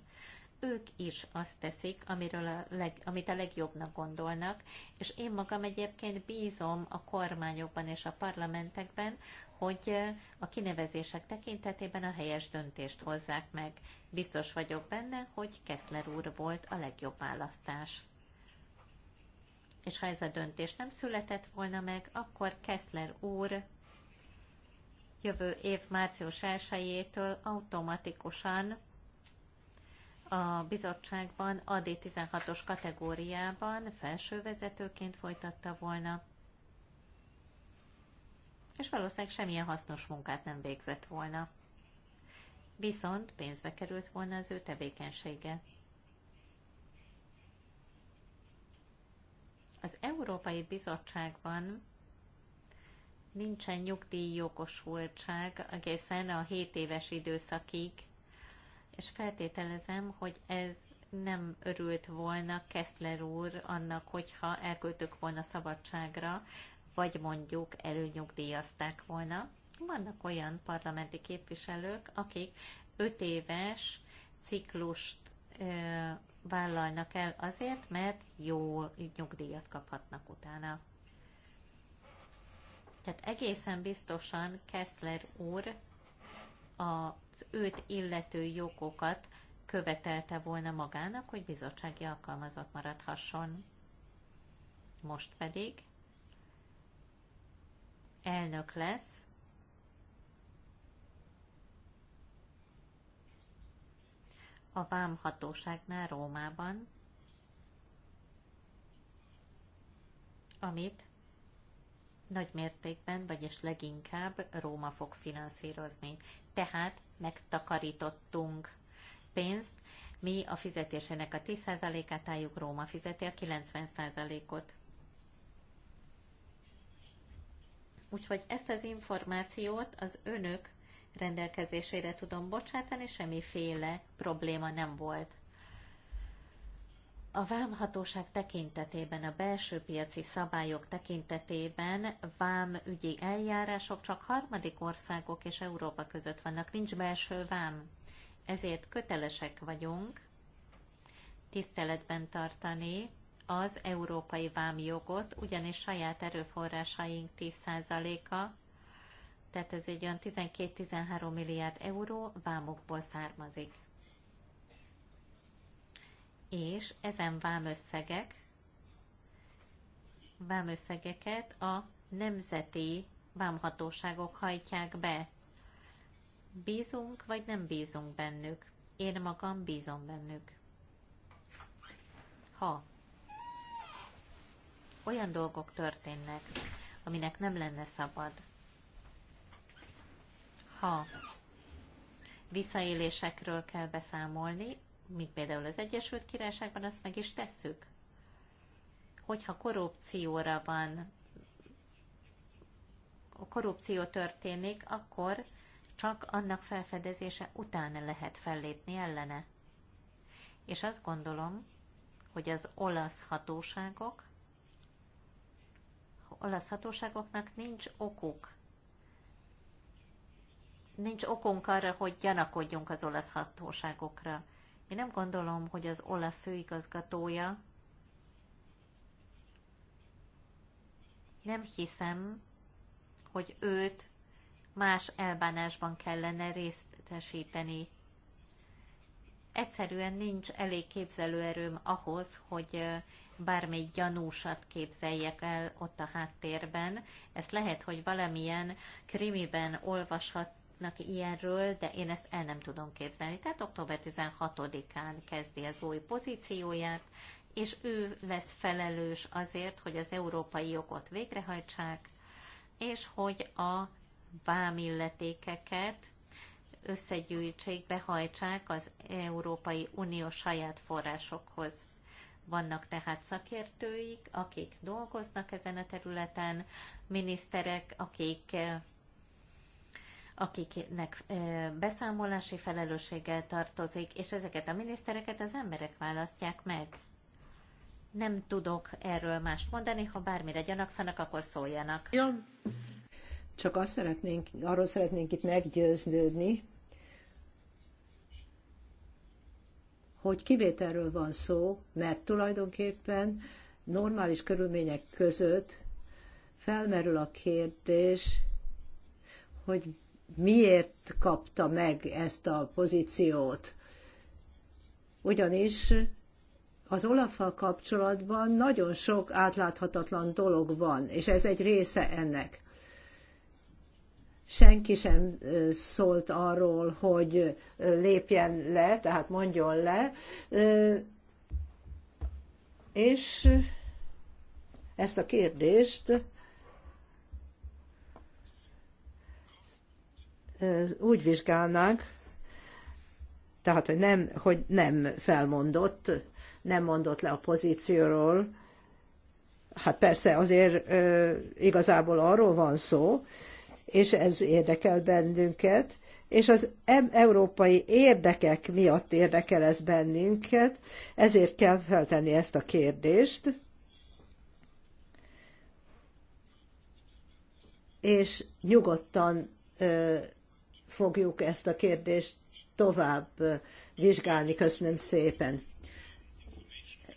Ők is azt teszik, amiről a leg, amit a legjobbnak gondolnak, és én magam egyébként bízom a kormányokban és a parlamentekben, hogy a kinevezések tekintetében a helyes döntést hozzák meg. Biztos vagyok benne, hogy Keszler úr volt a legjobb választás. És ha ez a döntés nem született volna meg, akkor Keszler úr jövő év március 1-től automatikusan a bizottságban AD16-os kategóriában felsővezetőként folytatta volna és valószínűleg semmilyen hasznos munkát nem végzett volna. Viszont pénzbe került volna az ő tevékenysége. Az Európai Bizottságban nincsen nyugdíjjogosultság egészen a 7 éves időszakig, és feltételezem, hogy ez nem örült volna Kessler úr annak, hogyha elköltök volna szabadságra, vagy mondjuk előnyugdíjazták volna. Vannak olyan parlamenti képviselők, akik 5 éves ciklust ö, vállalnak el azért, mert jó nyugdíjat kaphatnak utána. Tehát egészen biztosan Kessler úr az őt illető jogokat követelte volna magának, hogy bizottsági alkalmazott maradhasson. Most pedig elnök lesz, a vámhatóságnál Rómában, amit nagy mértékben, vagyis leginkább Róma fog finanszírozni. Tehát megtakarítottunk pénzt, mi a fizetésének a 10%-át álljuk, Róma fizeti a 90%-ot. Úgyhogy ezt az információt az önök rendelkezésére tudom bocsátani, semmiféle probléma nem volt. A vámhatóság tekintetében, a belső piaci szabályok tekintetében vámügyi eljárások csak harmadik országok és Európa között vannak, nincs belső vám. Ezért kötelesek vagyunk tiszteletben tartani az európai vámjogot, ugyanis saját erőforrásaink 10%-a, tehát ez egy olyan 12-13 milliárd euró vámokból származik. És ezen vámösszegek, vámösszegeket a nemzeti vámhatóságok hajtják be. Bízunk vagy nem bízunk bennük? Én magam bízom bennük. Ha olyan dolgok történnek, aminek nem lenne szabad. Ha visszaélésekről kell beszámolni, mint például az Egyesült Királyságban, azt meg is tesszük. Hogyha korrupcióra van, korrupció történik, akkor csak annak felfedezése után lehet fellépni ellene. És azt gondolom, hogy az olasz hatóságok olasz hatóságoknak nincs okuk. Nincs okunk arra, hogy gyanakodjunk az olasz hatóságokra. Én nem gondolom, hogy az OLAF főigazgatója nem hiszem, hogy őt más elbánásban kellene részesíteni. Egyszerűen nincs elég képzelőerőm ahhoz, hogy bármely gyanúsat képzeljek el ott a háttérben. Ezt lehet, hogy valamilyen krimiben olvashatnak ilyenről, de én ezt el nem tudom képzelni. Tehát október 16-án kezdi az új pozícióját, és ő lesz felelős azért, hogy az európai jogot végrehajtsák, és hogy a vámilletékeket összegyűjtsék, behajtsák az Európai Unió saját forrásokhoz. Vannak tehát szakértőik, akik dolgoznak ezen a területen, miniszterek, akik eh, akiknek eh, beszámolási felelősséggel tartozik, és ezeket a minisztereket az emberek választják meg. Nem tudok erről mást mondani, ha bármire gyanakszanak, akkor szóljanak. Ja. Csak azt szeretnénk, arról szeretnénk itt meggyőződni, hogy kivételről van szó, mert tulajdonképpen normális körülmények között felmerül a kérdés, hogy miért kapta meg ezt a pozíciót. Ugyanis az olaf kapcsolatban nagyon sok átláthatatlan dolog van, és ez egy része ennek senki sem szólt arról, hogy lépjen le, tehát mondjon le, és ezt a kérdést úgy vizsgálnánk, tehát, hogy nem, hogy nem felmondott, nem mondott le a pozícióról, hát persze azért igazából arról van szó, és ez érdekel bennünket, és az európai érdekek miatt érdekel ez bennünket, ezért kell feltenni ezt a kérdést. És nyugodtan ö, fogjuk ezt a kérdést tovább vizsgálni. Köszönöm szépen.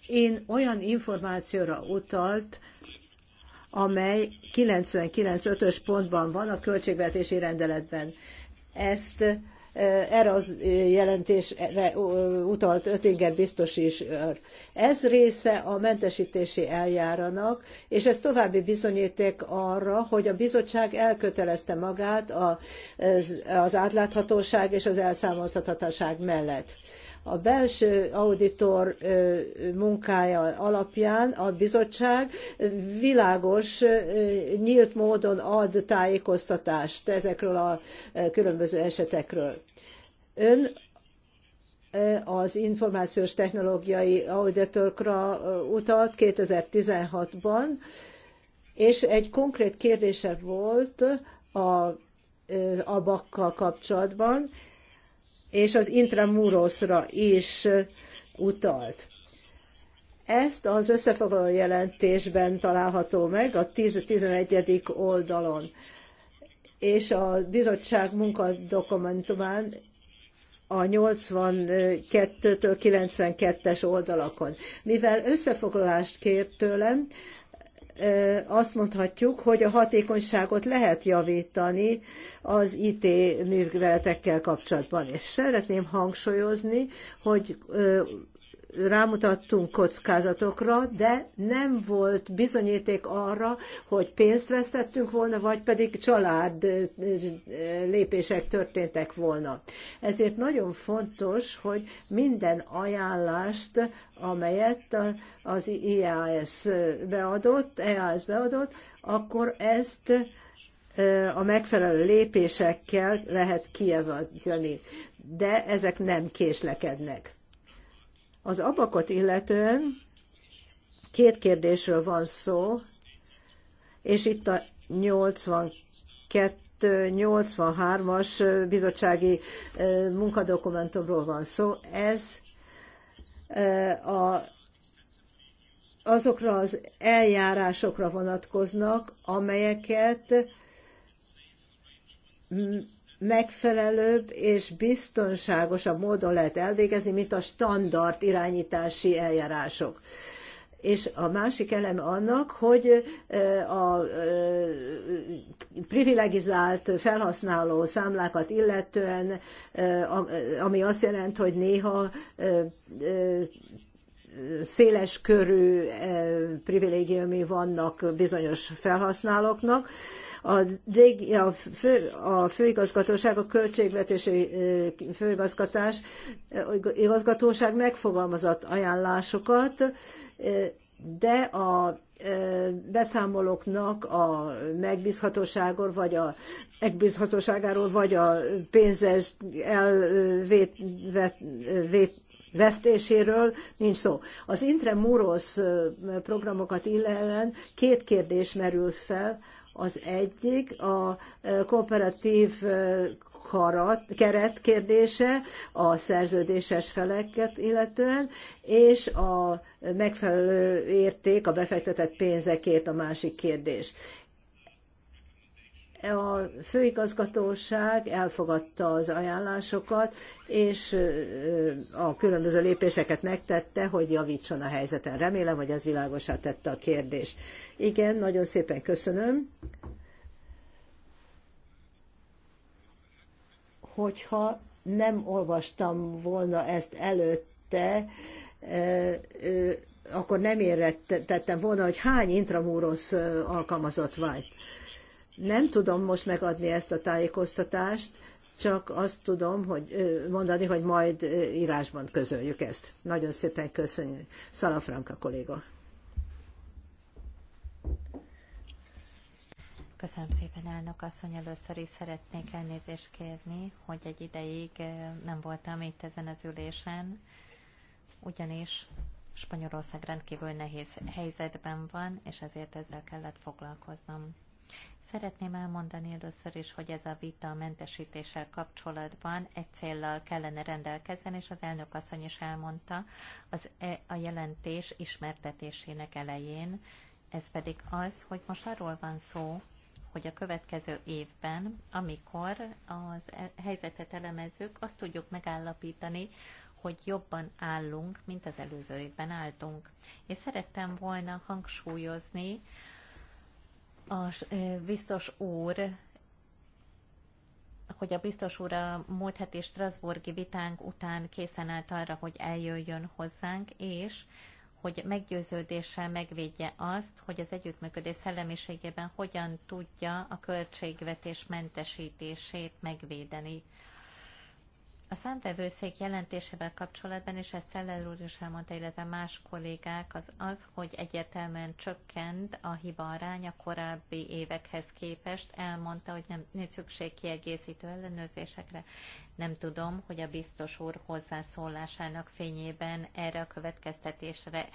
Én olyan információra utalt, amely 99.5-ös pontban van a költségvetési rendeletben. Ezt erre az jelentésre utalt Ötinger biztos is. Ez része a mentesítési eljárának, és ez további bizonyíték arra, hogy a bizottság elkötelezte magát az átláthatóság és az elszámoltathatóság mellett. A belső auditor munkája alapján a bizottság világos, nyílt módon ad tájékoztatást ezekről a különböző esetekről. Ön az információs technológiai auditorkra utalt 2016-ban, és egy konkrét kérdése volt a abakkal kapcsolatban, és az intramurosra is utalt. Ezt az összefoglaló jelentésben található meg a 10-11. oldalon, és a bizottság munkadokumentumán a 82-től 92-es oldalakon. Mivel összefoglalást kért tőlem, azt mondhatjuk, hogy a hatékonyságot lehet javítani az IT műveletekkel kapcsolatban. És szeretném hangsúlyozni, hogy rámutattunk kockázatokra, de nem volt bizonyíték arra, hogy pénzt vesztettünk volna, vagy pedig család lépések történtek volna. Ezért nagyon fontos, hogy minden ajánlást, amelyet az IAS beadott, EAS beadott, akkor ezt a megfelelő lépésekkel lehet kijavítani, de ezek nem késlekednek. Az abakot illetően két kérdésről van szó, és itt a 82-83-as bizottsági munkadokumentumról van szó. Ez a, azokra az eljárásokra vonatkoznak, amelyeket megfelelőbb és biztonságosabb módon lehet elvégezni, mint a standard irányítási eljárások. És a másik elem annak, hogy eh, a eh, privilegizált felhasználó számlákat illetően, eh, ami azt jelent, hogy néha széles körű privilégiumi vannak bizonyos felhasználóknak, a, a, fő, a főigazgatóság, a költségvetési főigazgatás, igazgatóság megfogalmazott ajánlásokat, de a beszámolóknak a megbízhatóságáról, vagy a megbízhatóságáról, vagy a pénzes elvét, vesztéséről nincs szó. Az Intramuros programokat illetően két kérdés merül fel. Az egyik a e, kooperatív e, karat, keret kérdése a szerződéses feleket illetően, és a megfelelő érték a befektetett pénzekért a másik kérdés a főigazgatóság elfogadta az ajánlásokat, és a különböző lépéseket megtette, hogy javítson a helyzeten. Remélem, hogy ez világosá tette a kérdést. Igen, nagyon szépen köszönöm. Hogyha nem olvastam volna ezt előtte, akkor nem érettettem volna, hogy hány intramúrosz alkalmazott vagy nem tudom most megadni ezt a tájékoztatást, csak azt tudom hogy mondani, hogy majd írásban közöljük ezt. Nagyon szépen köszönjük. Franka kolléga. Köszönöm szépen, elnök asszony. Először is szeretnék elnézést kérni, hogy egy ideig nem voltam itt ezen az ülésen, ugyanis Spanyolország rendkívül nehéz helyzetben van, és ezért ezzel kellett foglalkoznom. Szeretném elmondani először is, hogy ez a vita a mentesítéssel kapcsolatban egy céllal kellene rendelkezzen, és az elnök asszony is elmondta az, e, a jelentés ismertetésének elején. Ez pedig az, hogy most arról van szó, hogy a következő évben, amikor az e, helyzetet elemezzük, azt tudjuk megállapítani, hogy jobban állunk, mint az előző évben álltunk. És szerettem volna hangsúlyozni, a biztos úr, hogy a biztos úr a múlt heti Strasburgi vitánk után készen állt arra, hogy eljöjjön hozzánk, és hogy meggyőződéssel megvédje azt, hogy az együttműködés szellemiségében hogyan tudja a költségvetés mentesítését megvédeni a számvevőszék jelentésével kapcsolatban, és ezt Szeller úr is elmondta, illetve más kollégák, az az, hogy egyértelműen csökkent a hiba a korábbi évekhez képest. Elmondta, hogy nem, nincs szükség kiegészítő ellenőrzésekre. Nem tudom, hogy a biztos úr hozzászólásának fényében erre a következtetésre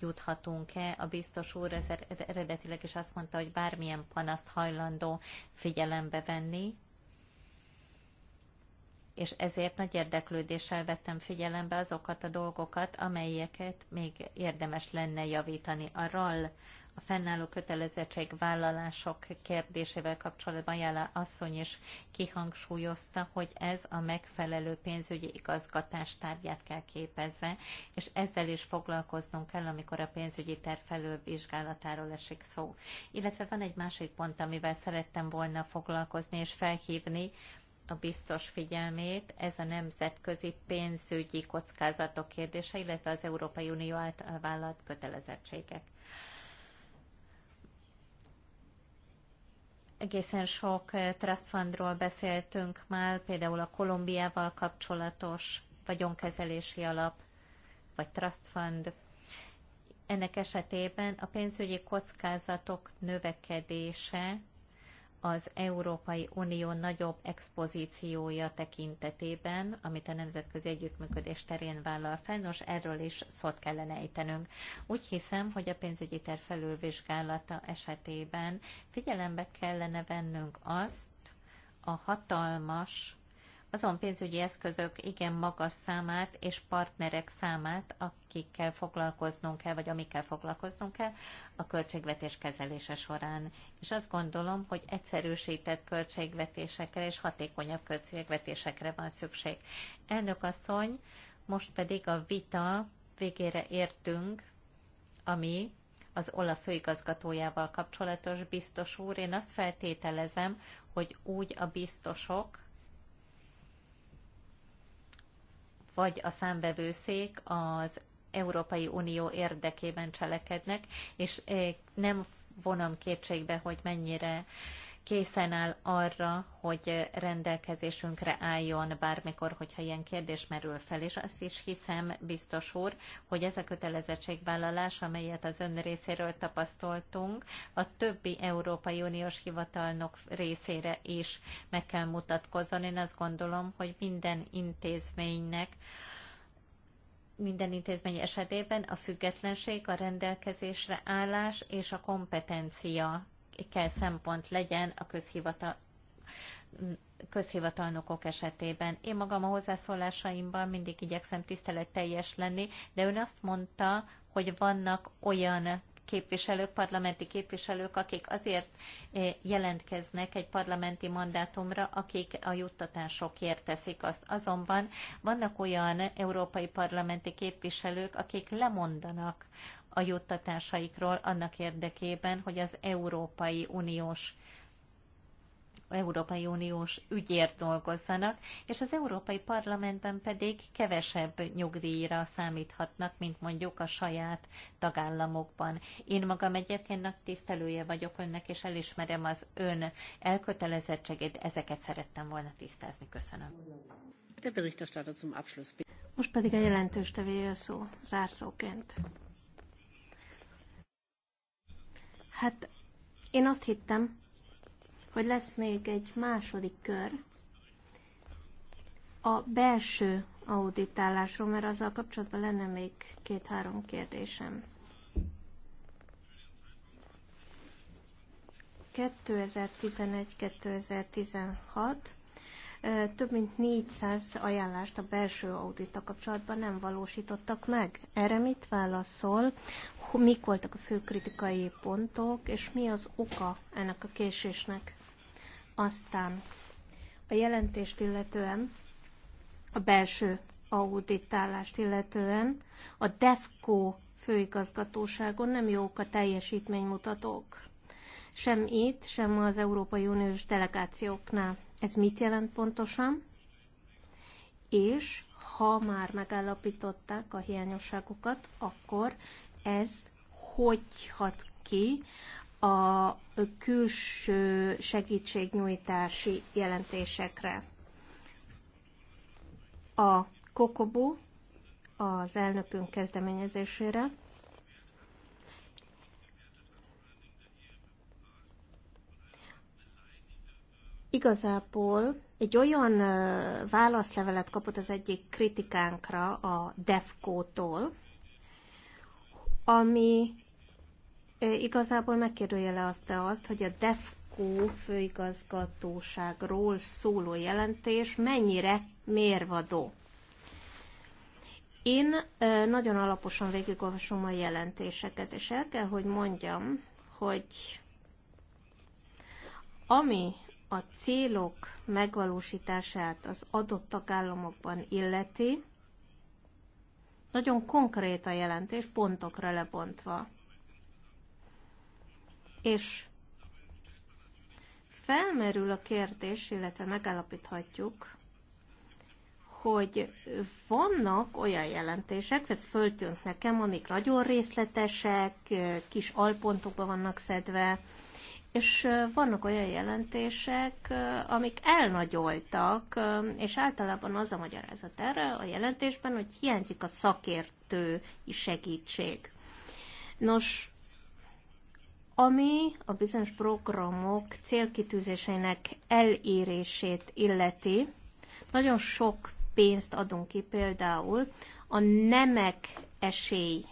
juthatunk-e. A biztos úr ez eredetileg is azt mondta, hogy bármilyen panaszt hajlandó figyelembe venni, és ezért nagy érdeklődéssel vettem figyelembe azokat a dolgokat, amelyeket még érdemes lenne javítani. A RAL, a fennálló vállalások kérdésével kapcsolatban Jála asszony is kihangsúlyozta, hogy ez a megfelelő pénzügyi igazgatás tárgyát kell képezze, és ezzel is foglalkoznunk kell, amikor a pénzügyi terv felülvizsgálatáról esik szó. Illetve van egy másik pont, amivel szerettem volna foglalkozni és felhívni, a biztos figyelmét, ez a nemzetközi pénzügyi kockázatok kérdése, illetve az Európai Unió által vállalt kötelezettségek. Egészen sok eh, trust fundról beszéltünk már, például a Kolumbiával kapcsolatos vagyonkezelési alap, vagy trust fund, ennek esetében a pénzügyi kockázatok növekedése az Európai Unió nagyobb expozíciója tekintetében, amit a nemzetközi együttműködés terén vállal fel, nos erről is szót kellene ejtenünk. Úgy hiszem, hogy a pénzügyi terv felülvizsgálata esetében figyelembe kellene vennünk azt a hatalmas azon pénzügyi eszközök igen magas számát és partnerek számát, akikkel foglalkoznunk kell, vagy amikkel foglalkoznunk kell a költségvetés kezelése során. És azt gondolom, hogy egyszerűsített költségvetésekre és hatékonyabb költségvetésekre van szükség. Elnök asszony, most pedig a vita végére értünk, ami az OLAF főigazgatójával kapcsolatos biztos úr. Én azt feltételezem, hogy úgy a biztosok, vagy a számvevőszék az Európai Unió érdekében cselekednek, és eh, nem vonom kétségbe, hogy mennyire készen áll arra, hogy rendelkezésünkre álljon bármikor, hogyha ilyen kérdés merül fel, és azt is hiszem, biztos úr, hogy ez a kötelezettségvállalás, amelyet az ön részéről tapasztaltunk, a többi Európai Uniós hivatalnok részére is meg kell mutatkozzon. Én azt gondolom, hogy minden intézménynek minden intézmény esetében a függetlenség, a rendelkezésre állás és a kompetencia kell szempont legyen a közhivatal közhivatalnokok esetében. Én magam a hozzászólásaimban mindig igyekszem tiszteletteljes lenni, de ön azt mondta, hogy vannak olyan képviselők, parlamenti képviselők, akik azért eh, jelentkeznek egy parlamenti mandátumra, akik a juttatásokért teszik azt. Azonban vannak olyan európai parlamenti képviselők, akik lemondanak a juttatásaikról annak érdekében, hogy az Európai Uniós Európai Uniós ügyért dolgozzanak, és az Európai Parlamentben pedig kevesebb nyugdíjra számíthatnak, mint mondjuk a saját tagállamokban. Én magam egyébként nagy tisztelője vagyok önnek, és elismerem az ön elkötelezettségét. Ezeket szerettem volna tisztázni. Köszönöm. Der Berichterstatter zum Abschluss. Most pedig a jelentős tevéje szó, zárszóként. Hát én azt hittem, hogy lesz még egy második kör a belső auditálásról, mert azzal kapcsolatban lenne még két-három kérdésem több mint 400 ajánlást a belső audita kapcsolatban nem valósítottak meg. Erre mit válaszol? Mik voltak a fő kritikai pontok, és mi az oka ennek a késésnek? Aztán a jelentést illetően, a belső auditálást illetően, a DEFCO főigazgatóságon nem jók a teljesítménymutatók. Sem itt, sem az Európai Uniós delegációknál. Ez mit jelent pontosan? És ha már megállapították a hiányosságokat, akkor ez hogy hat ki a külső segítségnyújtási jelentésekre. A Kokobu az elnökünk kezdeményezésére Igazából egy olyan válaszlevelet kapott az egyik kritikánkra a DEFCO-tól, ami igazából megkérdőjele azt, azt, hogy a DEFCO főigazgatóságról szóló jelentés mennyire mérvadó. Én nagyon alaposan végigolvasom a jelentéseket, és el kell, hogy mondjam, hogy ami a célok megvalósítását az adott tagállamokban illeti, nagyon konkrét a jelentés, pontokra lebontva. És felmerül a kérdés, illetve megállapíthatjuk, hogy vannak olyan jelentések, ez föltűnt nekem, amik nagyon részletesek, kis alpontokba vannak szedve, és vannak olyan jelentések, amik elnagyoltak, és általában az a magyarázat erre a jelentésben, hogy hiányzik a szakértői segítség. Nos, ami a bizonyos programok célkitűzéseinek elérését illeti, nagyon sok pénzt adunk ki például a nemek esély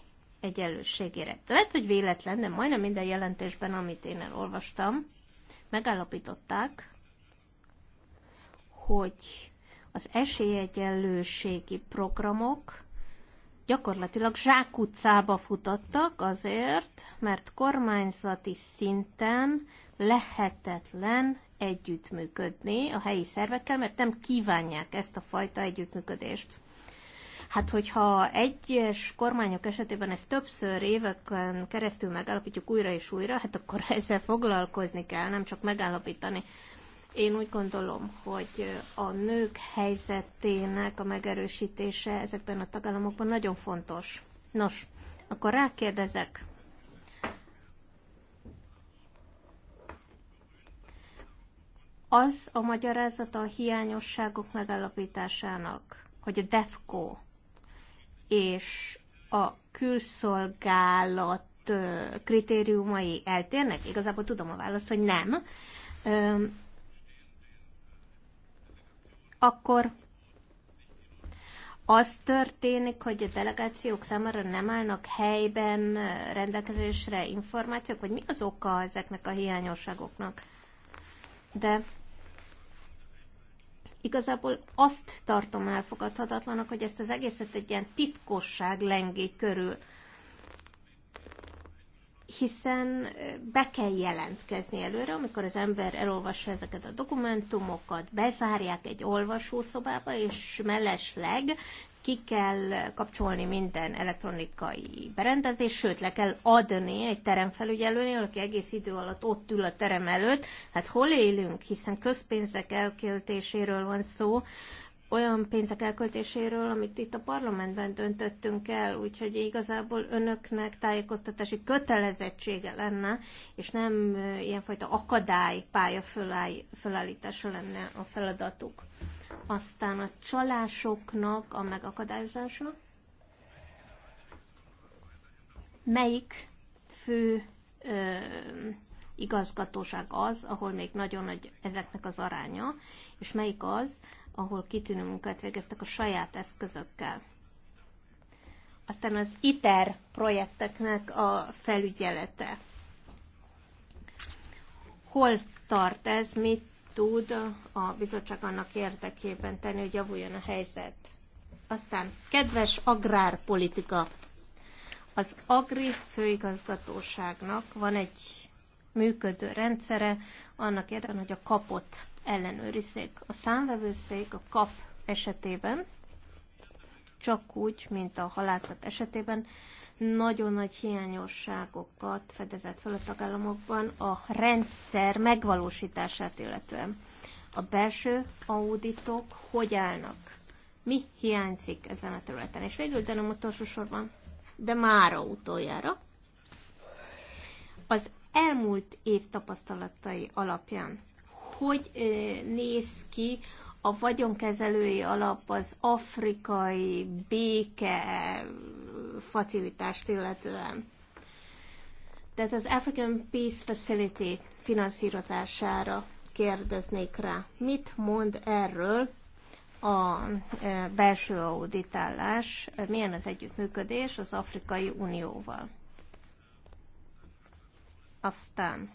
egyenlőségére. Lehet, hogy véletlen, de majdnem minden jelentésben, amit én elolvastam, megállapították, hogy az esélyegyenlőségi programok gyakorlatilag zsákutcába futottak azért, mert kormányzati szinten lehetetlen együttműködni a helyi szervekkel, mert nem kívánják ezt a fajta együttműködést. Hát, hogyha egyes kormányok esetében ezt többször éveken keresztül megállapítjuk újra és újra, hát akkor ezzel foglalkozni kell, nem csak megállapítani. Én úgy gondolom, hogy a nők helyzetének a megerősítése ezekben a tagállamokban nagyon fontos. Nos, akkor rákérdezek. Az a magyarázata a hiányosságok megállapításának, hogy a DEFCO és a külszolgálat kritériumai eltérnek? Igazából tudom a választ, hogy nem. Akkor az történik, hogy a delegációk számára nem állnak helyben rendelkezésre információk, vagy mi az oka ezeknek a hiányosságoknak? De Igazából azt tartom elfogadhatatlanak, hogy ezt az egészet egy ilyen titkosság lengé körül hiszen be kell jelentkezni előre, amikor az ember elolvassa ezeket a dokumentumokat, bezárják egy olvasószobába, és mellesleg ki kell kapcsolni minden elektronikai berendezést, sőt, le kell adni egy teremfelügyelőnél, aki egész idő alatt ott ül a terem előtt. Hát hol élünk, hiszen közpénzek elköltéséről van szó, olyan pénzek elköltéséről, amit itt a parlamentben döntöttünk el, úgyhogy igazából önöknek tájékoztatási kötelezettsége lenne, és nem ilyenfajta akadály pálya fölállítása lenne a feladatuk. Aztán a csalásoknak a megakadályozása. Melyik fő ö, igazgatóság az, ahol még nagyon nagy ezeknek az aránya, és melyik az, ahol kitűnő munkát végeztek a saját eszközökkel. Aztán az ITER projekteknek a felügyelete. Hol tart ez, mit tud a bizottság annak érdekében tenni, hogy javuljon a helyzet? Aztán, kedves agrárpolitika, az Agri főigazgatóságnak van egy működő rendszere annak érdekében, hogy a kapot ellenőrizzék. A számvevőszék a kap esetében, csak úgy, mint a halászat esetében, nagyon nagy hiányosságokat fedezett fel a tagállamokban a rendszer megvalósítását illetően. A belső auditok hogy állnak? Mi hiányzik ezen a területen? És végül, de nem utolsó sorban, de mára utoljára, az elmúlt év tapasztalatai alapján hogy eh, néz ki a vagyonkezelői alap az afrikai béke facilitást illetően. Tehát az African Peace Facility finanszírozására kérdeznék rá. Mit mond erről a e, belső auditálás, milyen az együttműködés az Afrikai Unióval? Aztán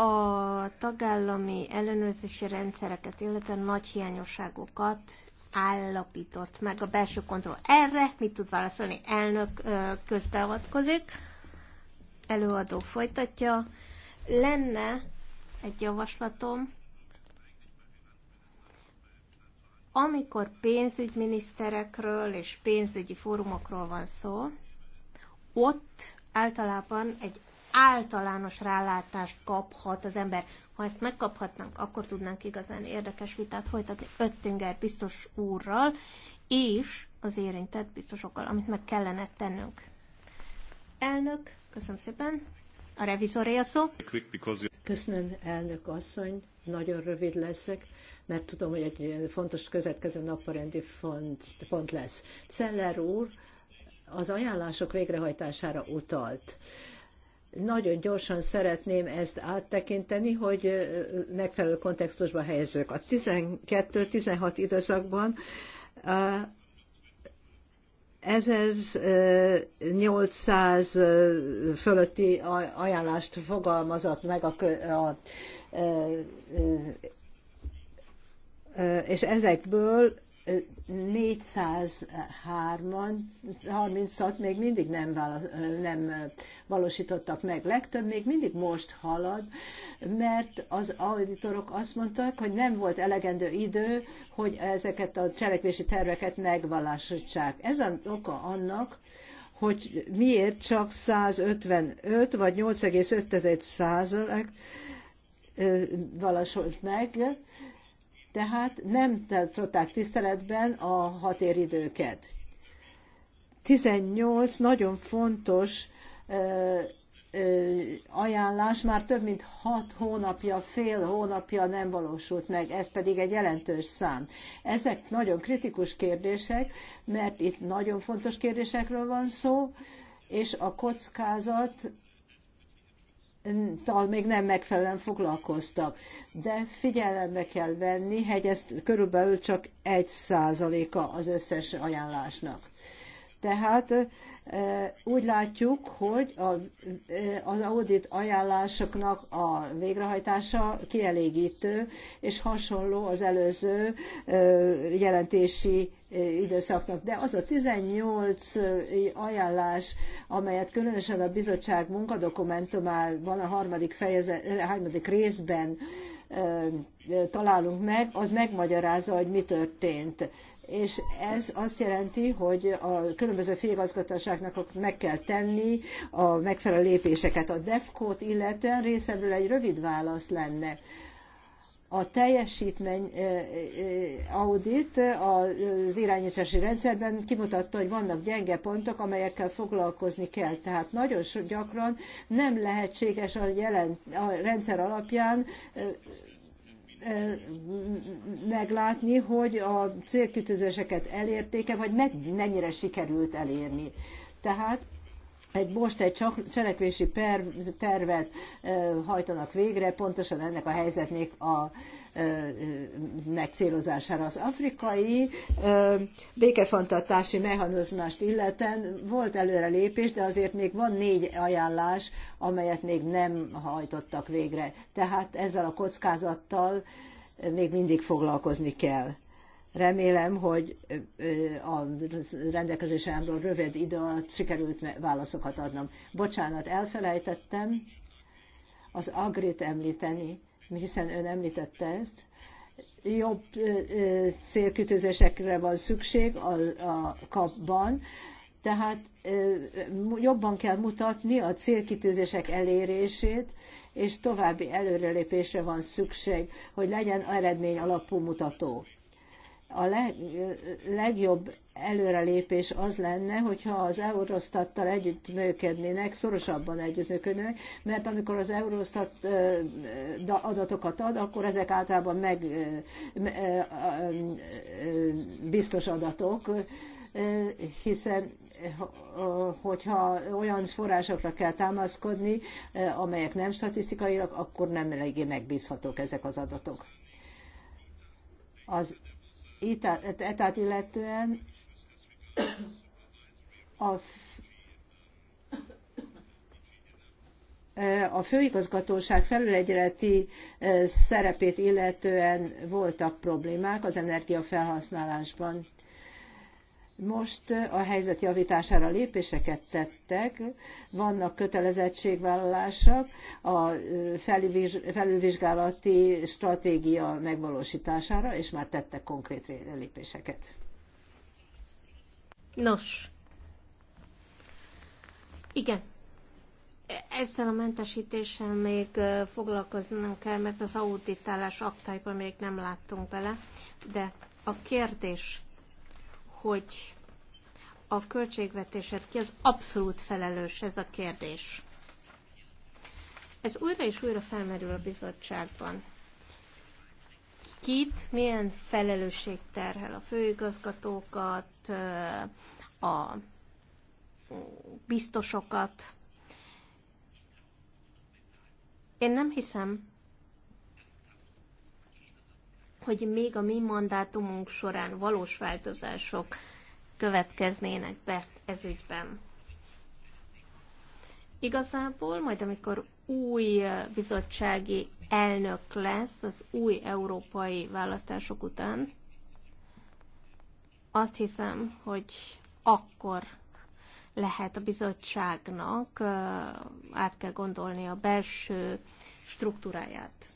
a tagállami ellenőrzési rendszereket, illetve nagy hiányosságokat állapított meg a belső kontroll. Erre mit tud válaszolni? Elnök közbeavatkozik, előadó folytatja. Lenne egy javaslatom, amikor pénzügyminiszterekről és pénzügyi fórumokról van szó, ott általában egy általános rálátást kaphat az ember. Ha ezt megkaphatnánk, akkor tudnánk igazán érdekes vitát folytatni Öttinger biztos úrral, és az érintett biztosokkal, amit meg kellene tennünk. Elnök, köszönöm szépen. A revizoré a szó. Köszönöm, elnök asszony. Nagyon rövid leszek, mert tudom, hogy egy fontos következő naparendi font, pont lesz. Celler úr az ajánlások végrehajtására utalt. Uh, nagyon gyorsan szeretném ezt áttekinteni, hogy megfelelő kontextusba helyezzük. A 12-16 időszakban 1800 fölötti ajánlást fogalmazott meg a, a, a és ezekből 436 még mindig nem, vala, nem valósítottak meg. Legtöbb még mindig most halad, mert az auditorok azt mondták, hogy nem volt elegendő idő, hogy ezeket a cselekvési terveket megvalósítsák. Ez az oka annak, hogy miért csak 155 vagy 8,5 százalék valósult meg, tehát nem tartották tiszteletben a határidőket. 18 nagyon fontos ajánlás már több mint hat hónapja, fél hónapja nem valósult meg, ez pedig egy jelentős szám. Ezek nagyon kritikus kérdések, mert itt nagyon fontos kérdésekről van szó, és a kockázat tal még nem megfelelően foglalkoztak. De figyelembe kell venni, hogy ez körülbelül csak egy százaléka az összes ajánlásnak. Tehát úgy látjuk, hogy az audit ajánlásoknak a végrehajtása kielégítő, és hasonló az előző jelentési időszaknak. De az a 18 ajánlás, amelyet különösen a bizottság munkadokumentumában a harmadik, fejezet, harmadik részben találunk meg, az megmagyarázza, hogy mi történt és ez azt jelenti, hogy a különböző félgazgatóságnak meg kell tenni a megfelelő lépéseket. A DEFCO-t illetően részemről egy rövid válasz lenne. A teljesítmény audit az irányítási rendszerben kimutatta, hogy vannak gyenge pontok, amelyekkel foglalkozni kell. Tehát nagyon gyakran nem lehetséges a, jelen, a rendszer alapján meglátni, hogy a célkütőzéseket elérték-e, vagy mennyire sikerült elérni. Tehát egy most egy cselekvési per, tervet e, hajtanak végre, pontosan ennek a helyzetnek a e, megcélozására. Az afrikai e, békefantatási mechanizmást illeten volt előrelépés, de azért még van négy ajánlás, amelyet még nem hajtottak végre. Tehát ezzel a kockázattal még mindig foglalkozni kell. Remélem, hogy a rendelkezésemről rövid idő alatt sikerült válaszokat adnom. Bocsánat, elfelejtettem az Agrit említeni, hiszen ön említette ezt. Jobb célkütőzésekre van szükség a, a kapban, tehát jobban kell mutatni a célkitűzések elérését, és további előrelépésre van szükség, hogy legyen eredmény alapú mutató a leg, legjobb előrelépés az lenne, hogyha az Eurostattal együttműködnének, szorosabban együttműködnének, mert amikor az Eurostat adatokat ad, akkor ezek általában meg, biztos adatok, hiszen hogyha olyan forrásokra kell támaszkodni, amelyek nem statisztikaiak, akkor nem eléggé megbízhatók ezek az adatok. Az etát illetően a, a főigazgatóság felületi e, szerepét illetően voltak problémák az energiafelhasználásban. Most a helyzet javítására lépéseket tettek, vannak kötelezettségvállalások a felülvizsgálati stratégia megvalósítására, és már tettek konkrét lépéseket. Nos, igen. Ezzel a mentesítéssel még foglalkoznunk kell, mert az auditálás aktájban még nem láttunk bele, de a kérdés hogy a költségvetésed ki az abszolút felelős ez a kérdés. Ez újra és újra felmerül a bizottságban. Kit, milyen felelősség terhel a főigazgatókat, a biztosokat. Én nem hiszem, hogy még a mi mandátumunk során valós változások következnének be ez ügyben. Igazából majd amikor új bizottsági elnök lesz az új európai választások után, azt hiszem, hogy akkor lehet a bizottságnak át kell gondolni a belső struktúráját.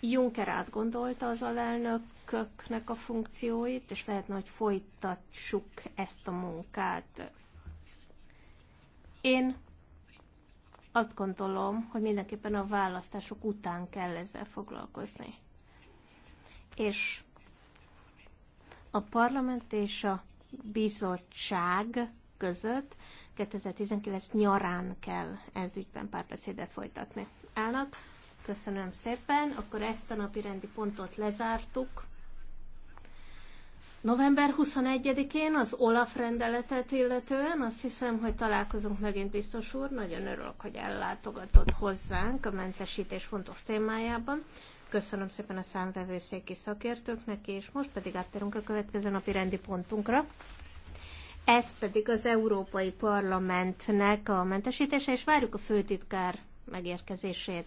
Juncker átgondolta az alelnököknek a funkcióit, és lehetne, hogy folytatsuk ezt a munkát. Én azt gondolom, hogy mindenképpen a választások után kell ezzel foglalkozni. És a parlament és a bizottság között 2019 nyarán kell ez ügyben párbeszédet folytatni. Állnak. Köszönöm szépen. Akkor ezt a napi rendi pontot lezártuk. November 21-én az Olaf rendeletet illetően azt hiszem, hogy találkozunk megint biztos úr. Nagyon örülök, hogy ellátogatott hozzánk a mentesítés fontos témájában. Köszönöm szépen a számvevőszéki szakértőknek, és most pedig átterünk a következő napi rendi pontunkra. Ez pedig az Európai Parlamentnek a mentesítése, és várjuk a főtitkár megérkezését.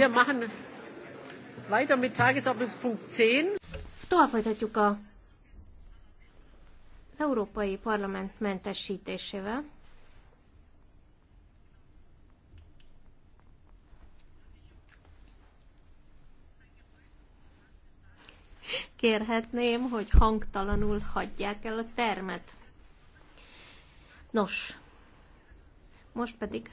Wir machen weiter mit Tagesordnungspunkt 10. Tovább folytatjuk a Európai Parlament mentesítésével. Kérhetném, hogy hangtalanul hagyják el a termet. Nos, most pedig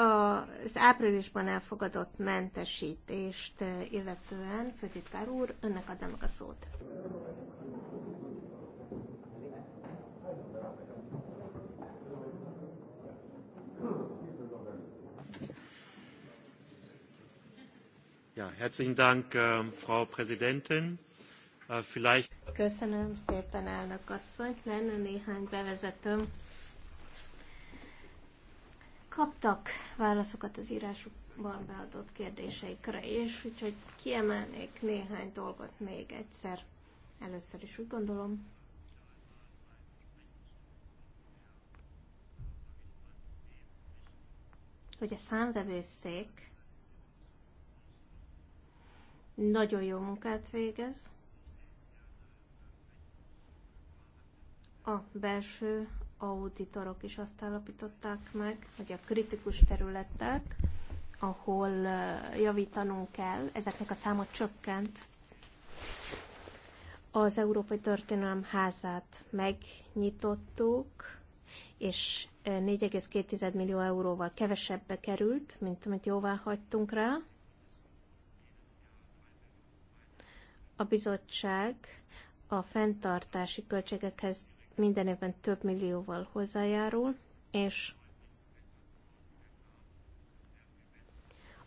az áprilisban elfogadott mentesítést eh, illetően, főtitkár úr, önnek adnám meg a szót. Ja, herzlichen Dank, eh, Frau Präsidentin. Eh, vielleicht... Köszönöm szépen, elnök asszony. Lenne néhány bevezetőm kaptak válaszokat az írásukban beadott kérdéseikre, és úgyhogy kiemelnék néhány dolgot még egyszer. Először is úgy gondolom, hogy a számvevőszék nagyon jó munkát végez a belső auditorok is azt állapították meg, hogy a kritikus területek, ahol javítanunk kell, ezeknek a száma csökkent. Az Európai Történelem házát megnyitottuk, és 4,2 millió euróval kevesebbe került, mint amit jóvá hagytunk rá. A bizottság a fenntartási költségekhez minden évben több millióval hozzájárul, és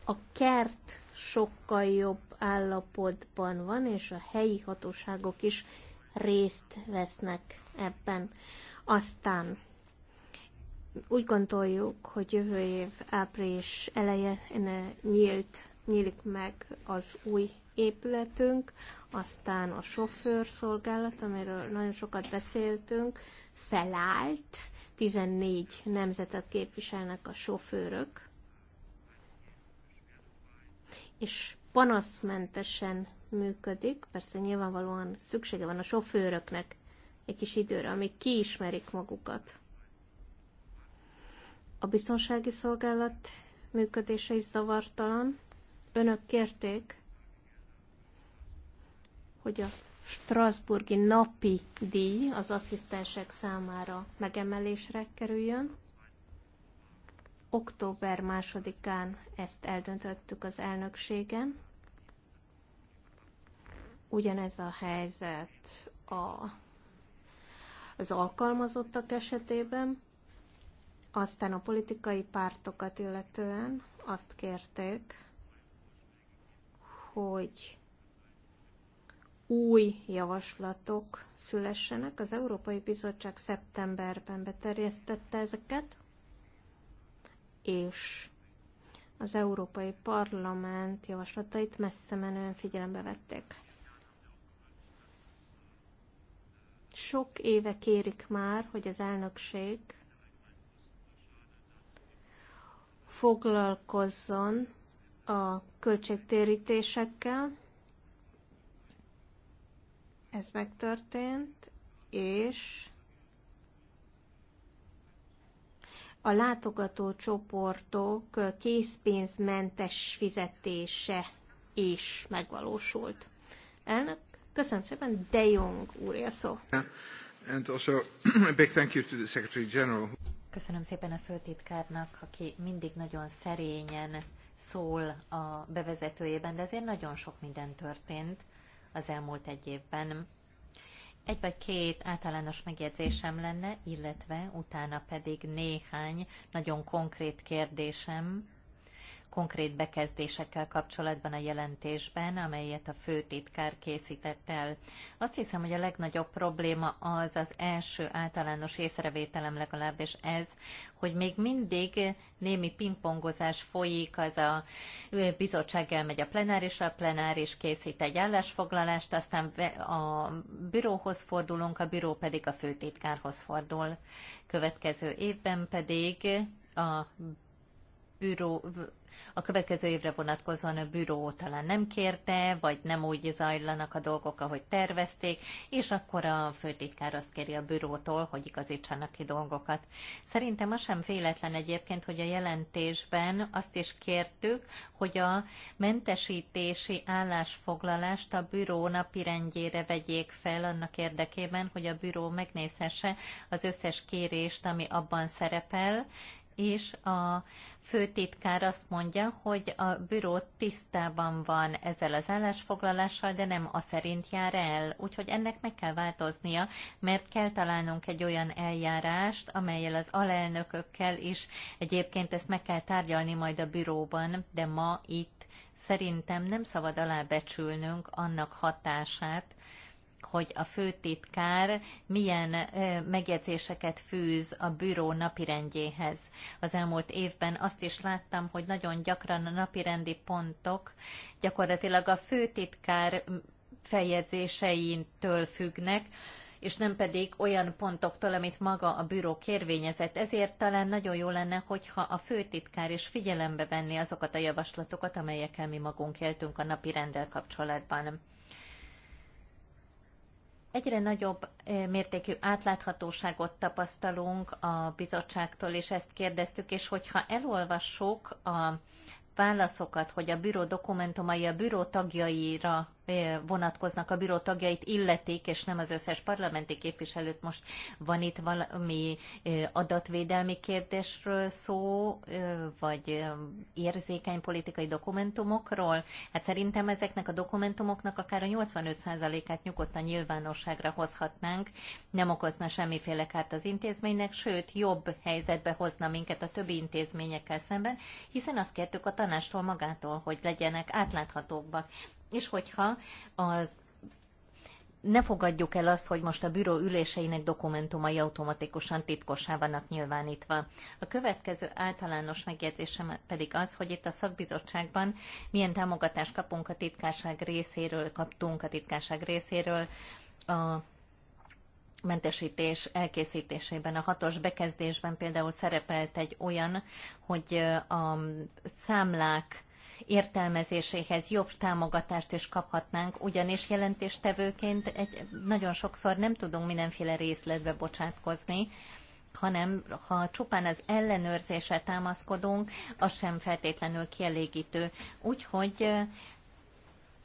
a kert sokkal jobb állapotban van, és a helyi hatóságok is részt vesznek ebben. Aztán úgy gondoljuk, hogy jövő év április eleje nyílt, nyílik meg az új épületünk, aztán a sofőrszolgálat, amiről nagyon sokat beszéltünk, felállt, 14 nemzetet képviselnek a sofőrök, és panaszmentesen működik, persze nyilvánvalóan szüksége van a sofőröknek egy kis időre, amíg kiismerik magukat. A biztonsági szolgálat működése is zavartalan. Önök kérték, hogy a Strasburgi napi díj az asszisztensek számára megemelésre kerüljön. Október másodikán ezt eldöntöttük az elnökségen. Ugyanez a helyzet a, az alkalmazottak esetében. Aztán a politikai pártokat illetően azt kérték, hogy új javaslatok szülessenek. Az Európai Bizottság szeptemberben beterjesztette ezeket, és az Európai Parlament javaslatait messze menően figyelembe vették. Sok éve kérik már, hogy az elnökség foglalkozzon a költségtérítésekkel, ez megtörtént, és a látogató csoportok készpénzmentes fizetése is megvalósult. Elnök, köszönöm szépen, De Jong úr, a szó. And also a big thank you to the Secretary General. Köszönöm szépen a főtitkárnak, aki mindig nagyon szerényen szól a bevezetőjében, de azért nagyon sok minden történt az elmúlt egy évben. Egy vagy két általános megjegyzésem lenne, illetve utána pedig néhány nagyon konkrét kérdésem konkrét bekezdésekkel kapcsolatban a jelentésben, amelyet a főtitkár készített el. Azt hiszem, hogy a legnagyobb probléma az az első általános észrevételem legalábbis ez, hogy még mindig némi pingpongozás folyik, az a bizottság elmegy a plenárisra, a plenáris készít egy állásfoglalást, aztán a bürohoz fordulunk, a büró pedig a főtitkárhoz fordul. Következő évben pedig a bűró, a következő évre vonatkozóan a büró talán nem kérte, vagy nem úgy zajlanak a dolgok, ahogy tervezték, és akkor a főtitkár azt kéri a bürótól, hogy igazítsanak ki dolgokat. Szerintem az sem véletlen egyébként, hogy a jelentésben azt is kértük, hogy a mentesítési állásfoglalást a büró napirendjére vegyék fel annak érdekében, hogy a büró megnézhesse az összes kérést, ami abban szerepel, és a főtitkár azt mondja, hogy a büró tisztában van ezzel az állásfoglalással, de nem a szerint jár el. Úgyhogy ennek meg kell változnia, mert kell találnunk egy olyan eljárást, amelyel az alelnökökkel is egyébként ezt meg kell tárgyalni majd a büróban, de ma itt szerintem nem szabad alábecsülnünk annak hatását, hogy a főtitkár milyen megjegyzéseket fűz a bűró napirendjéhez. Az elmúlt évben azt is láttam, hogy nagyon gyakran a napirendi pontok gyakorlatilag a főtitkár feljegyzéseintől függnek, és nem pedig olyan pontoktól, amit maga a bűró kérvényezett. Ezért talán nagyon jó lenne, hogyha a főtitkár is figyelembe venni azokat a javaslatokat, amelyekkel mi magunk éltünk a napi rendel kapcsolatban. Egyre nagyobb eh, mértékű átláthatóságot tapasztalunk a bizottságtól, és ezt kérdeztük, és hogyha elolvassuk a válaszokat, hogy a büró dokumentumai a büró tagjaira vonatkoznak a bíró tagjait illetik, és nem az összes parlamenti képviselőt. Most van itt valami adatvédelmi kérdésről szó, vagy érzékeny politikai dokumentumokról? Hát szerintem ezeknek a dokumentumoknak akár a 85%-át nyugodtan nyilvánosságra hozhatnánk. Nem okozna semmiféle kárt az intézménynek, sőt, jobb helyzetbe hozna minket a többi intézményekkel szemben, hiszen azt kértük a tanástól magától, hogy legyenek átláthatóbbak. És hogyha az ne fogadjuk el azt, hogy most a büró üléseinek dokumentumai automatikusan titkossá vannak nyilvánítva. A következő általános megjegyzésem pedig az, hogy itt a szakbizottságban milyen támogatást kapunk a titkárság részéről, kaptunk a titkárság részéről a mentesítés elkészítésében. A hatos bekezdésben például szerepelt egy olyan, hogy a számlák értelmezéséhez jobb támogatást is kaphatnánk, ugyanis jelentéstevőként egy, nagyon sokszor nem tudunk mindenféle részletbe bocsátkozni, hanem ha csupán az ellenőrzésre támaszkodunk, az sem feltétlenül kielégítő. Úgyhogy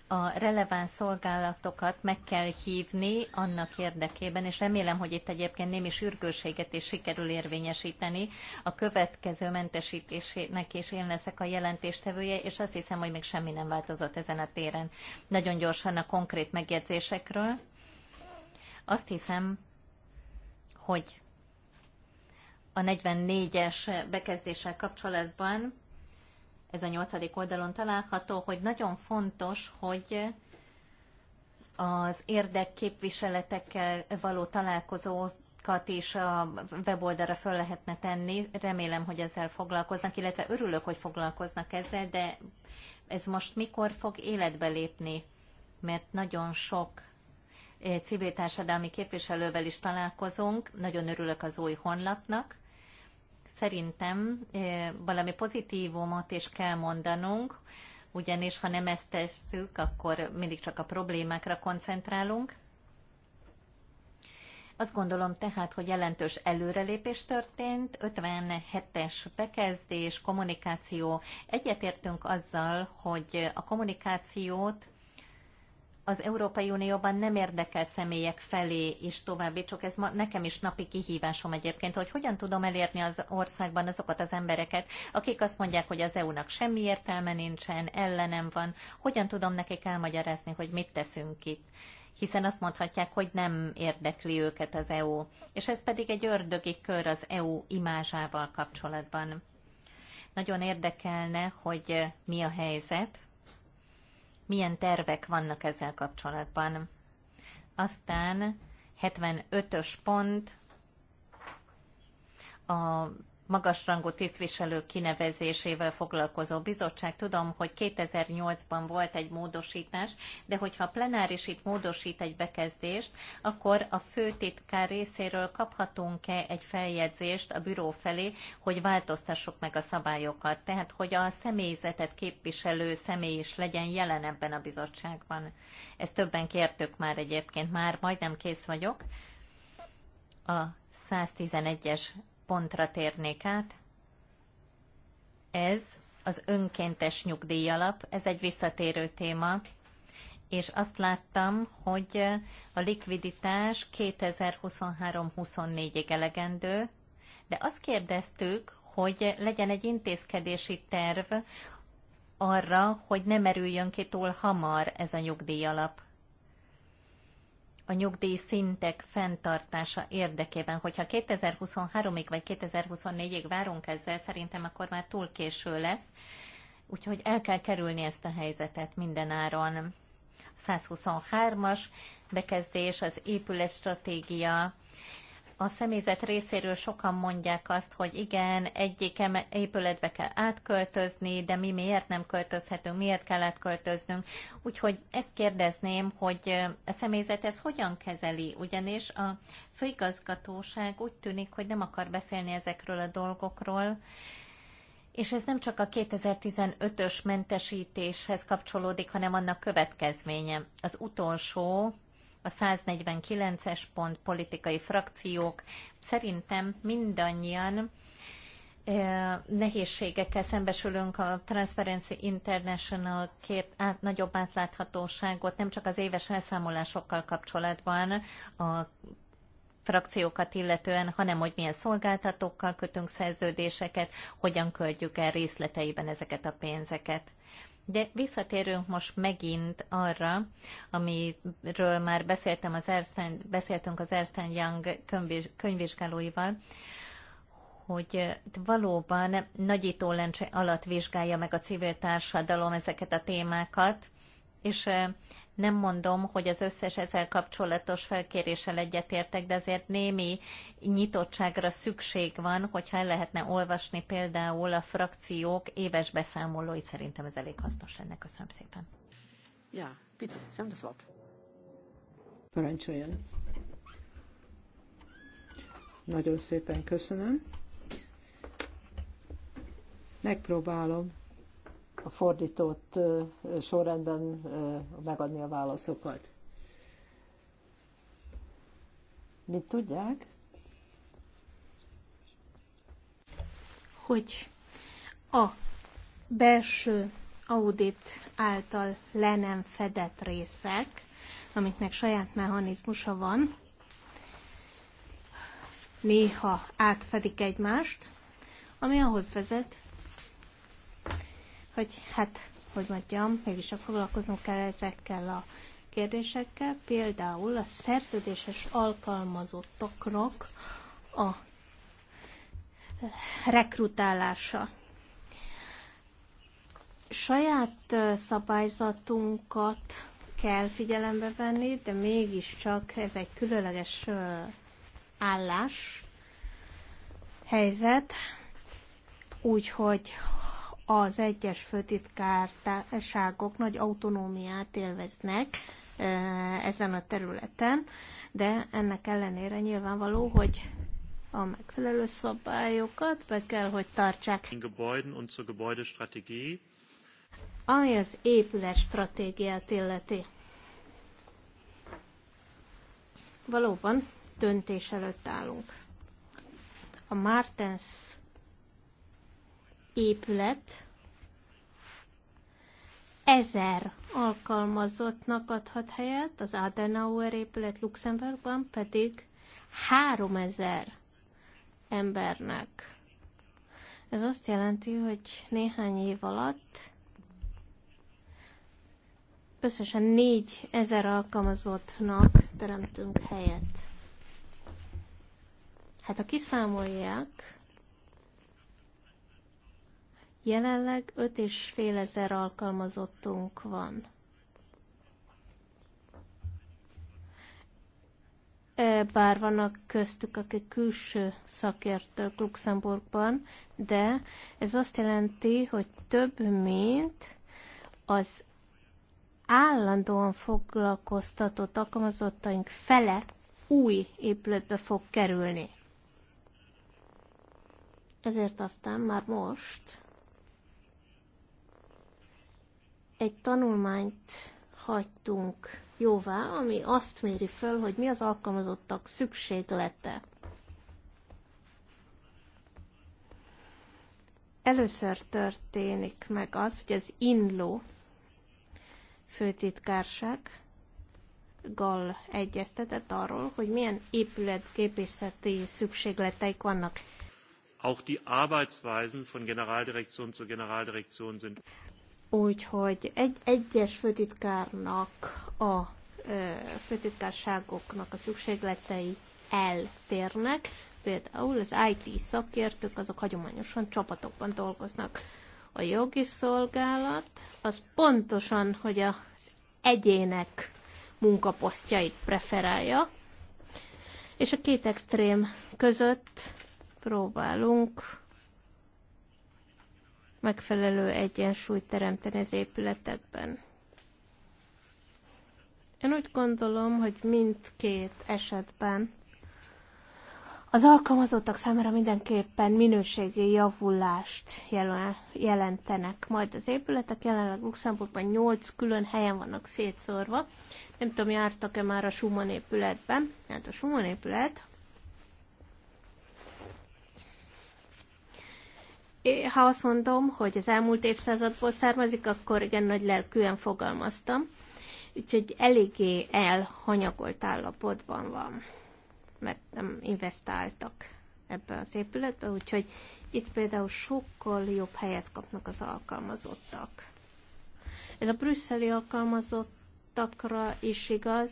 a releváns szolgálatokat meg kell hívni annak érdekében, és remélem, hogy itt egyébként némi sürgőséget is sikerül érvényesíteni. A következő mentesítésének is én leszek a jelentéstevője, és azt hiszem, hogy még semmi nem változott ezen a téren. Nagyon gyorsan a konkrét megjegyzésekről. Azt hiszem, hogy a 44-es bekezdéssel kapcsolatban ez a nyolcadik oldalon található, hogy nagyon fontos, hogy az érdekképviseletekkel való találkozókat is a weboldalra föl lehetne tenni. Remélem, hogy ezzel foglalkoznak, illetve örülök, hogy foglalkoznak ezzel, de ez most mikor fog életbe lépni? Mert nagyon sok eh, civil társadalmi képviselővel is találkozunk. Nagyon örülök az új honlapnak, szerintem valami pozitívumot is kell mondanunk, ugyanis ha nem ezt tesszük, akkor mindig csak a problémákra koncentrálunk. Azt gondolom tehát, hogy jelentős előrelépés történt, 57-es bekezdés, kommunikáció. Egyetértünk azzal, hogy a kommunikációt az Európai Unióban nem érdekel személyek felé és további, csak ez ma, nekem is napi kihívásom egyébként, hogy hogyan tudom elérni az országban azokat az embereket, akik azt mondják, hogy az EU-nak semmi értelme nincsen, ellenem van, hogyan tudom nekik elmagyarázni, hogy mit teszünk itt hiszen azt mondhatják, hogy nem érdekli őket az EU. És ez pedig egy ördögi kör az EU imázsával kapcsolatban. Nagyon érdekelne, hogy mi a helyzet, milyen tervek vannak ezzel kapcsolatban. Aztán 75-ös pont a magasrangú tisztviselők kinevezésével foglalkozó bizottság. Tudom, hogy 2008-ban volt egy módosítás, de hogyha a plenáris itt módosít egy bekezdést, akkor a főtitkár részéről kaphatunk-e egy feljegyzést a büró felé, hogy változtassuk meg a szabályokat. Tehát, hogy a személyzetet képviselő személy is legyen jelen ebben a bizottságban. Ezt többen kértük már egyébként, már majdnem kész vagyok. A 111-es pontra térnék át. Ez az önkéntes nyugdíjalap, ez egy visszatérő téma, és azt láttam, hogy a likviditás 2023-24-ig elegendő, de azt kérdeztük, hogy legyen egy intézkedési terv arra, hogy ne merüljön ki túl hamar ez a nyugdíjalap a nyugdíj szintek fenntartása érdekében. Hogyha 2023-ig vagy 2024-ig várunk ezzel, szerintem akkor már túl késő lesz. Úgyhogy el kell kerülni ezt a helyzetet minden áron. 123-as bekezdés, az épületstratégia, a személyzet részéről sokan mondják azt, hogy igen, egyik épületbe kell átköltözni, de mi miért nem költözhetünk, miért kell átköltöznünk. Úgyhogy ezt kérdezném, hogy a személyzet ez hogyan kezeli, ugyanis a főigazgatóság úgy tűnik, hogy nem akar beszélni ezekről a dolgokról, és ez nem csak a 2015-ös mentesítéshez kapcsolódik, hanem annak következménye. Az utolsó a 149-es pont politikai frakciók. Szerintem mindannyian nehézségekkel szembesülünk a Transparency International két át, nagyobb átláthatóságot, nem csak az éves elszámolásokkal kapcsolatban a frakciókat illetően, hanem hogy milyen szolgáltatókkal kötünk szerződéseket, hogyan költjük el részleteiben ezeket a pénzeket. De visszatérünk most megint arra, amiről már beszéltem az Ersten, beszéltünk az Ersten Young könyvvizsgálóival, hogy valóban nagyító lencse alatt vizsgálja meg a civil társadalom ezeket a témákat, és nem mondom, hogy az összes ezzel kapcsolatos felkéréssel egyetértek, de azért némi nyitottságra szükség van, hogyha el lehetne olvasni például a frakciók éves beszámolóit. Szerintem ez elég hasznos lenne. Köszönöm szépen. Ja, bitte, Sie haben das Wort. Parancsoljon. Nagyon szépen köszönöm. Megpróbálom fordított sorrendben megadni a válaszokat. Mit tudják? Hogy a belső audit által le nem fedett részek, amiknek saját mechanizmusa van, néha átfedik egymást, ami ahhoz vezet, hogy hát, hogy mondjam, mégis foglalkoznunk kell ezekkel a kérdésekkel, például a szerződéses alkalmazottaknak a rekrutálása. Saját szabályzatunkat kell figyelembe venni, de mégiscsak ez egy különleges állás, helyzet, úgyhogy az egyes főtitkárságok nagy autonómiát élveznek ezen a területen, de ennek ellenére nyilvánvaló, hogy a megfelelő szabályokat be kell, hogy tartsák. Ami az épület stratégiát illeti. Valóban döntés előtt állunk. A Martens épület ezer alkalmazottnak adhat helyet, az Adenauer épület Luxemburgban pedig 3000 embernek. Ez azt jelenti, hogy néhány év alatt összesen 4000 alkalmazottnak teremtünk helyet. Hát ha kiszámolják, Jelenleg 5 és fél ezer alkalmazottunk van. E, bár vannak köztük, akik külső szakértők Luxemburgban, de ez azt jelenti, hogy több, mint az állandóan foglalkoztatott alkalmazottaink fele új épületbe fog kerülni. Ezért aztán már most egy tanulmányt hagytunk jóvá, ami azt méri föl, hogy mi az alkalmazottak szükséglete. Először történik meg az, hogy az INLO főtitkárság gal egyeztetett arról, hogy milyen épületképészeti szükségleteik vannak. Auch die Arbeitsweisen von Generaldirektion zu Generaldirektion sind Úgyhogy egy egyes főtitkárnak a főtitkárságoknak a szükségletei eltérnek. Például az IT szakértők azok hagyományosan csapatokban dolgoznak. A jogi szolgálat az pontosan, hogy az egyének munkaposztjait preferálja, és a két extrém között próbálunk megfelelő egyensúlyt teremteni az épületekben. Én úgy gondolom, hogy mindkét esetben az alkalmazottak számára mindenképpen minőségi javulást jelentenek. Majd az épületek jelenleg Luxemburgban 8 külön helyen vannak szétszórva. Nem tudom, jártak-e már a Schumann épületben. Hát a Schumann épület ha azt mondom, hogy az elmúlt évszázadból származik, akkor igen nagy lelkűen fogalmaztam. Úgyhogy eléggé elhanyagolt állapotban van, mert nem investáltak ebbe az épületbe, úgyhogy itt például sokkal jobb helyet kapnak az alkalmazottak. Ez a brüsszeli alkalmazottakra is igaz,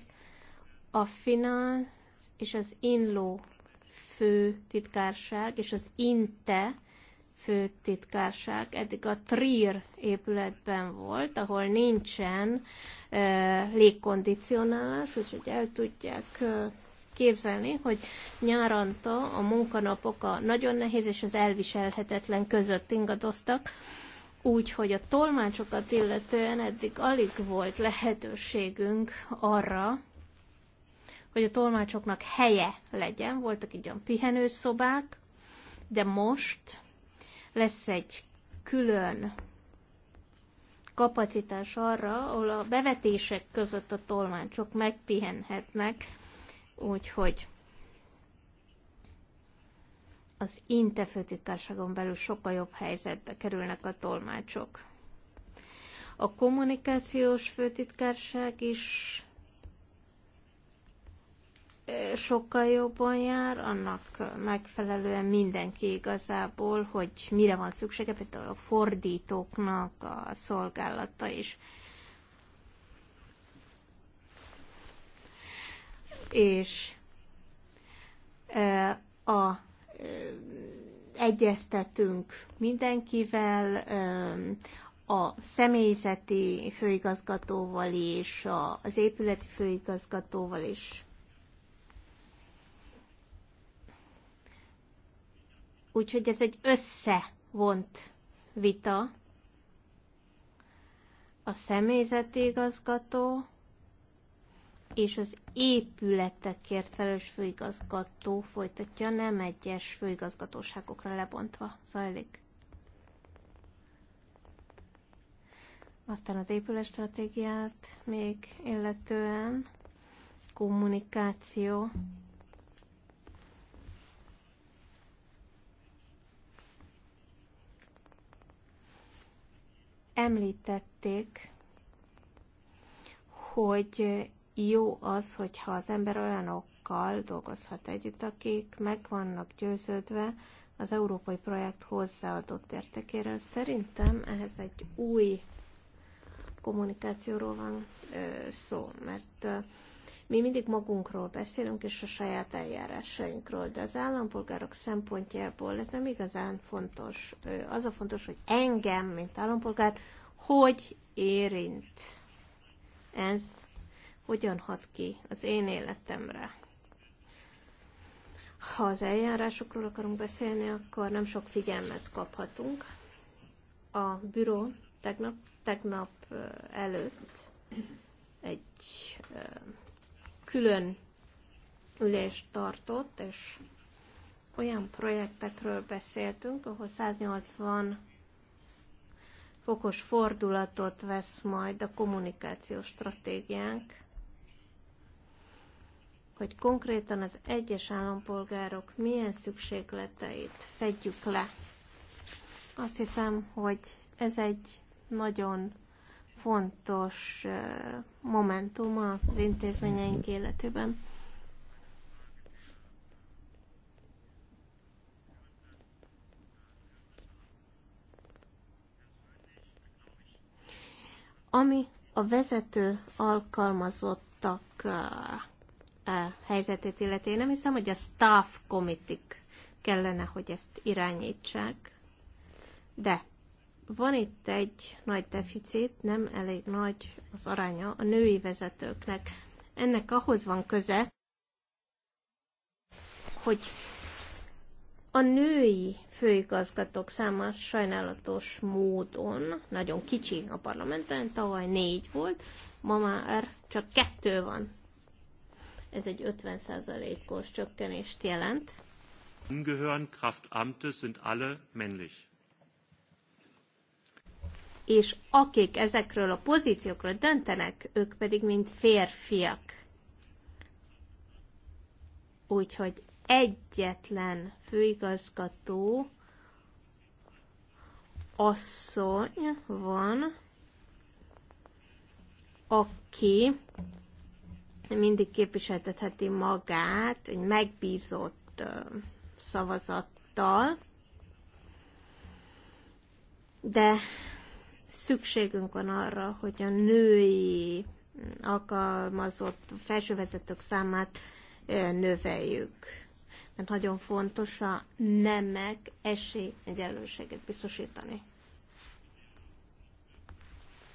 a finance és az inló fő titkárság és az INTE főtitkárság eddig a Trier épületben volt, ahol nincsen e, légkondicionálás, úgyhogy el tudják e, képzelni, hogy nyáranta a munkanapok a nagyon nehéz és az elviselhetetlen között ingadoztak, úgyhogy a tolmácsokat illetően eddig alig volt lehetőségünk arra, hogy a tolmácsoknak helye legyen. Voltak így olyan pihenőszobák, de most lesz egy külön kapacitás arra, ahol a bevetések között a tolmácsok megpihenhetnek, úgyhogy az INTE belül sokkal jobb helyzetbe kerülnek a tolmácsok. A kommunikációs főtitkárság is sokkal jobban jár, annak megfelelően mindenki igazából, hogy mire van szüksége, például a fordítóknak a szolgálata is. És a egyeztetünk mindenkivel, a személyzeti főigazgatóval is, az épületi főigazgatóval is, Úgyhogy ez egy összevont vita. A személyzeti igazgató és az épületekért felelős főigazgató folytatja, nem egyes főigazgatóságokra lebontva zajlik. Aztán az épületstratégiát még illetően kommunikáció. Mm Említették, hogy jó az, hogyha az ember olyanokkal dolgozhat együtt, akik meg vannak győződve az európai projekt hozzáadott értekéről. Szerintem ehhez egy új kommunikációról van szó, mert mi mindig magunkról beszélünk, és a saját eljárásainkról, de az állampolgárok szempontjából ez nem igazán fontos. Az a fontos, hogy engem, mint állampolgár, hogy érint ez, hogyan hat ki az én életemre. Ha az eljárásokról akarunk beszélni, akkor nem sok figyelmet kaphatunk. A büró tegnap, tegnap előtt egy külön ülést tartott, és olyan projektekről beszéltünk, ahol 180 fokos fordulatot vesz majd a kommunikációs stratégiánk, hogy konkrétan az egyes állampolgárok milyen szükségleteit fedjük le. Azt hiszem, hogy ez egy nagyon fontos momentum az intézményeink életében. Ami a vezető alkalmazottak helyzetét illeti, én nem hiszem, hogy a staff committee kellene, hogy ezt irányítsák, de van itt egy nagy deficit, nem elég nagy az aránya a női vezetőknek. Ennek ahhoz van köze, hogy a női főigazgatók száma sajnálatos módon nagyon kicsi a parlamenten, tavaly négy volt, ma már csak kettő van. Ez egy 50%-os csökkenést jelent. Ungehörn Kraftamte sind alle männlich és akik ezekről a pozíciókról döntenek, ők pedig mind férfiak. Úgyhogy egyetlen főigazgató asszony van, aki mindig képviseltetheti magát, egy megbízott szavazattal, de Szükségünk van arra, hogy a női mm, alkalmazott felsővezetők számát növeljük. Mert nagyon fontos a nemek esélyegyenlőséget biztosítani.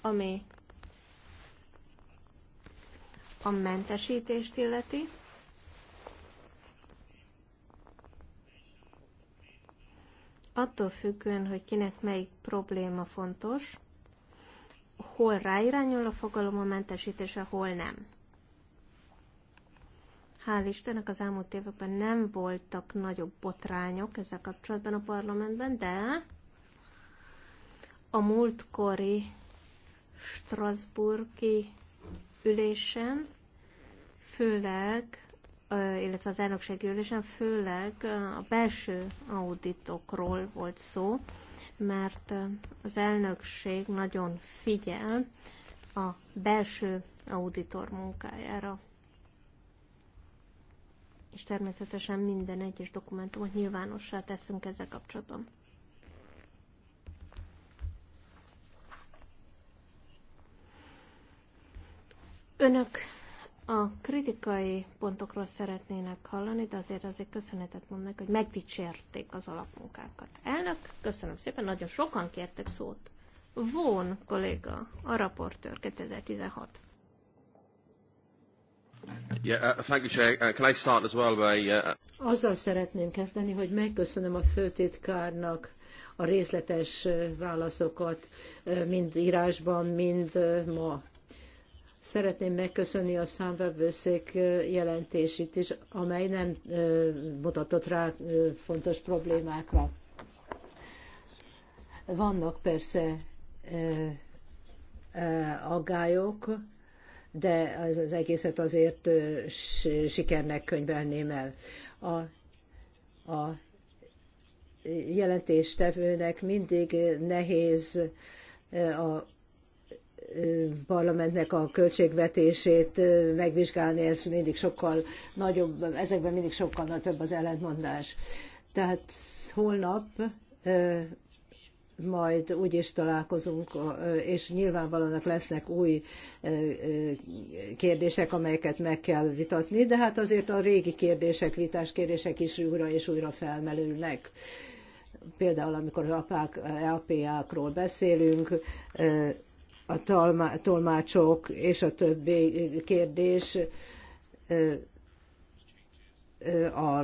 Ami a mentesítést illeti, attól függően, hogy kinek melyik probléma fontos, hol ráirányul a fogalom a mentesítése, hol nem. Hál' Istennek az elmúlt években nem voltak nagyobb botrányok ezzel kapcsolatban a parlamentben, de a múltkori Strasburgi ülésen főleg illetve az elnökségi ülésen főleg a belső auditokról volt szó, mert az elnökség nagyon figyel a belső auditor munkájára. És természetesen minden egyes dokumentumot nyilvánossá teszünk ezzel kapcsolatban. Önök a kritikai pontokról szeretnének hallani, de azért azért köszönetet mondnak, hogy megdicsérték az alapmunkákat. Elnök, köszönöm szépen, nagyon sokan kértek szót. Von kolléga, a raportőr 2016. Yeah, uh, thank you, Chair. Uh, can I start as well by, uh... Azzal szeretném kezdeni, hogy megköszönöm a főtitkárnak a részletes uh, válaszokat, mind írásban, mind ma Szeretném megköszönni a számvevőszék jelentését is, amely nem mutatott rá fontos problémákra. Vannak persze aggályok, de az, az egészet azért sikernek könyvelném el. A, a jelentéstevőnek mindig nehéz a parlamentnek a költségvetését megvizsgálni, ez mindig sokkal nagyobb, ezekben mindig sokkal nagyobb az ellentmondás. Tehát holnap majd úgy is találkozunk, és nyilvánvalóan lesznek új kérdések, amelyeket meg kell vitatni, de hát azért a régi kérdések, vitás kérdések is újra és újra felmelülnek. Például, amikor az APA-król e, beszélünk, a tolmácsok és a többi kérdés a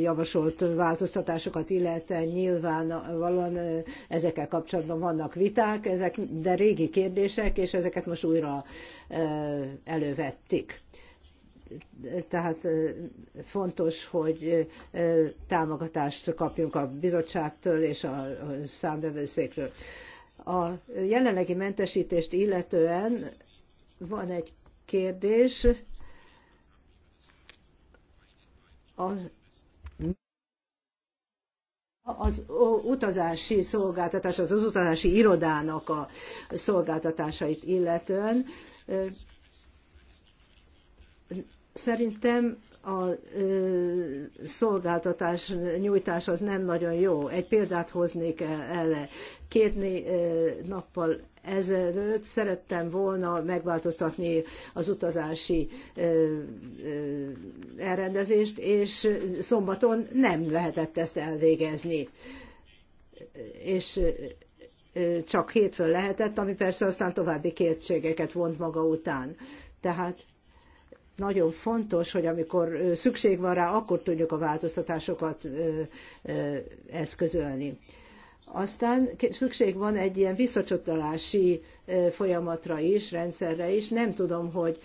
javasolt változtatásokat illetve nyilvánvalóan ezekkel kapcsolatban vannak viták, ezek de régi kérdések, és ezeket most újra elővették. Tehát fontos, hogy támogatást kapjunk a bizottságtól és a számbevőszékről. A jelenlegi mentesítést illetően van egy kérdés. Az, az utazási szolgáltatás, az utazási irodának a szolgáltatásait illetően Szerintem a ö, szolgáltatás nyújtás az nem nagyon jó. Egy példát hoznék e-, erre. Két ö, nappal ezelőtt szerettem volna megváltoztatni az utazási ö, ö, elrendezést, és szombaton nem lehetett ezt elvégezni. És ö, csak hétfőn lehetett, ami persze aztán további kétségeket vont maga után. Tehát nagyon fontos, hogy amikor szükség van rá, akkor tudjuk a változtatásokat eszközölni. Aztán szükség van egy ilyen visszacsatolási folyamatra is, rendszerre is. Nem tudom, hogy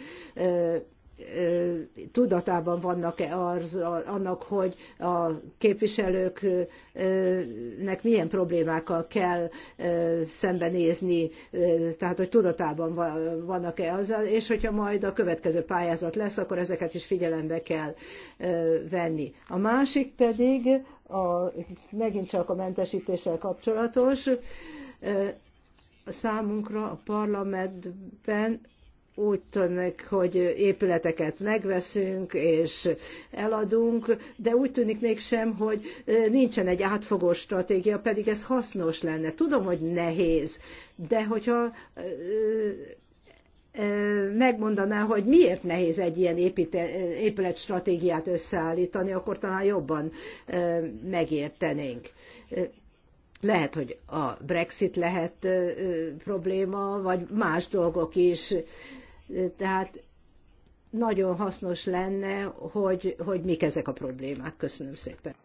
tudatában vannak-e annak, hogy a képviselőknek milyen problémákkal kell szembenézni, tehát hogy tudatában vannak-e azzal, és hogyha majd a következő pályázat lesz, akkor ezeket is figyelembe kell venni. A másik pedig a, megint csak a mentesítéssel kapcsolatos, számunkra a parlamentben úgy tűnik, hogy épületeket megveszünk és eladunk, de úgy tűnik mégsem, hogy nincsen egy átfogó stratégia, pedig ez hasznos lenne. Tudom, hogy nehéz, de hogyha megmondaná, hogy miért nehéz egy ilyen épület épületstratégiát összeállítani, akkor talán jobban megértenénk. Lehet, hogy a Brexit lehet probléma, vagy más dolgok is tehát nagyon hasznos lenne, hogy, hogy mik ezek a problémák. Köszönöm szépen.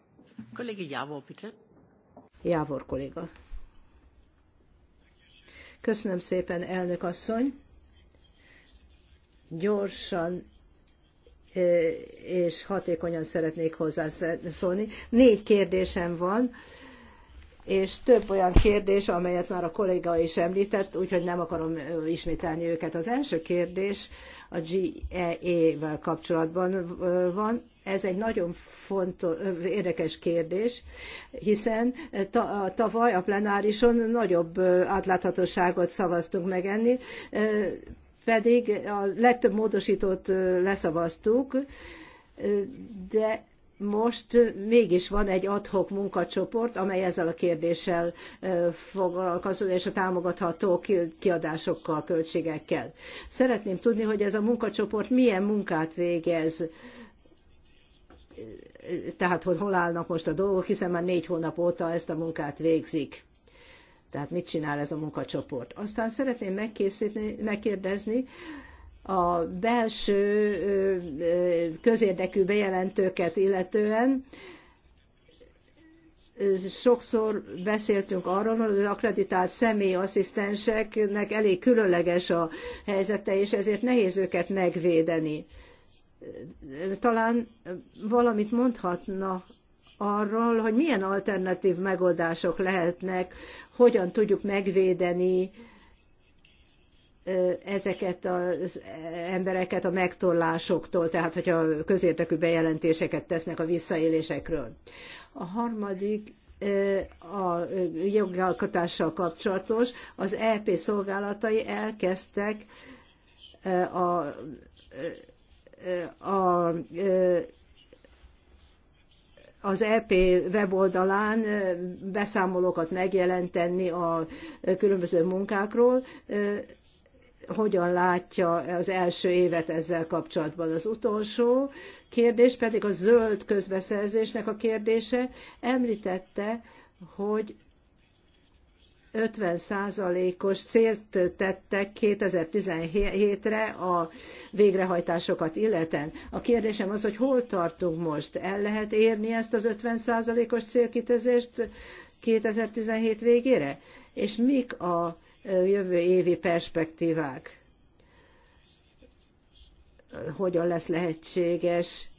Kollégi Jávor, bitte. Jávor kolléga. Köszönöm szépen, elnök asszony. Gyorsan és hatékonyan szeretnék hozzászólni. Négy kérdésem van és több olyan kérdés, amelyet már a kolléga is említett, úgyhogy nem akarom ismételni őket. Az első kérdés a GEE-vel kapcsolatban van. Ez egy nagyon fontos, érdekes kérdés, hiszen tavaly a plenárison nagyobb átláthatóságot szavaztunk meg enni, pedig a legtöbb módosítót leszavaztuk, de most mégis van egy adhok munkacsoport, amely ezzel a kérdéssel foglalkozol és a támogatható kiadásokkal, költségekkel. Szeretném tudni, hogy ez a munkacsoport milyen munkát végez, tehát hogy hol állnak most a dolgok, hiszen már négy hónap óta ezt a munkát végzik. Tehát mit csinál ez a munkacsoport? Aztán szeretném megkérdezni, a belső közérdekű bejelentőket illetően sokszor beszéltünk arról, hogy az akreditált személyasszisztenseknek elég különleges a helyzete, és ezért nehéz őket megvédeni. Talán valamit mondhatna arról, hogy milyen alternatív megoldások lehetnek, hogyan tudjuk megvédeni ezeket az embereket a megtorlásoktól, tehát hogyha közérdekű bejelentéseket tesznek a visszaélésekről. A harmadik a jogalkotással kapcsolatos, az EP szolgálatai elkezdtek a, a, az EP weboldalán beszámolókat megjelenteni a különböző munkákról, hogyan látja az első évet ezzel kapcsolatban. Az utolsó kérdés pedig a zöld közbeszerzésnek a kérdése. Említette, hogy 50%-os célt tettek 2017-re a végrehajtásokat illeten. A kérdésem az, hogy hol tartunk most? El lehet érni ezt az 50%-os célkitezést 2017 végére? És mik a jövő évi perspektívák. Hogyan lesz lehetséges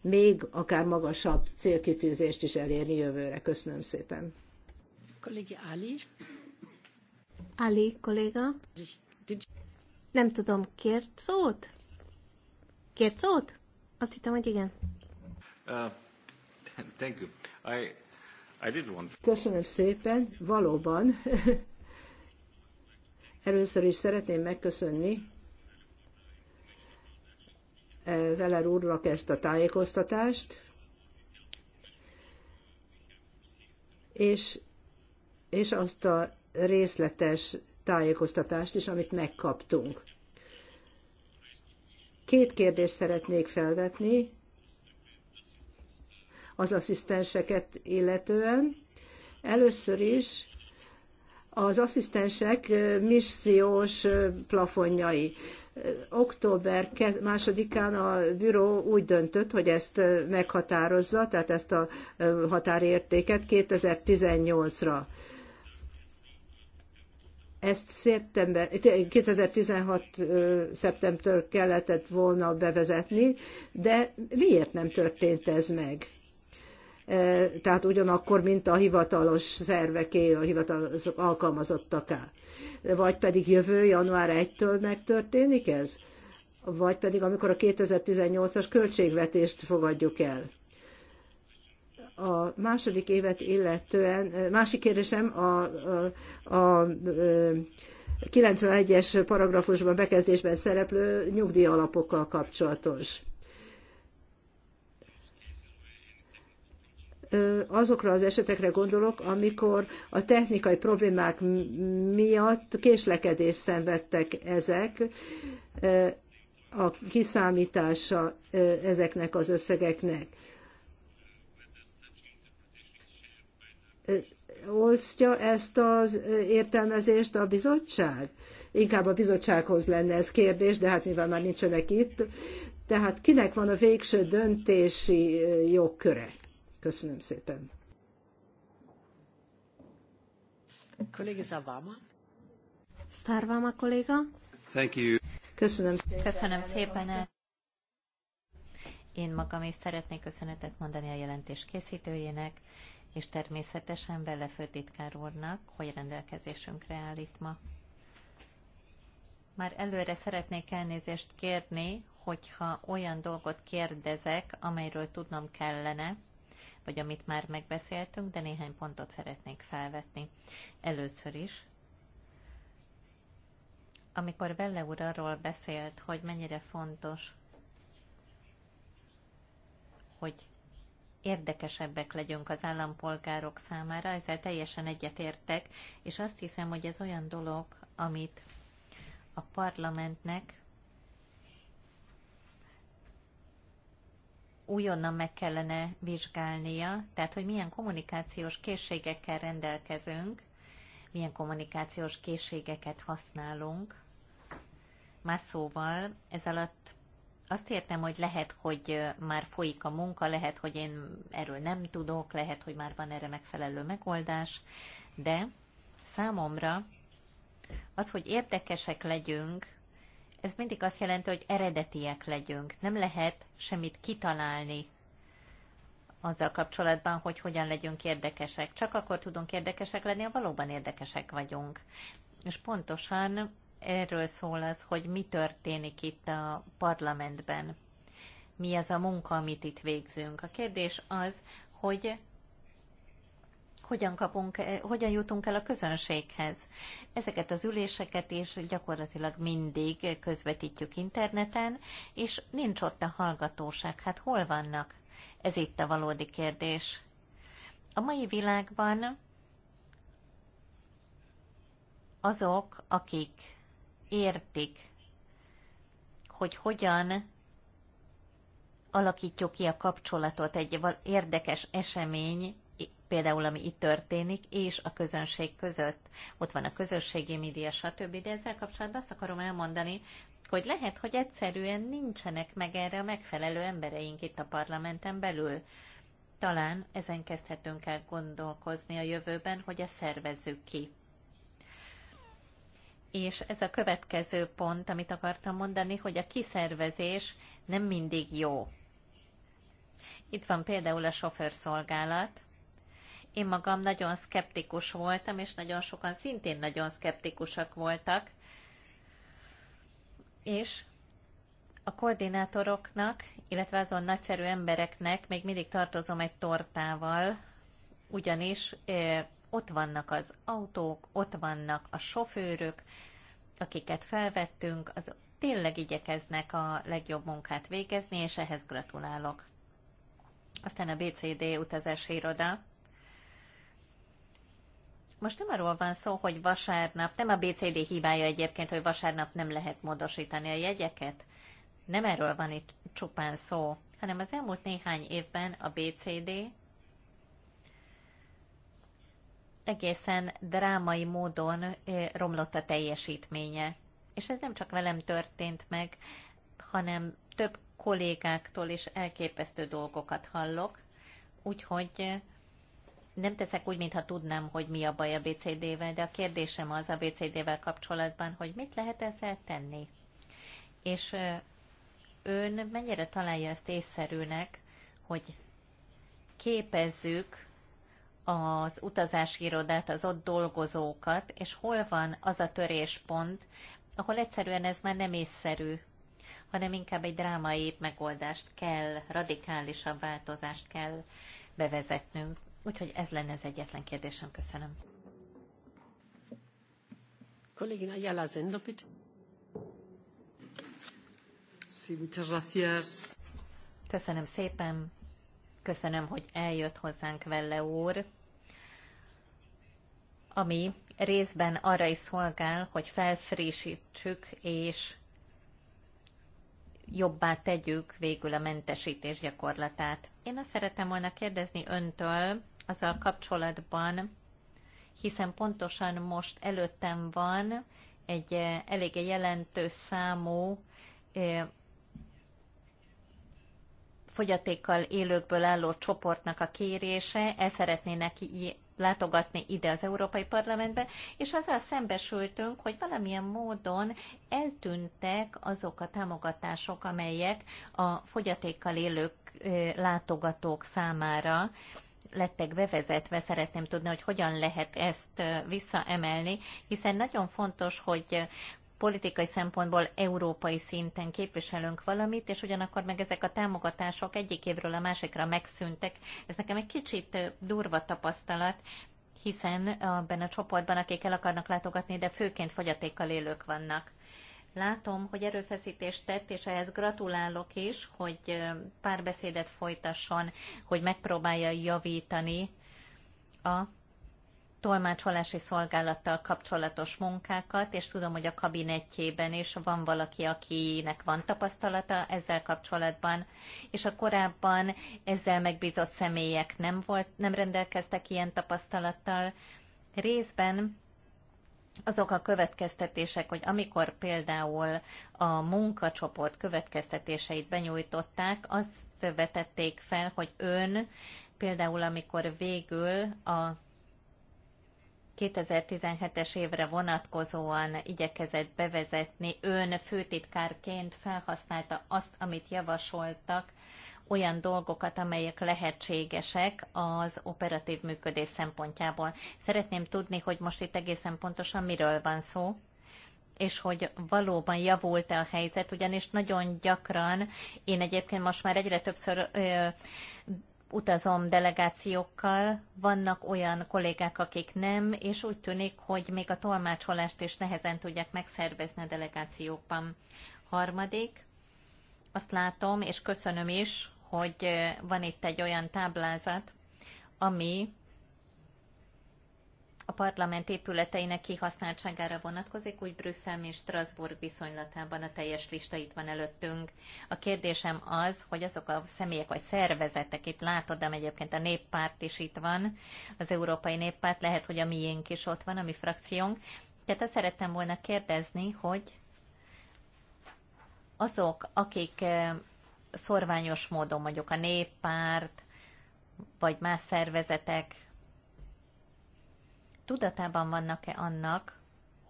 még akár magasabb célkitűzést is elérni jövőre. Köszönöm szépen. Kollégi Ali. Ali kolléga. Nem tudom, kért szót? Kért szót? Azt hittem, hogy igen. Uh, thank you. I, I did want... Köszönöm szépen, valóban Először is szeretném megköszönni eh, Veler úrnak ezt a tájékoztatást, és, és azt a részletes tájékoztatást is, amit megkaptunk. Két kérdést szeretnék felvetni az asszisztenseket illetően. Először is az asszisztensek missziós plafonjai. Október másodikán a büró úgy döntött, hogy ezt meghatározza, tehát ezt a határértéket 2018-ra. Ezt szeptember, 2016. szeptember kellett volna bevezetni, de miért nem történt ez meg? E, tehát ugyanakkor, mint a hivatalos szerveké, a hivatalos alkalmazottaká. Vagy pedig jövő január 1-től megtörténik ez? Vagy pedig amikor a 2018-as költségvetést fogadjuk el? A második évet illetően, e, másik kérdésem a, a, a 91-es e, paragrafusban, bekezdésben szereplő nyugdíjalapokkal kapcsolatos azokra az esetekre gondolok, amikor a technikai problémák miatt késlekedés szenvedtek ezek, a kiszámítása ezeknek az összegeknek. Osztja ezt az értelmezést a bizottság? Inkább a bizottsághoz lenne ez kérdés, de hát mivel már nincsenek itt. Tehát kinek van a végső döntési jogköre? Köszönöm szépen. Kollégi Szarvama. kolléga. Thank you. Köszönöm szépen. Köszönöm szépen. Én magam is szeretnék köszönetet mondani a jelentés készítőjének, és természetesen vele főtitkár úrnak, hogy rendelkezésünkre állít ma. Már előre szeretnék elnézést kérni, hogyha olyan dolgot kérdezek, amelyről tudnom kellene, vagy amit már megbeszéltünk, de néhány pontot szeretnék felvetni. Először is, amikor Velle úr arról beszélt, hogy mennyire fontos, hogy érdekesebbek legyünk az állampolgárok számára, ezzel teljesen egyetértek, és azt hiszem, hogy ez olyan dolog, amit a parlamentnek újonnan meg kellene vizsgálnia, tehát hogy milyen kommunikációs készségekkel rendelkezünk, milyen kommunikációs készségeket használunk. Más szóval, ez alatt azt értem, hogy lehet, hogy már folyik a munka, lehet, hogy én erről nem tudok, lehet, hogy már van erre megfelelő megoldás, de számomra az, hogy érdekesek legyünk ez mindig azt jelenti, hogy eredetiek legyünk. Nem lehet semmit kitalálni azzal kapcsolatban, hogy hogyan legyünk érdekesek. Csak akkor tudunk érdekesek lenni, ha valóban érdekesek vagyunk. És pontosan erről szól az, hogy mi történik itt a parlamentben. Mi az a munka, amit itt végzünk. A kérdés az, hogy hogyan, kapunk, eh, hogyan jutunk el a közönséghez. Ezeket az üléseket is gyakorlatilag mindig közvetítjük interneten, és nincs ott a hallgatóság. Hát hol vannak? Ez itt a valódi kérdés. A mai világban azok, akik értik, hogy hogyan alakítjuk ki a kapcsolatot egy érdekes esemény például ami itt történik, és a közönség között. Ott van a közösségi média, stb. De ezzel kapcsolatban azt akarom elmondani, hogy lehet, hogy egyszerűen nincsenek meg erre a megfelelő embereink itt a parlamenten belül. Talán ezen kezdhetünk el gondolkozni a jövőben, hogy ezt szervezzük ki. És ez a következő pont, amit akartam mondani, hogy a kiszervezés nem mindig jó. Itt van például a sofőrszolgálat, én magam nagyon szkeptikus voltam, és nagyon sokan szintén nagyon szkeptikusak voltak. És a koordinátoroknak, illetve azon nagyszerű embereknek még mindig tartozom egy tortával, ugyanis ott vannak az autók, ott vannak a sofőrök, akiket felvettünk, az tényleg igyekeznek a legjobb munkát végezni, és ehhez gratulálok. Aztán a BCD utazási iroda most nem arról van szó, hogy vasárnap, nem a BCD hibája egyébként, hogy vasárnap nem lehet módosítani a jegyeket. Nem erről van itt csupán szó, hanem az elmúlt néhány évben a BCD egészen drámai módon romlott a teljesítménye. És ez nem csak velem történt meg, hanem több kollégáktól is elképesztő dolgokat hallok, úgyhogy nem teszek úgy, mintha tudnám, hogy mi a baj a BCD-vel, de a kérdésem az a BCD-vel kapcsolatban, hogy mit lehet ezzel tenni. És ön mennyire találja ezt észszerűnek, hogy képezzük az utazási irodát, az ott dolgozókat, és hol van az a töréspont, ahol egyszerűen ez már nem észszerű, hanem inkább egy drámai megoldást kell, radikálisabb változást kell bevezetnünk. Úgyhogy ez lenne az egyetlen kérdésem. Köszönöm. Kollégina Ayala Zendo, Sí, muchas gracias. Köszönöm szépen. Köszönöm, hogy eljött hozzánk vele úr, ami részben arra is szolgál, hogy felfrissítsük és jobbá tegyük végül a mentesítés gyakorlatát. Én azt szeretem volna kérdezni öntől, azzal kapcsolatban, hiszen pontosan most előttem van egy eh, elég jelentős számú eh, fogyatékkal élőkből álló csoportnak a kérése, el szeretnének látogatni ide az Európai Parlamentbe, és azzal szembesültünk, hogy valamilyen módon eltűntek azok a támogatások, amelyek a fogyatékkal élők eh, látogatók számára lettek bevezetve, szeretném tudni, hogy hogyan lehet ezt visszaemelni, hiszen nagyon fontos, hogy politikai szempontból európai szinten képviselünk valamit, és ugyanakkor meg ezek a támogatások egyik évről a másikra megszűntek. Ez nekem egy kicsit durva tapasztalat, hiszen abban a csoportban, akik el akarnak látogatni, de főként fogyatékkal élők vannak. Látom, hogy erőfeszítést tett, és ehhez gratulálok is, hogy párbeszédet folytasson, hogy megpróbálja javítani a tolmácsolási szolgálattal kapcsolatos munkákat, és tudom, hogy a kabinetjében is van valaki, akinek van tapasztalata ezzel kapcsolatban, és a korábban ezzel megbízott személyek nem, volt, nem rendelkeztek ilyen tapasztalattal. Részben azok a következtetések, hogy amikor például a munkacsoport következtetéseit benyújtották, azt vetették fel, hogy ön például, amikor végül a 2017-es évre vonatkozóan igyekezett bevezetni, ön főtitkárként felhasználta azt, amit javasoltak olyan dolgokat, amelyek lehetségesek az operatív működés szempontjából. Szeretném tudni, hogy most itt egészen pontosan miről van szó és hogy valóban javult-e a helyzet, ugyanis nagyon gyakran, én egyébként most már egyre többször ö, utazom delegációkkal, vannak olyan kollégák, akik nem, és úgy tűnik, hogy még a tolmácsolást is nehezen tudják megszervezni a delegációkban. Harmadik, azt látom, és köszönöm is, hogy van itt egy olyan táblázat, ami a parlament épületeinek kihasználtságára vonatkozik, úgy Brüsszel és Strasbourg viszonylatában a teljes lista itt van előttünk. A kérdésem az, hogy azok a személyek vagy szervezetek, itt látod, de egyébként a néppárt is itt van, az Európai Néppárt, lehet, hogy a miénk is ott van, a mi frakciónk. Tehát azt szerettem volna kérdezni, hogy azok, akik szorványos módon mondjuk a néppárt, vagy más szervezetek tudatában vannak-e annak,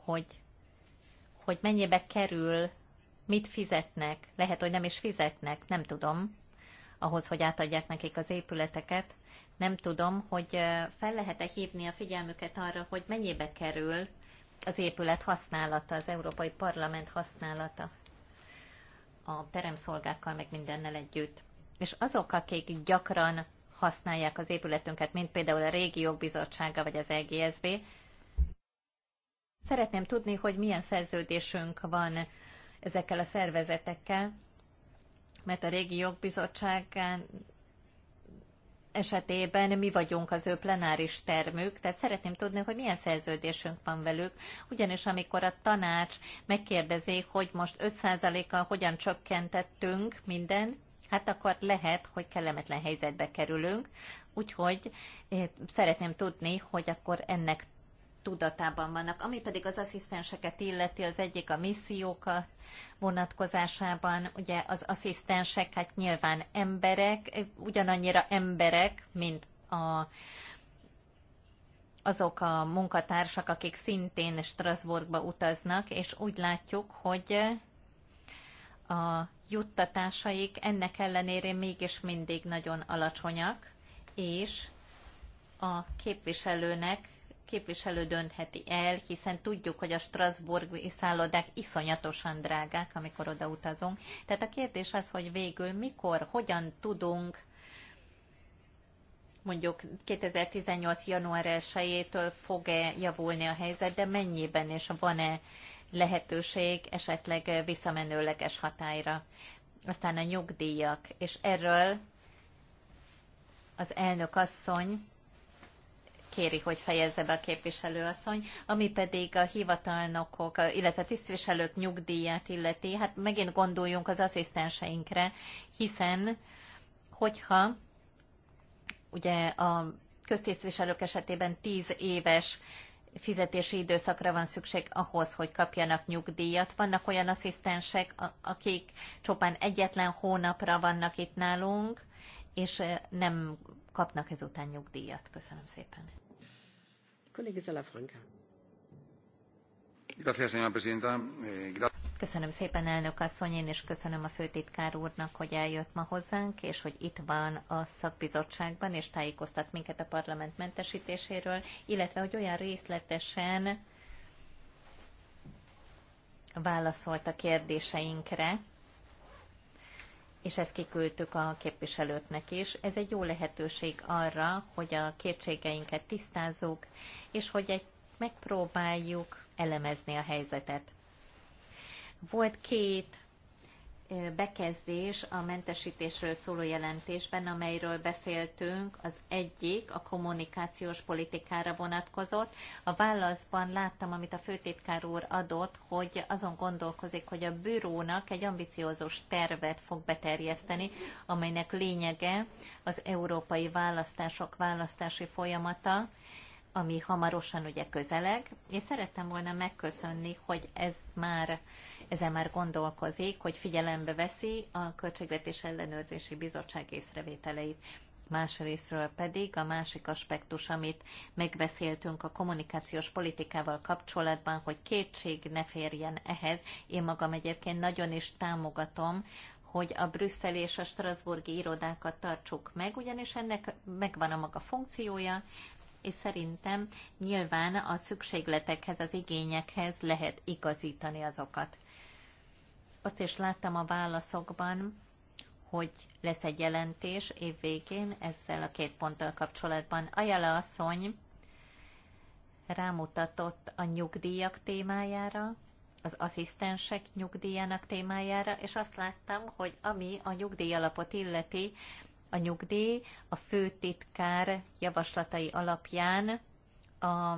hogy, hogy mennyibe kerül, mit fizetnek, lehet, hogy nem is fizetnek, nem tudom, ahhoz, hogy átadják nekik az épületeket, nem tudom, hogy fel lehet-e hívni a figyelmüket arra, hogy mennyibe kerül az épület használata, az Európai Parlament használata a teremszolgákkal, meg mindennel együtt. És azok, akik gyakran használják az épületünket, mint például a Régiók Bizottsága vagy az EGSB, szeretném tudni, hogy milyen szerződésünk van ezekkel a szervezetekkel, mert a Régi Jogbizottságán esetében mi vagyunk az ő plenáris termük, tehát szeretném tudni, hogy milyen szerződésünk van velük, ugyanis amikor a tanács megkérdezi, hogy most 5%-kal hogyan csökkentettünk minden, hát akkor lehet, hogy kellemetlen helyzetbe kerülünk, úgyhogy eh, szeretném tudni, hogy akkor ennek tudatában vannak. Ami pedig az asszisztenseket illeti, az egyik a missziókat vonatkozásában, ugye az asszisztensek hát nyilván emberek, ugyanannyira emberek, mint a, azok a munkatársak, akik szintén Strasbourgba utaznak, és úgy látjuk, hogy a juttatásaik ennek ellenére mégis mindig nagyon alacsonyak, és a képviselőnek képviselő döntheti el, hiszen tudjuk, hogy a Strasburgi szállodák iszonyatosan drágák, amikor oda utazunk. Tehát a kérdés az, hogy végül mikor, hogyan tudunk mondjuk 2018. január 1-től fog-e javulni a helyzet, de mennyiben és van-e lehetőség esetleg visszamenőleges hatályra. Aztán a nyugdíjak, és erről az elnök asszony kéri, hogy fejezze be a képviselőasszony, ami pedig a hivatalnokok, illetve a tisztviselők nyugdíját illeti. Hát megint gondoljunk az asszisztenseinkre, hiszen hogyha ugye a köztisztviselők esetében 10 éves fizetési időszakra van szükség ahhoz, hogy kapjanak nyugdíjat. Vannak olyan asszisztensek, akik csopán egyetlen hónapra vannak itt nálunk, és eh, nem kapnak ezután nyugdíjat. Köszönöm szépen. Eh, köszönöm szépen, elnök asszony, én is köszönöm a főtitkár úrnak, hogy eljött ma hozzánk, és hogy itt van a szakbizottságban, és tájékoztat minket a parlament mentesítéséről, illetve hogy olyan részletesen válaszolt a kérdéseinkre, és ezt kiküldtük a képviselőknek is. Ez egy jó lehetőség arra, hogy a kétségeinket tisztázzuk, és hogy egy, megpróbáljuk elemezni a helyzetet. Volt két bekezdés a mentesítésről szóló jelentésben, amelyről beszéltünk, az egyik a kommunikációs politikára vonatkozott. A válaszban láttam, amit a főtitkár úr adott, hogy azon gondolkozik, hogy a bürónak egy ambiciózus tervet fog beterjeszteni, amelynek lényege az európai választások választási folyamata, ami hamarosan ugye közeleg, és szerettem volna megköszönni, hogy ez már, ezen már gondolkozik, hogy figyelembe veszi a Költségvetés Ellenőrzési Bizottság észrevételeit. Másrésztről pedig a másik aspektus, amit megbeszéltünk a kommunikációs politikával kapcsolatban, hogy kétség ne férjen ehhez. Én magam egyébként nagyon is támogatom, hogy a brüsszeli és a strasburgi irodákat tartsuk meg, ugyanis ennek megvan a maga funkciója, és szerintem nyilván a szükségletekhez, az igényekhez lehet igazítani azokat. Azt is láttam a válaszokban, hogy lesz egy jelentés évvégén ezzel a két ponttal kapcsolatban. Ajala asszony rámutatott a nyugdíjak témájára, az asszisztensek nyugdíjának témájára, és azt láttam, hogy ami a nyugdíjalapot illeti, a nyugdíj a főtitkár javaslatai alapján a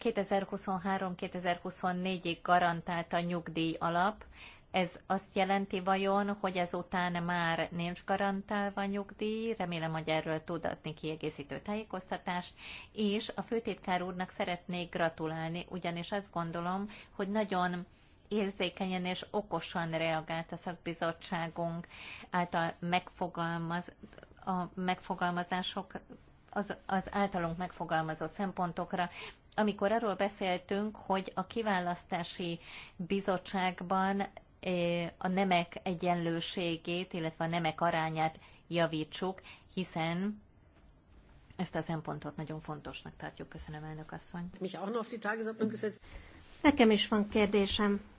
2023-2024-ig garantált a nyugdíj alap. Ez azt jelenti vajon, hogy ezután már nincs garantálva nyugdíj, remélem, hogy erről tud adni kiegészítő tájékoztatást, és a főtitkár úrnak szeretnék gratulálni, ugyanis azt gondolom, hogy nagyon érzékenyen és okosan reagált a szakbizottságunk által megfogalmaz, a megfogalmazások, az, az általunk megfogalmazott szempontokra, amikor arról beszéltünk, hogy a kiválasztási bizottságban eh, a nemek egyenlőségét, illetve a nemek arányát javítsuk, hiszen ezt a szempontot nagyon fontosnak tartjuk. Köszönöm, elnök asszony. Nekem is van kérdésem.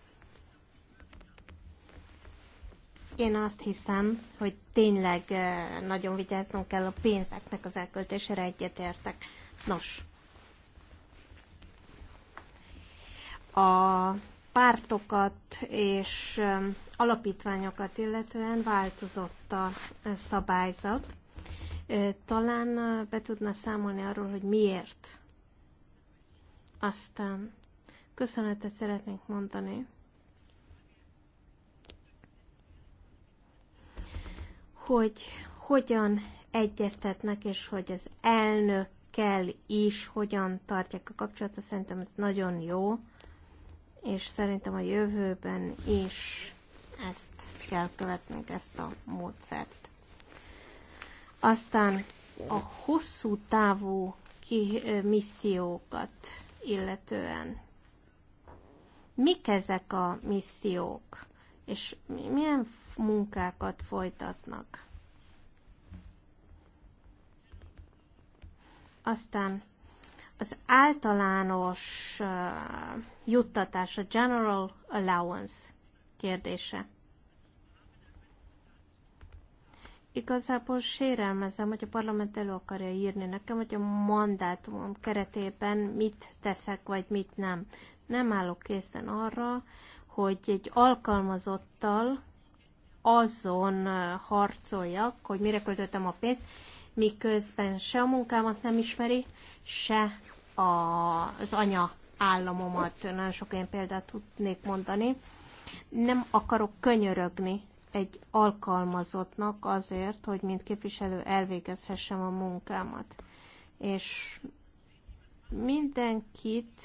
Én azt hiszem, hogy tényleg eh, nagyon vigyáznunk kell a pénzeknek az elköltésére, egyetértek. Nos, a pártokat és eh, alapítványokat illetően változott a eh, szabályzat. Talán be tudna számolni arról, hogy miért. Aztán köszönetet szeretnék mondani hogy hogyan egyeztetnek, és hogy az elnökkel is hogyan tartják a kapcsolatot. Szerintem ez nagyon jó, és szerintem a jövőben is ezt kell követnünk, ezt a módszert. Aztán a hosszú távú ki, missziókat illetően. Mik ezek a missziók? És milyen munkákat folytatnak. Aztán az általános juttatás, a general allowance kérdése. Igazából sérelmezem, hogy a parlament elő akarja írni nekem, hogy a mandátumom keretében mit teszek, vagy mit nem. Nem állok készen arra, hogy egy alkalmazottal azon harcoljak, hogy mire költöttem a pénzt, miközben se a munkámat nem ismeri, se a, az anya államomat. Nagyon sok ilyen példát tudnék mondani. Nem akarok könyörögni egy alkalmazottnak azért, hogy mint képviselő elvégezhessem a munkámat. És mindenkit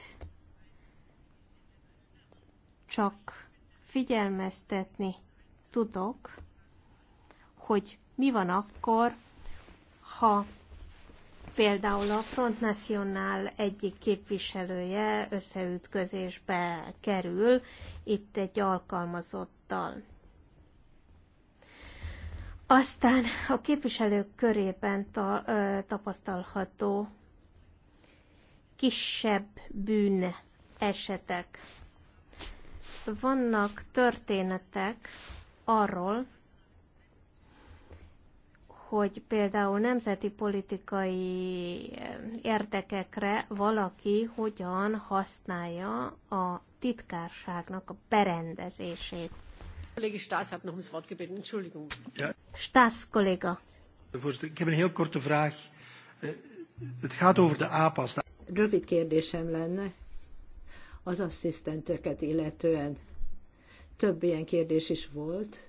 csak figyelmeztetni tudok, hogy mi van akkor, ha például a Front National egyik képviselője összeütközésbe kerül itt egy alkalmazottal. Aztán a képviselők körében ta, ö, tapasztalható kisebb bűn esetek. Vannak történetek, arról, hogy például nemzeti politikai eh, érdekekre valaki hogyan használja a titkárságnak a berendezését. Stász Stász kolléga. Rövid kérdésem lenne az asszisztentőket illetően több ilyen kérdés is volt.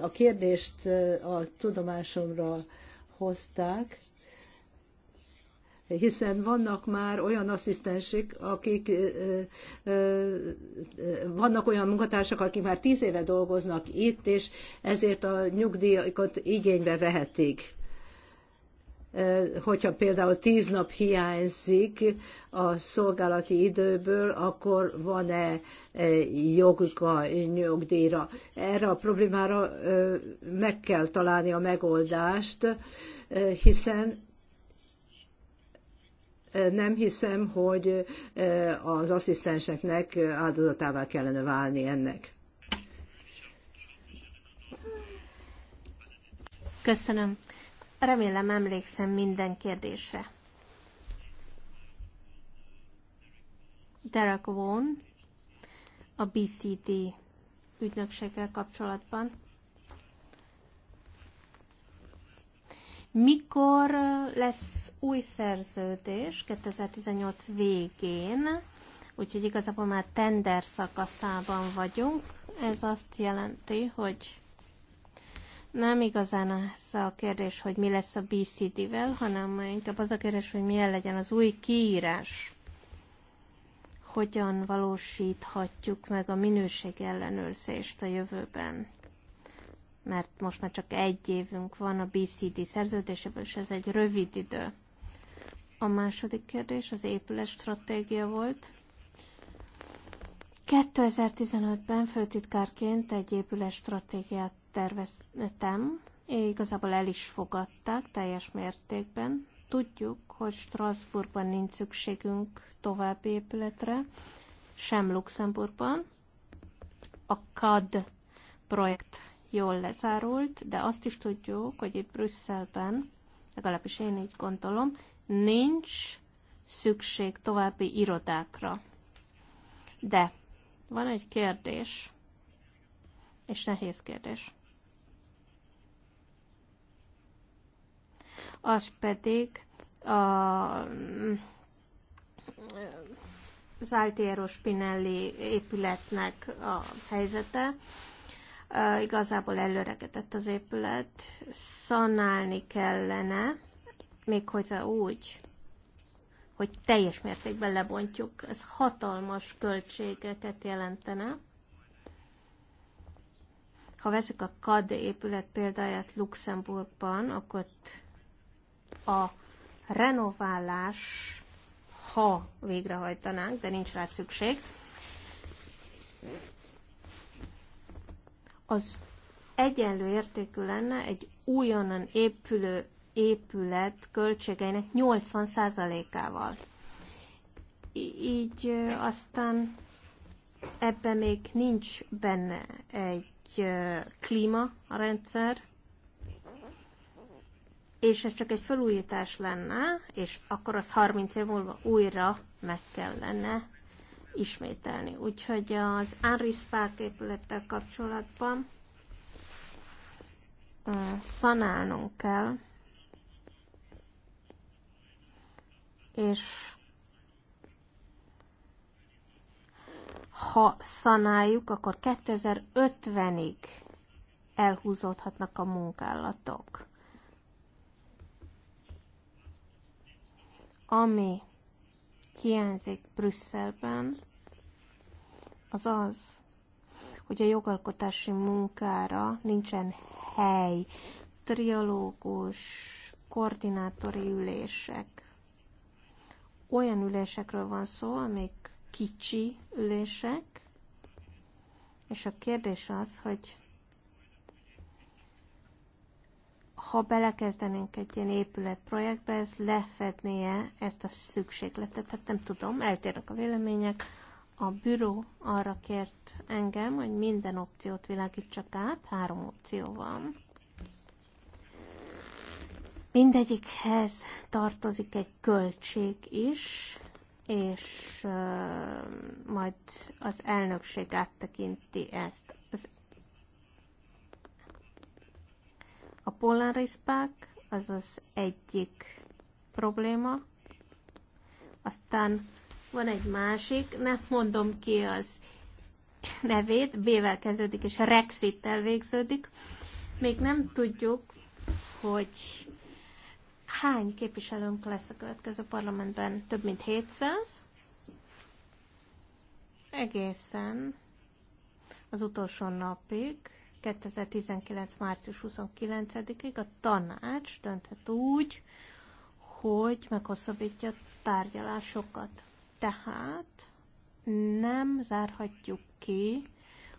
A kérdést a tudomásomra hozták, hiszen vannak már olyan asszisztensek, akik, vannak olyan munkatársak, akik már tíz éve dolgoznak itt, és ezért a nyugdíjakat igénybe vehetik. Eh, hogyha például tíz nap hiányzik a szolgálati időből, akkor van-e eh, joguk a nyugdíjra. Erre a problémára eh, meg kell találni a megoldást, hiszen nem hiszem, hogy az asszisztenseknek áldozatává kellene válni ennek. Köszönöm. Remélem emlékszem minden kérdésre. Derek Vaughan a BCD ügynökséggel kapcsolatban. Mikor lesz új szerződés 2018 végén, úgyhogy igazából már tender szakaszában vagyunk. Ez azt jelenti, hogy nem igazán az a kérdés, hogy mi lesz a BCD-vel, hanem inkább az a kérdés, hogy milyen legyen az új kiírás. Hogyan valósíthatjuk meg a minőség ellenőrzést a jövőben? Mert most már csak egy évünk van a BCD szerződéséből, és ez egy rövid idő. A második kérdés az épület stratégia volt. 2015-ben főtitkárként egy épület stratégiát terveztem, igazából el is fogadták teljes mértékben. Tudjuk, hogy Strasbourgban nincs szükségünk további épületre, sem Luxemburgban. A CAD projekt jól lezárult, de azt is tudjuk, hogy itt Brüsszelben, legalábbis én így gondolom, nincs szükség további irodákra. De van egy kérdés, és nehéz kérdés. az pedig a, Zaltiero Spinelli épületnek a helyzete. Igazából előregetett az épület, szanálni kellene, még hogyha úgy, hogy teljes mértékben lebontjuk. Ez hatalmas költségeket jelentene. Ha veszük a KAD épület példáját Luxemburgban, akkor ott a renoválás, ha végrehajtanánk, de nincs rá szükség, az egyenlő értékű lenne egy újonnan épülő épület költségeinek 80%-ával. Így aztán ebben még nincs benne egy klímarendszer, és ez csak egy felújítás lenne, és akkor az 30 év múlva újra meg kellene ismételni. Úgyhogy az Henri Spark épülettel kapcsolatban szanálnunk kell, és ha szanáljuk, akkor 2050-ig elhúzódhatnak a munkálatok. Ami hiányzik Brüsszelben, az az, hogy a jogalkotási munkára nincsen hely, triológus, koordinátori ülések. Olyan ülésekről van szó, amik kicsi ülések, és a kérdés az, hogy ha belekezdenénk egy ilyen épületprojektbe, ez lefednie ezt a szükségletet. Hát nem tudom, eltérnek a vélemények. A büró arra kért engem, hogy minden opciót világítsak át, három opció van. Mindegyikhez tartozik egy költség is, és uh, majd az elnökség áttekinti ezt. A polariszpák az az egyik probléma. Aztán van egy másik, nem mondom ki az nevét, B-vel kezdődik, és Rexit-tel végződik. Még nem tudjuk, hogy hány képviselőnk lesz a következő parlamentben, több mint 700. Egészen az utolsó napig 2019. március 29-ig a tanács dönthet úgy, hogy meghosszabbítja tárgyalásokat. Tehát nem zárhatjuk ki,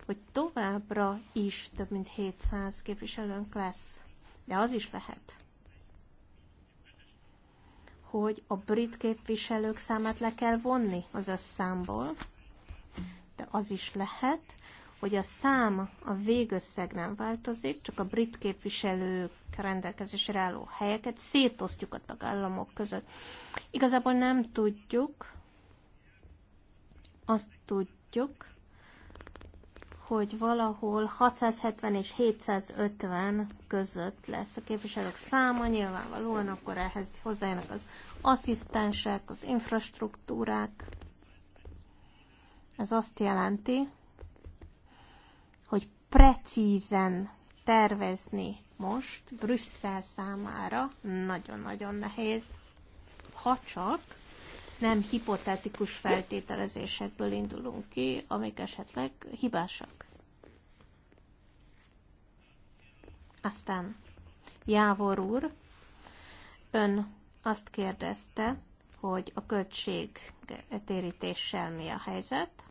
hogy továbbra is több mint 700 képviselőnk lesz. De az is lehet, hogy a brit képviselők számát le kell vonni az összámból, de az is lehet, hogy a szám a végösszeg nem változik, csak a brit képviselők rendelkezésre álló helyeket szétosztjuk a tagállamok között. Igazából nem tudjuk, azt tudjuk, hogy valahol 670 és 750 között lesz a képviselők száma, nyilvánvalóan akkor ehhez hozzájönnek az asszisztensek, az infrastruktúrák. Ez azt jelenti, precízen tervezni most Brüsszel számára nagyon-nagyon nehéz, ha csak nem hipotetikus feltételezésekből indulunk ki, amik esetleg hibásak. Aztán Jávor úr, ön azt kérdezte, hogy a költség-e térítéssel mi a helyzet.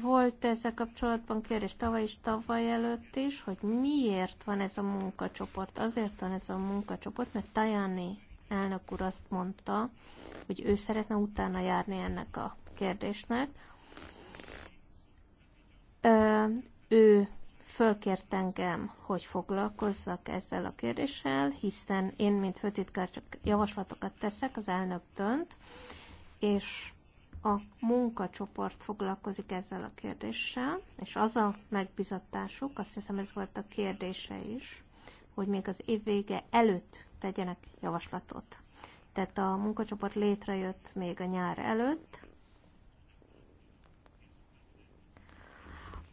Volt ezzel kapcsolatban kérdés tavaly és tavaly előtt is, hogy miért van ez a munkacsoport. Azért van ez a munkacsoport, mert Tajani elnök úr azt mondta, hogy ő szeretne utána járni ennek a kérdésnek. Ö, ő fölkért engem, hogy foglalkozzak ezzel a kérdéssel, hiszen én, mint főtitkár, csak javaslatokat teszek, az elnök dönt, és a munkacsoport foglalkozik ezzel a kérdéssel, és az a megbizatásuk, azt hiszem ez volt a kérdése is, hogy még az év vége előtt tegyenek javaslatot. Tehát a munkacsoport létrejött még a nyár előtt.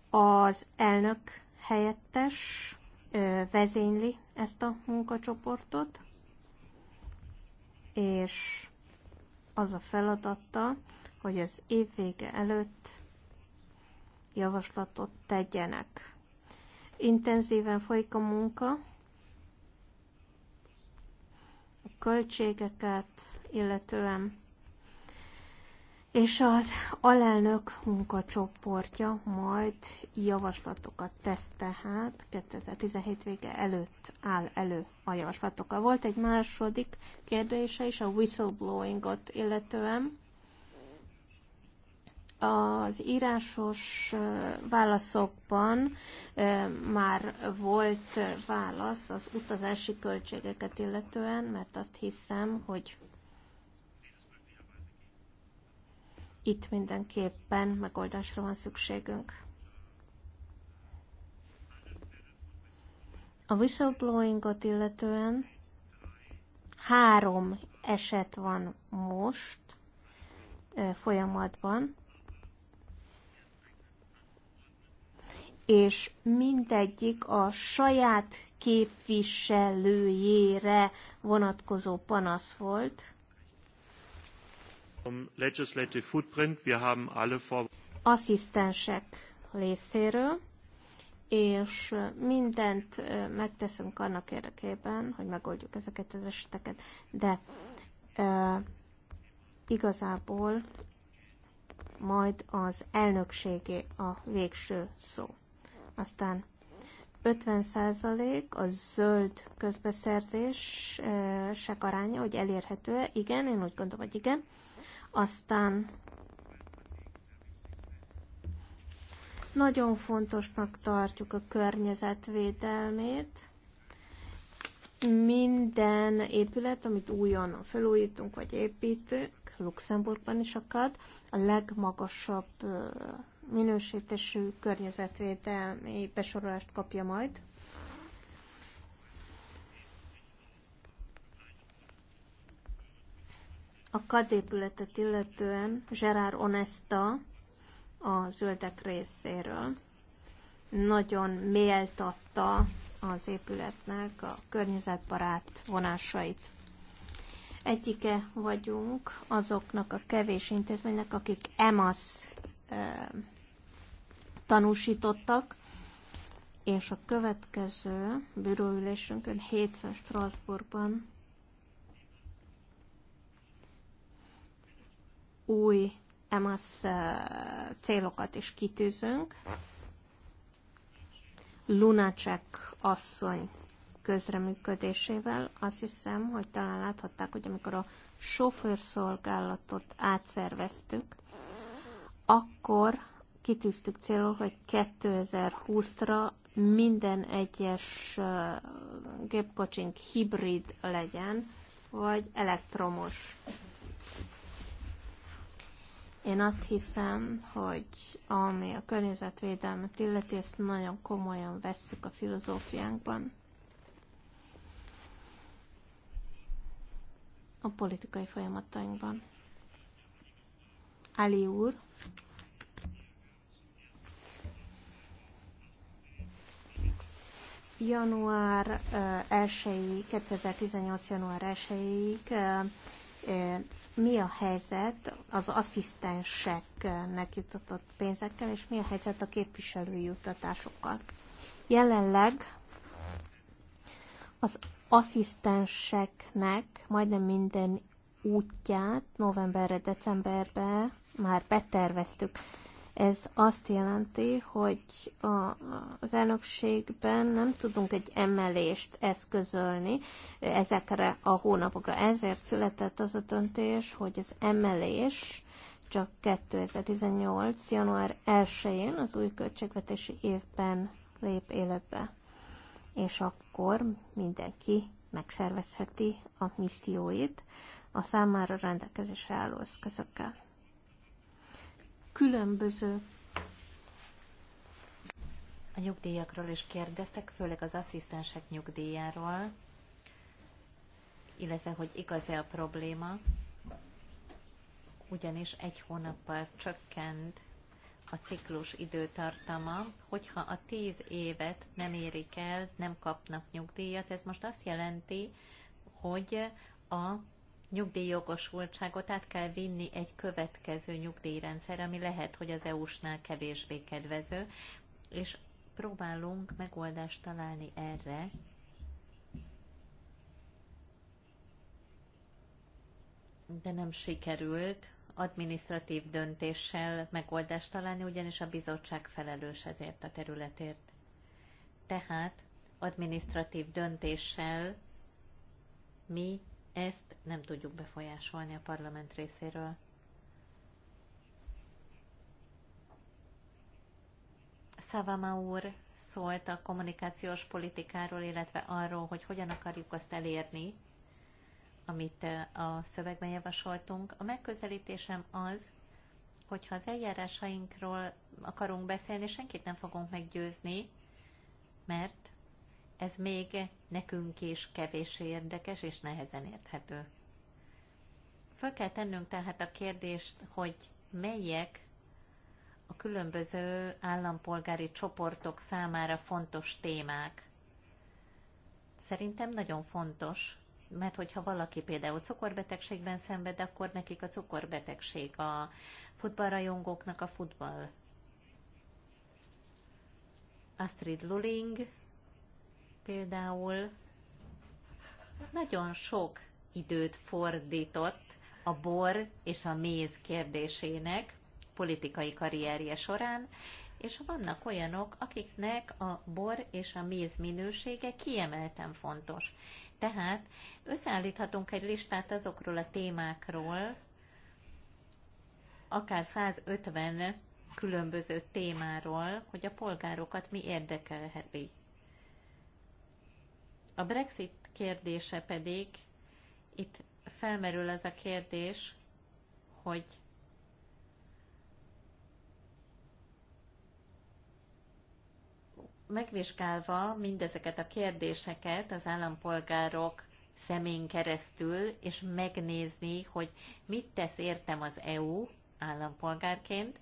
Az elnök helyettes vezényli ezt a munkacsoportot, és az a feladata, hogy az év vége előtt javaslatot tegyenek. Intenzíven folyik a munka, a költségeket illetően, és az alelnök munkacsoportja majd javaslatokat tesz, tehát 2017 vége előtt áll elő a javaslatokkal. Volt egy második kérdése is a whistleblowingot illetően az írásos válaszokban már volt válasz az utazási költségeket illetően, mert azt hiszem, hogy itt mindenképpen megoldásra van szükségünk. A whistleblowingot illetően három eset van most folyamatban. és mindegyik a saját képviselőjére vonatkozó panasz volt. Asszisztensek részéről, és mindent megteszünk annak érdekében, hogy megoldjuk ezeket az eseteket, de e, igazából majd az elnökségé a végső szó. Aztán 50% a zöld közbeszerzések aránya, hogy elérhető-e. Igen, én úgy gondolom, hogy igen. Aztán nagyon fontosnak tartjuk a környezetvédelmét. Minden épület, amit újon felújítunk vagy építünk, Luxemburgban is akad, a legmagasabb minősítésű környezetvédelmi besorolást kapja majd. A kadépületet illetően Gerard Onesta a zöldek részéről nagyon méltatta az épületnek a környezetbarát vonásait. Egyike vagyunk azoknak a kevés intézménynek, akik EMASZ tanúsítottak, és a következő bíróülésünkön hétfőn Strasbourgban új EMASZ célokat is kitűzünk. Lunacek asszony közreműködésével azt hiszem, hogy talán láthatták, hogy amikor a sofőrszolgálatot átszerveztük, akkor kitűztük célul, hogy 2020-ra minden egyes gépkocsink hibrid legyen, vagy elektromos. Én azt hiszem, hogy ami a környezetvédelmet illeti, ezt nagyon komolyan vesszük a filozófiánkban. A politikai folyamatainkban. Ali úr. Január 1 eh, 2018. január 1-ig eh, eh, mi a helyzet az asszisztenseknek jutatott pénzekkel, és mi a helyzet a képviselői juttatásokkal. Jelenleg az asszisztenseknek majdnem minden útját novemberre, decemberbe már beterveztük. Ez azt jelenti, hogy a, az elnökségben nem tudunk egy emelést eszközölni ezekre a hónapokra. Ezért született az a döntés, hogy az emelés csak 2018. január 1-én az új költségvetési évben lép életbe. És akkor mindenki megszervezheti a misszióit a számára rendelkezésre álló eszközökkel különböző a nyugdíjakról is kérdeztek, főleg az asszisztensek nyugdíjáról, illetve hogy igaz-e a probléma, ugyanis egy hónappal csökkent a ciklus időtartama, hogyha a tíz évet nem érik el, nem kapnak nyugdíjat, ez most azt jelenti, hogy a nyugdíjjogosultságot át kell vinni egy következő nyugdíjrendszer, ami lehet, hogy az EU-snál kevésbé kedvező, és próbálunk megoldást találni erre, de nem sikerült adminisztratív döntéssel megoldást találni, ugyanis a bizottság felelős ezért a területért. Tehát adminisztratív döntéssel mi ezt nem tudjuk befolyásolni a parlament részéről. Szavama úr szólt a kommunikációs politikáról, illetve arról, hogy hogyan akarjuk azt elérni, amit eh, a szövegben javasoltunk. A megközelítésem az, hogyha az eljárásainkról akarunk beszélni, senkit nem fogunk meggyőzni, mert ez még nekünk is kevés érdekes és nehezen érthető. Föl kell tennünk tehát a kérdést, hogy melyek a különböző állampolgári csoportok számára fontos témák. Szerintem nagyon fontos, mert hogyha valaki például cukorbetegségben szenved, akkor nekik a cukorbetegség, a futballrajongóknak a futball. Astrid Luling, például nagyon sok időt fordított a bor és a méz kérdésének politikai karrierje során, és vannak olyanok, akiknek a bor és a méz minősége kiemelten fontos. Tehát összeállíthatunk egy listát azokról a témákról, akár 150 különböző témáról, hogy a polgárokat mi érdekelheti. A Brexit kérdése pedig, itt felmerül ez a kérdés, hogy megvizsgálva mindezeket a kérdéseket az állampolgárok szemén keresztül, és megnézni, hogy mit tesz értem az EU állampolgárként,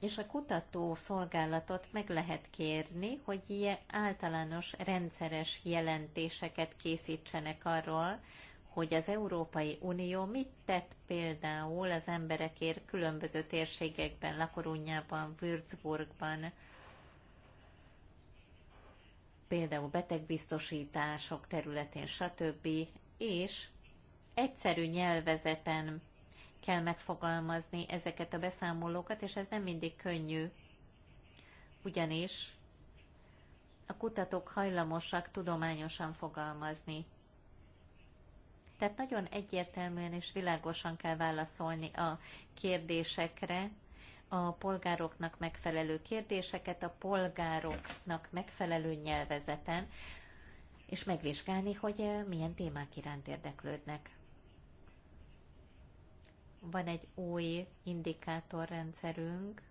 és a kutató szolgálatot meg lehet kérni, hogy ilyen általános rendszeres jelentéseket készítsenek arról, hogy az Európai Unió mit tett például az emberekért különböző térségekben, Lakorunyában, Würzburgban, például betegbiztosítások területén, stb. És egyszerű nyelvezeten kell megfogalmazni ezeket a beszámolókat, és ez nem mindig könnyű, ugyanis a kutatók hajlamosak tudományosan fogalmazni. Tehát nagyon egyértelműen és világosan kell válaszolni a kérdésekre, a polgároknak megfelelő kérdéseket, a polgároknak megfelelő nyelvezeten, és megvizsgálni, hogy eh, milyen témák iránt érdeklődnek van egy új indikátorrendszerünk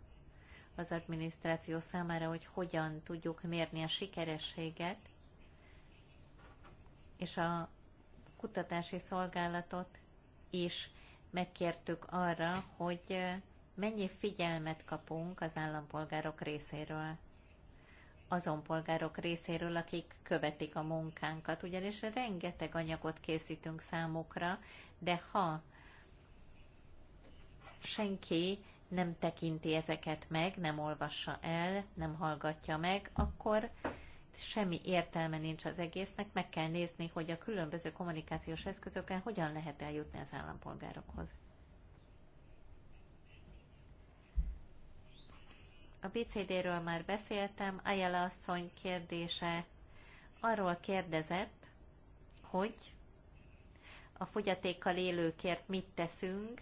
az adminisztráció számára, hogy hogyan tudjuk mérni a sikerességet, és a kutatási szolgálatot is megkértük arra, hogy mennyi figyelmet kapunk az állampolgárok részéről. Azon polgárok részéről, akik követik a munkánkat, ugyanis rengeteg anyagot készítünk számukra, de ha senki nem tekinti ezeket meg, nem olvassa el, nem hallgatja meg, akkor semmi értelme nincs az egésznek, meg kell nézni, hogy a különböző kommunikációs eszközökkel hogyan lehet eljutni az állampolgárokhoz. A BCD-ről már beszéltem, Ayala asszony kérdése arról kérdezett, hogy a fogyatékkal élőkért mit teszünk,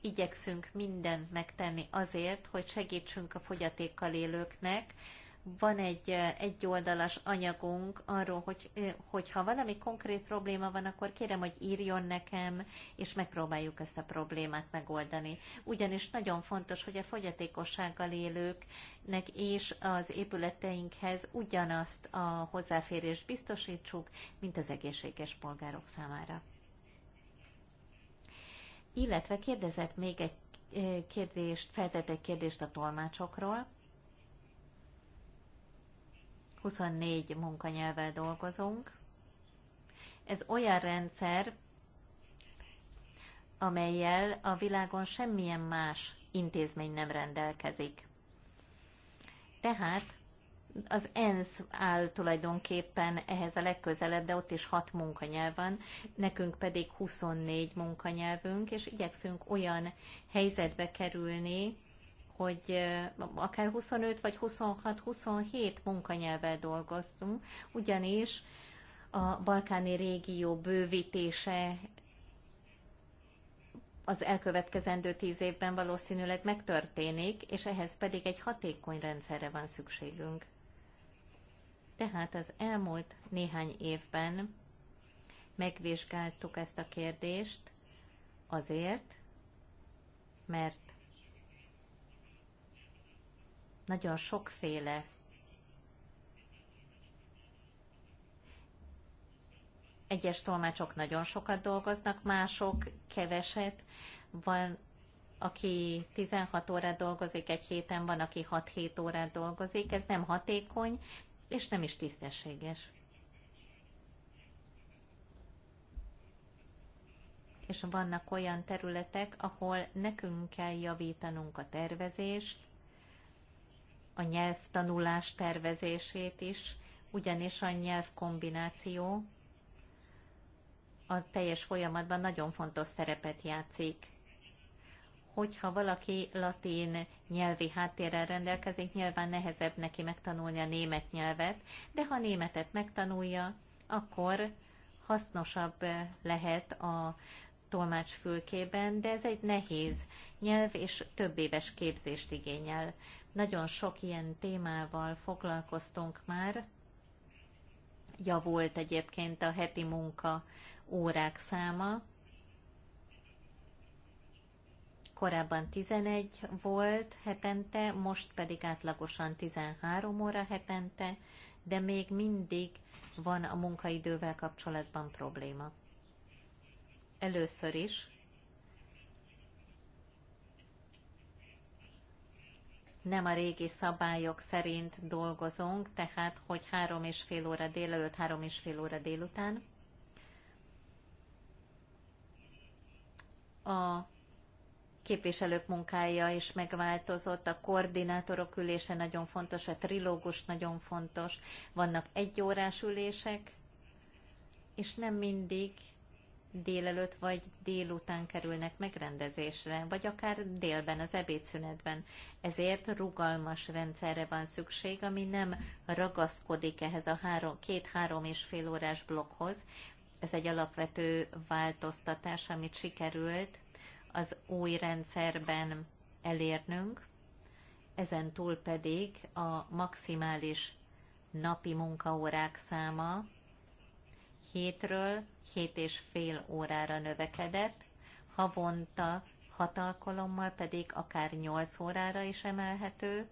igyekszünk mindent megtenni azért, hogy segítsünk a fogyatékkal élőknek. Van egy eh, egyoldalas anyagunk arról, hogy, eh, hogyha valami konkrét probléma van, akkor kérem, hogy írjon nekem, és megpróbáljuk ezt a problémát megoldani. Ugyanis nagyon fontos, hogy a fogyatékossággal élőknek és az épületeinkhez ugyanazt a hozzáférést biztosítsuk, mint az egészséges polgárok számára illetve kérdezett még egy kérdést, feltett egy kérdést a tolmácsokról. 24 munkanyelvvel dolgozunk. Ez olyan rendszer, amelyel a világon semmilyen más intézmény nem rendelkezik. Tehát az ENSZ áll tulajdonképpen ehhez a legközelebb, de ott is hat munkanyelv van, nekünk pedig 24 munkanyelvünk, és igyekszünk olyan helyzetbe kerülni, hogy akár 25 vagy 26-27 munkanyelvvel dolgoztunk, ugyanis a balkáni régió bővítése az elkövetkezendő tíz évben valószínűleg megtörténik, és ehhez pedig egy hatékony rendszerre van szükségünk. Tehát az elmúlt néhány évben megvizsgáltuk ezt a kérdést azért, mert nagyon sokféle egyes tolmácsok nagyon sokat dolgoznak, mások keveset, van, aki 16 órát dolgozik egy héten, van, aki 6-7 órát dolgozik, ez nem hatékony, és nem is tisztességes. És vannak olyan területek, ahol nekünk kell javítanunk a tervezést, a nyelvtanulás tervezését is, ugyanis a nyelvkombináció a teljes folyamatban nagyon fontos szerepet játszik hogyha valaki latin nyelvi háttérrel rendelkezik, nyilván nehezebb neki megtanulni a német nyelvet, de ha németet megtanulja, akkor hasznosabb lehet a tolmácsfülkében, de ez egy nehéz nyelv és több éves képzést igényel. Nagyon sok ilyen témával foglalkoztunk már. Javult egyébként a heti munka órák száma, korábban 11 volt hetente, most pedig átlagosan 13 óra hetente, de még mindig van a munkaidővel kapcsolatban probléma. Először is nem a régi szabályok szerint dolgozunk, tehát hogy három és fél óra délelőtt, három és fél óra délután. A képviselők munkája is megváltozott, a koordinátorok ülése nagyon fontos, a trilógus nagyon fontos, vannak egyórás ülések, és nem mindig délelőtt vagy délután kerülnek megrendezésre, vagy akár délben, az ebédszünetben. Ezért rugalmas rendszerre van szükség, ami nem ragaszkodik ehhez a három, két-három és fél órás blokkhoz. Ez egy alapvető változtatás, amit sikerült az új rendszerben elérnünk, ezen túl pedig a maximális napi munkaórák száma 7-ről 7,5 órára növekedett, havonta 6 alkalommal pedig akár 8 órára is emelhető.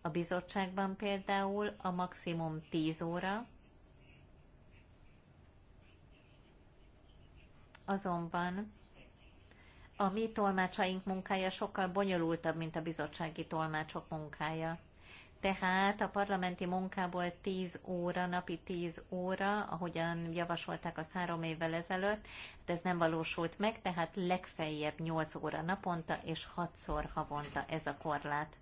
A bizottságban például a maximum 10 óra, azonban a mi tolmácsaink munkája sokkal bonyolultabb, mint a bizottsági tolmácsok munkája. Tehát a parlamenti munkából 10 óra, napi 10 óra, ahogyan javasolták azt három évvel ezelőtt, de ez nem valósult meg, tehát legfeljebb 8 óra naponta és 6-szor havonta ez a korlát.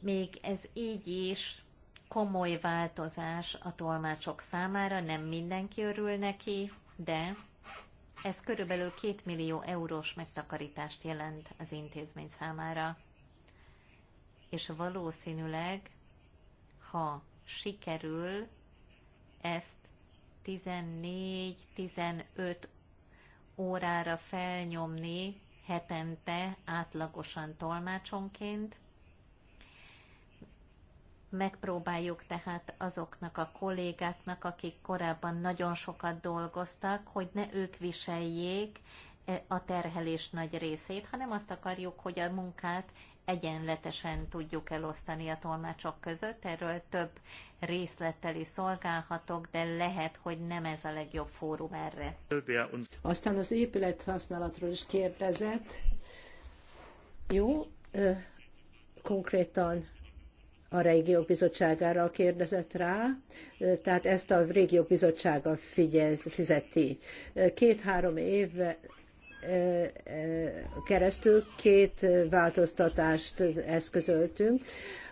Még ez így is komoly változás a tolmácsok számára, nem mindenki örül neki, de ez körülbelül 2 millió eurós megtakarítást jelent az intézmény számára. És valószínűleg, ha sikerül ezt 14-15 órára felnyomni hetente átlagosan tolmácsonként, Megpróbáljuk tehát azoknak a kollégáknak, akik korábban nagyon sokat dolgoztak, hogy ne ők viseljék e, a terhelés nagy részét, hanem azt akarjuk, hogy a munkát egyenletesen tudjuk elosztani a tolmácsok között. Erről több részlettel is szolgálhatok, de lehet, hogy nem ez a legjobb fórum erre. Aztán az épület használatról is kérdezett. Jó, konkrétan a régiók bizottságára kérdezett rá, tehát ezt a régiók bizottsága fizeti. Két-három év keresztül két változtatást eszközöltünk.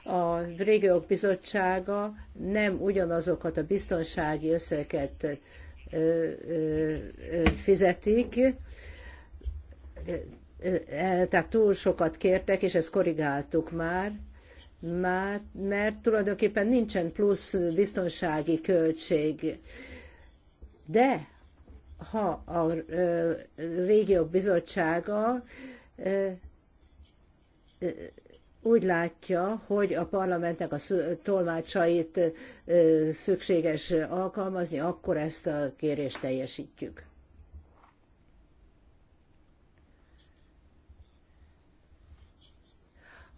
A régiók bizottsága nem ugyanazokat a biztonsági összegeket fizetik, tehát túl sokat kértek, és ezt korrigáltuk már, már, mert tulajdonképpen nincsen plusz biztonsági költség. De ha a régiók bizottsága úgy látja, hogy a parlamentnek a tolmácsait szükséges alkalmazni, akkor ezt a kérést teljesítjük.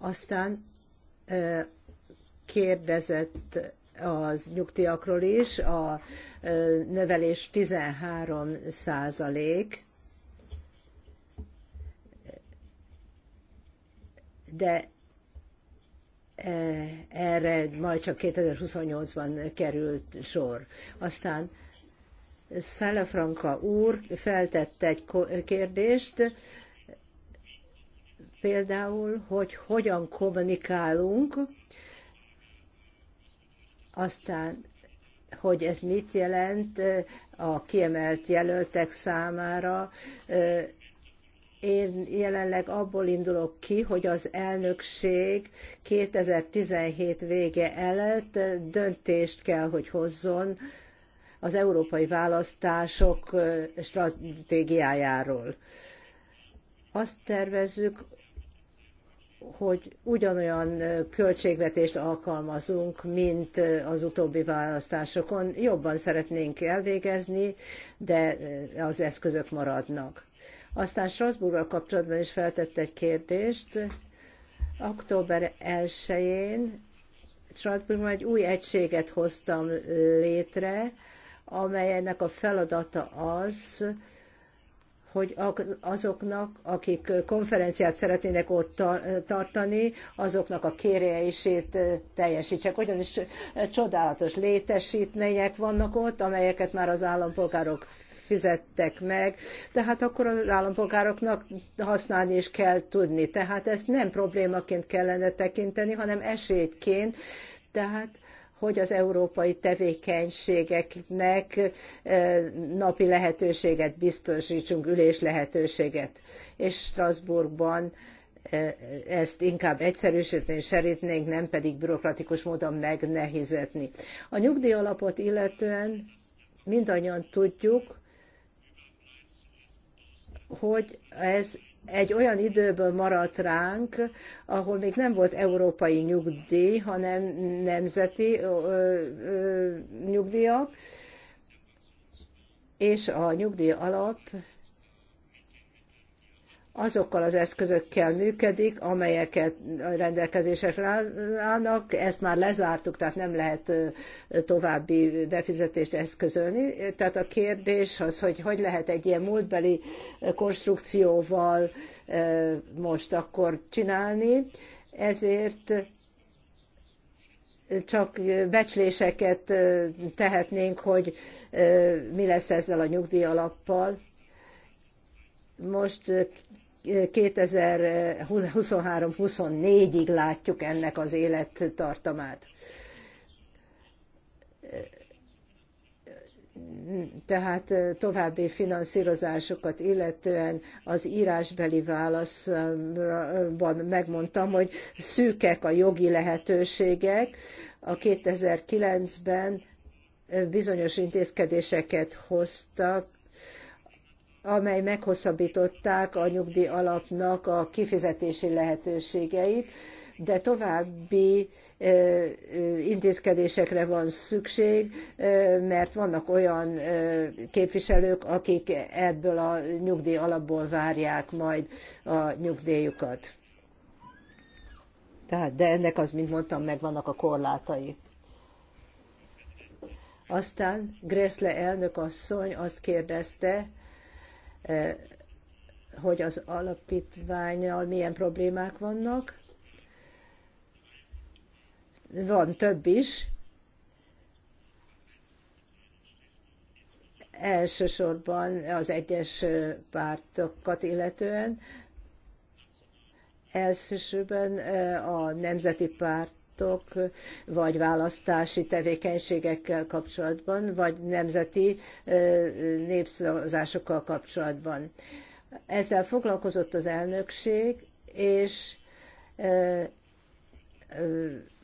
Aztán kérdezett az nyugdíjakról is, a növelés 13 százalék, de erre majd csak 2028-ban került sor. Aztán Szelefranka úr feltette egy kérdést például, hogy hogyan kommunikálunk, aztán, hogy ez mit jelent a kiemelt jelöltek számára. Én jelenleg abból indulok ki, hogy az elnökség 2017 vége előtt döntést kell, hogy hozzon az európai választások stratégiájáról. Azt tervezzük, hogy ugyanolyan költségvetést alkalmazunk, mint az utóbbi választásokon. Jobban szeretnénk elvégezni, de az eszközök maradnak. Aztán Strasbourggal kapcsolatban is feltett egy kérdést. Október 1-én Strasbourgban egy új egységet hoztam létre, amelynek a feladata az, hogy azoknak, akik konferenciát szeretnének ott tartani, azoknak a kérjeisét eh, teljesítsek. Ugyanis eh, csodálatos létesítmények vannak ott, amelyeket már az állampolgárok fizettek meg, tehát akkor az állampolgároknak használni is kell tudni. Tehát ezt nem problémaként kellene tekinteni, hanem esélyként, tehát hogy az európai tevékenységeknek eh, napi lehetőséget biztosítsunk, ülés lehetőséget. És Strasbourgban eh, ezt inkább egyszerűsíteni szeretnénk, nem pedig bürokratikus módon megnehizetni. A nyugdíjalapot illetően mindannyian tudjuk, hogy ez egy olyan időből maradt ránk, ahol még nem volt európai nyugdíj, hanem nemzeti nyugdíja, nyugdíjak, és a nyugdíj alap azokkal az eszközökkel működik, amelyeket rendelkezésekre állnak, ezt már lezártuk, tehát nem lehet további befizetést eszközölni. Tehát a kérdés az, hogy hogy lehet egy ilyen múltbeli konstrukcióval most akkor csinálni, ezért csak becsléseket tehetnénk, hogy mi lesz ezzel a nyugdíjalappal. Most 2023-24-ig látjuk ennek az élettartamát. Tehát további finanszírozásokat illetően az írásbeli válaszban megmondtam, hogy szűkek a jogi lehetőségek. A 2009-ben bizonyos intézkedéseket hoztak, amely meghosszabbították a nyugdíj alapnak a kifizetési lehetőségeit, de további intézkedésekre van szükség, mert vannak olyan képviselők, akik ebből a nyugdíj alapból várják majd a nyugdíjukat. Tehát, de ennek az, mint mondtam, megvannak a korlátai. Aztán Gressle elnök asszony azt kérdezte, E, hogy az alapítványal milyen problémák vannak. Van több is. Elsősorban az egyes pártokat illetően, elsősorban e, a nemzeti párt folyamatok, vagy választási tevékenységekkel kapcsolatban, vagy nemzeti népszavazásokkal kapcsolatban. Ezzel foglalkozott az elnökség, és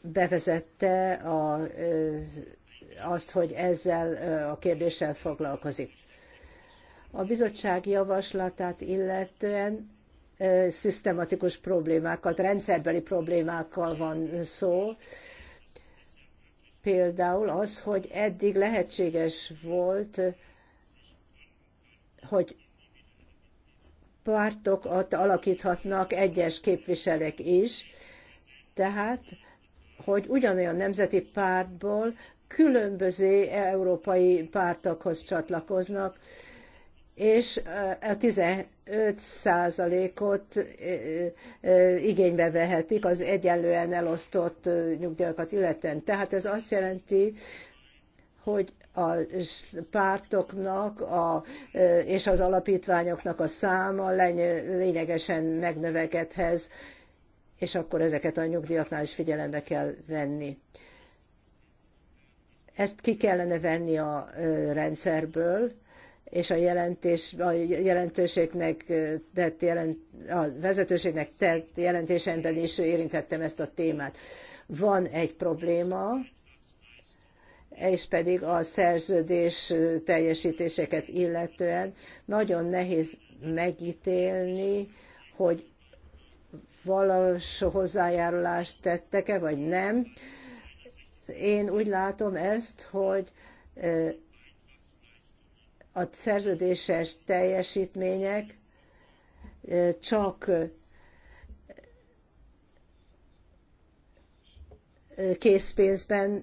bevezette a, azt, hogy ezzel a kérdéssel foglalkozik. A bizottság javaslatát illetően szisztematikus problémákat, rendszerbeli problémákkal van szó. Például az, hogy eddig lehetséges volt, hogy pártokat alakíthatnak egyes képviselek is, tehát, hogy ugyanolyan nemzeti pártból különböző európai pártokhoz csatlakoznak, és a 15 százalékot igénybe vehetik az egyenlően elosztott nyugdíjakat illeten. Tehát ez azt jelenti, hogy a pártoknak a, és az alapítványoknak a száma lényegesen megnövekedhez, és akkor ezeket a nyugdíjaknál is figyelembe kell venni. Ezt ki kellene venni a rendszerből, és a, jelentés, a jelentőségnek tett jelent, a vezetőségnek tett jelentésemben is érintettem ezt a témát. Van egy probléma, és pedig a szerződés teljesítéseket illetően nagyon nehéz megítélni, hogy valós hozzájárulást tettek-e, vagy nem. Én úgy látom ezt, hogy a szerződéses teljesítmények csak készpénzben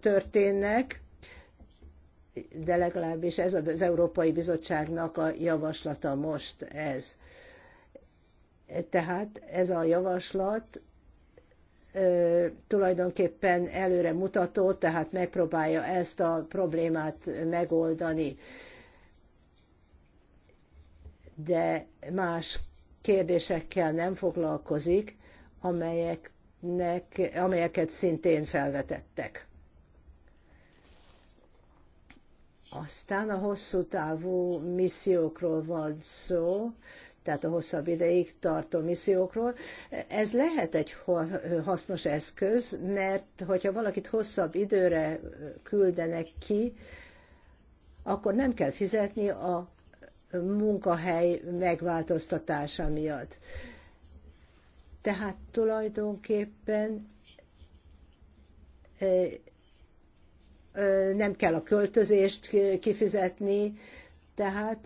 történnek, de legalábbis ez az Európai Bizottságnak a javaslata most ez. Tehát ez a javaslat tulajdonképpen előre mutató, tehát megpróbálja ezt a problémát megoldani. De más kérdésekkel nem foglalkozik, amelyeknek, amelyeket szintén felvetettek. Aztán a hosszú távú missziókról van szó, tehát a hosszabb ideig tartó missziókról. Ez lehet egy hasznos eszköz, mert hogyha valakit hosszabb időre küldenek ki, akkor nem kell fizetni a munkahely megváltoztatása miatt. Tehát tulajdonképpen nem kell a költözést kifizetni, tehát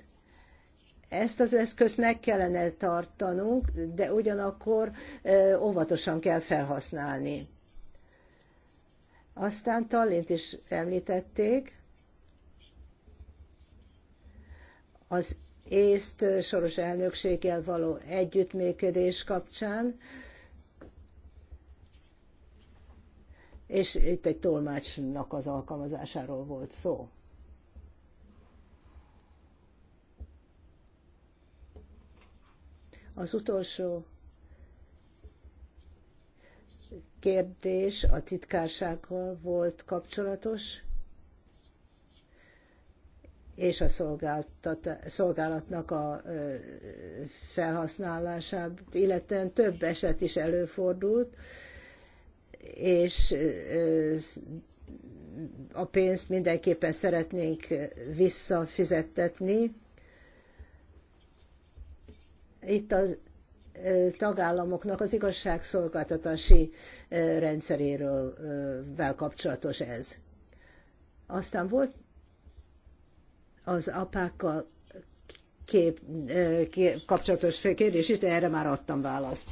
ezt az eszközt meg kellene tartanunk, de ugyanakkor óvatosan kell felhasználni. Aztán Tallint is említették, az észt soros elnökséggel való együttműködés kapcsán, és itt egy tolmácsnak az alkalmazásáról volt szó. Az utolsó kérdés a titkársággal volt kapcsolatos, és a szolgálatnak a felhasználását, illetően több eset is előfordult, és a pénzt mindenképpen szeretnénk visszafizettetni, itt a tagállamoknak az igazságszolgáltatási rendszeréről kapcsolatos ez. Aztán volt az apákkal kép, kép, kapcsolatos kérdés is, de erre már adtam választ.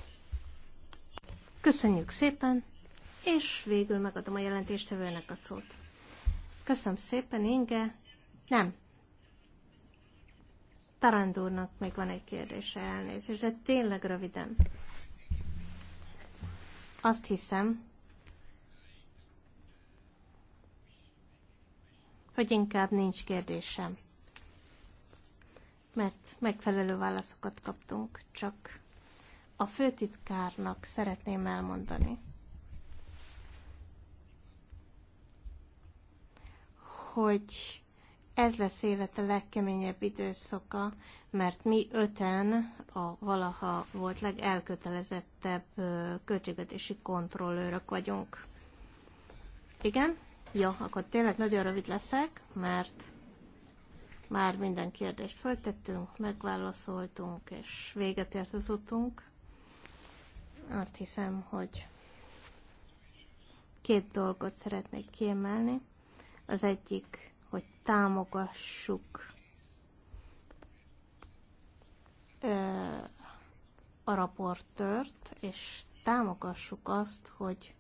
Köszönjük szépen, és végül megadom a jelentéstevőnek a szót. Köszönöm szépen, Inge. Nem, Tarandúrnak még van egy kérdése, elnézést, de tényleg röviden. Azt hiszem, hogy inkább nincs kérdésem, mert megfelelő válaszokat kaptunk, csak a főtitkárnak szeretném elmondani, hogy ez lesz élete legkeményebb időszaka, mert mi öten a valaha volt legelkötelezettebb költségvetési kontrollőrök vagyunk. Igen? Ja, akkor tényleg nagyon rövid leszek, mert már minden kérdést föltettünk, megválaszoltunk, és véget ért az utunk. Azt hiszem, hogy két dolgot szeretnék kiemelni. Az egyik hogy támogassuk a raportört, és támogassuk azt, hogy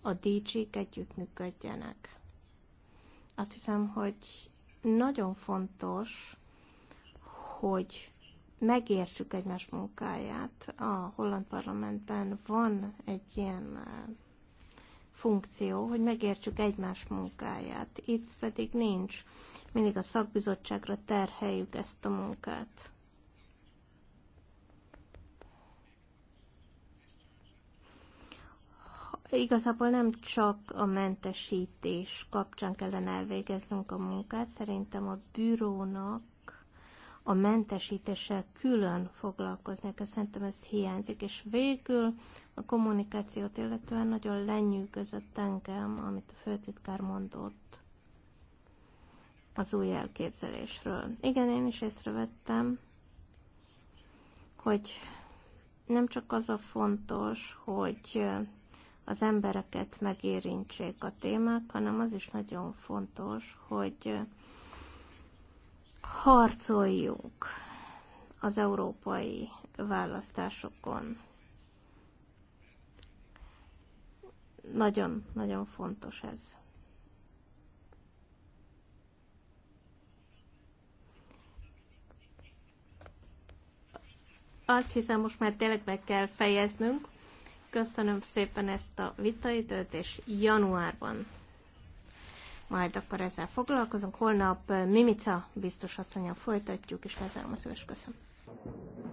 a DJ-k együttműködjenek. Azt hiszem, hogy nagyon fontos, hogy megértsük egymás munkáját. A holland parlamentben van egy ilyen funkció, hogy megértsük egymás munkáját. Itt pedig nincs. Mindig a szakbizottságra terheljük ezt a munkát. Igazából nem csak a mentesítés kapcsán kellene elvégeznünk a munkát, szerintem a bürónak a mentesítéssel külön foglalkozni, szerintem ez hiányzik, és végül a kommunikációt illetően nagyon lenyűgözött engem, amit a főtitkár mondott az új elképzelésről. Igen, én is észrevettem, hogy nem csak az a fontos, hogy az embereket megérintsék a témák, hanem az is nagyon fontos, hogy harcoljunk az európai választásokon. Nagyon-nagyon fontos ez. Azt hiszem, most már tényleg meg kell fejeznünk. Köszönöm szépen ezt a vitaidőt, és januárban majd akkor ezzel foglalkozunk. Holnap Mimica biztos asszonyan folytatjuk, és lezárom a szíves köszönöm.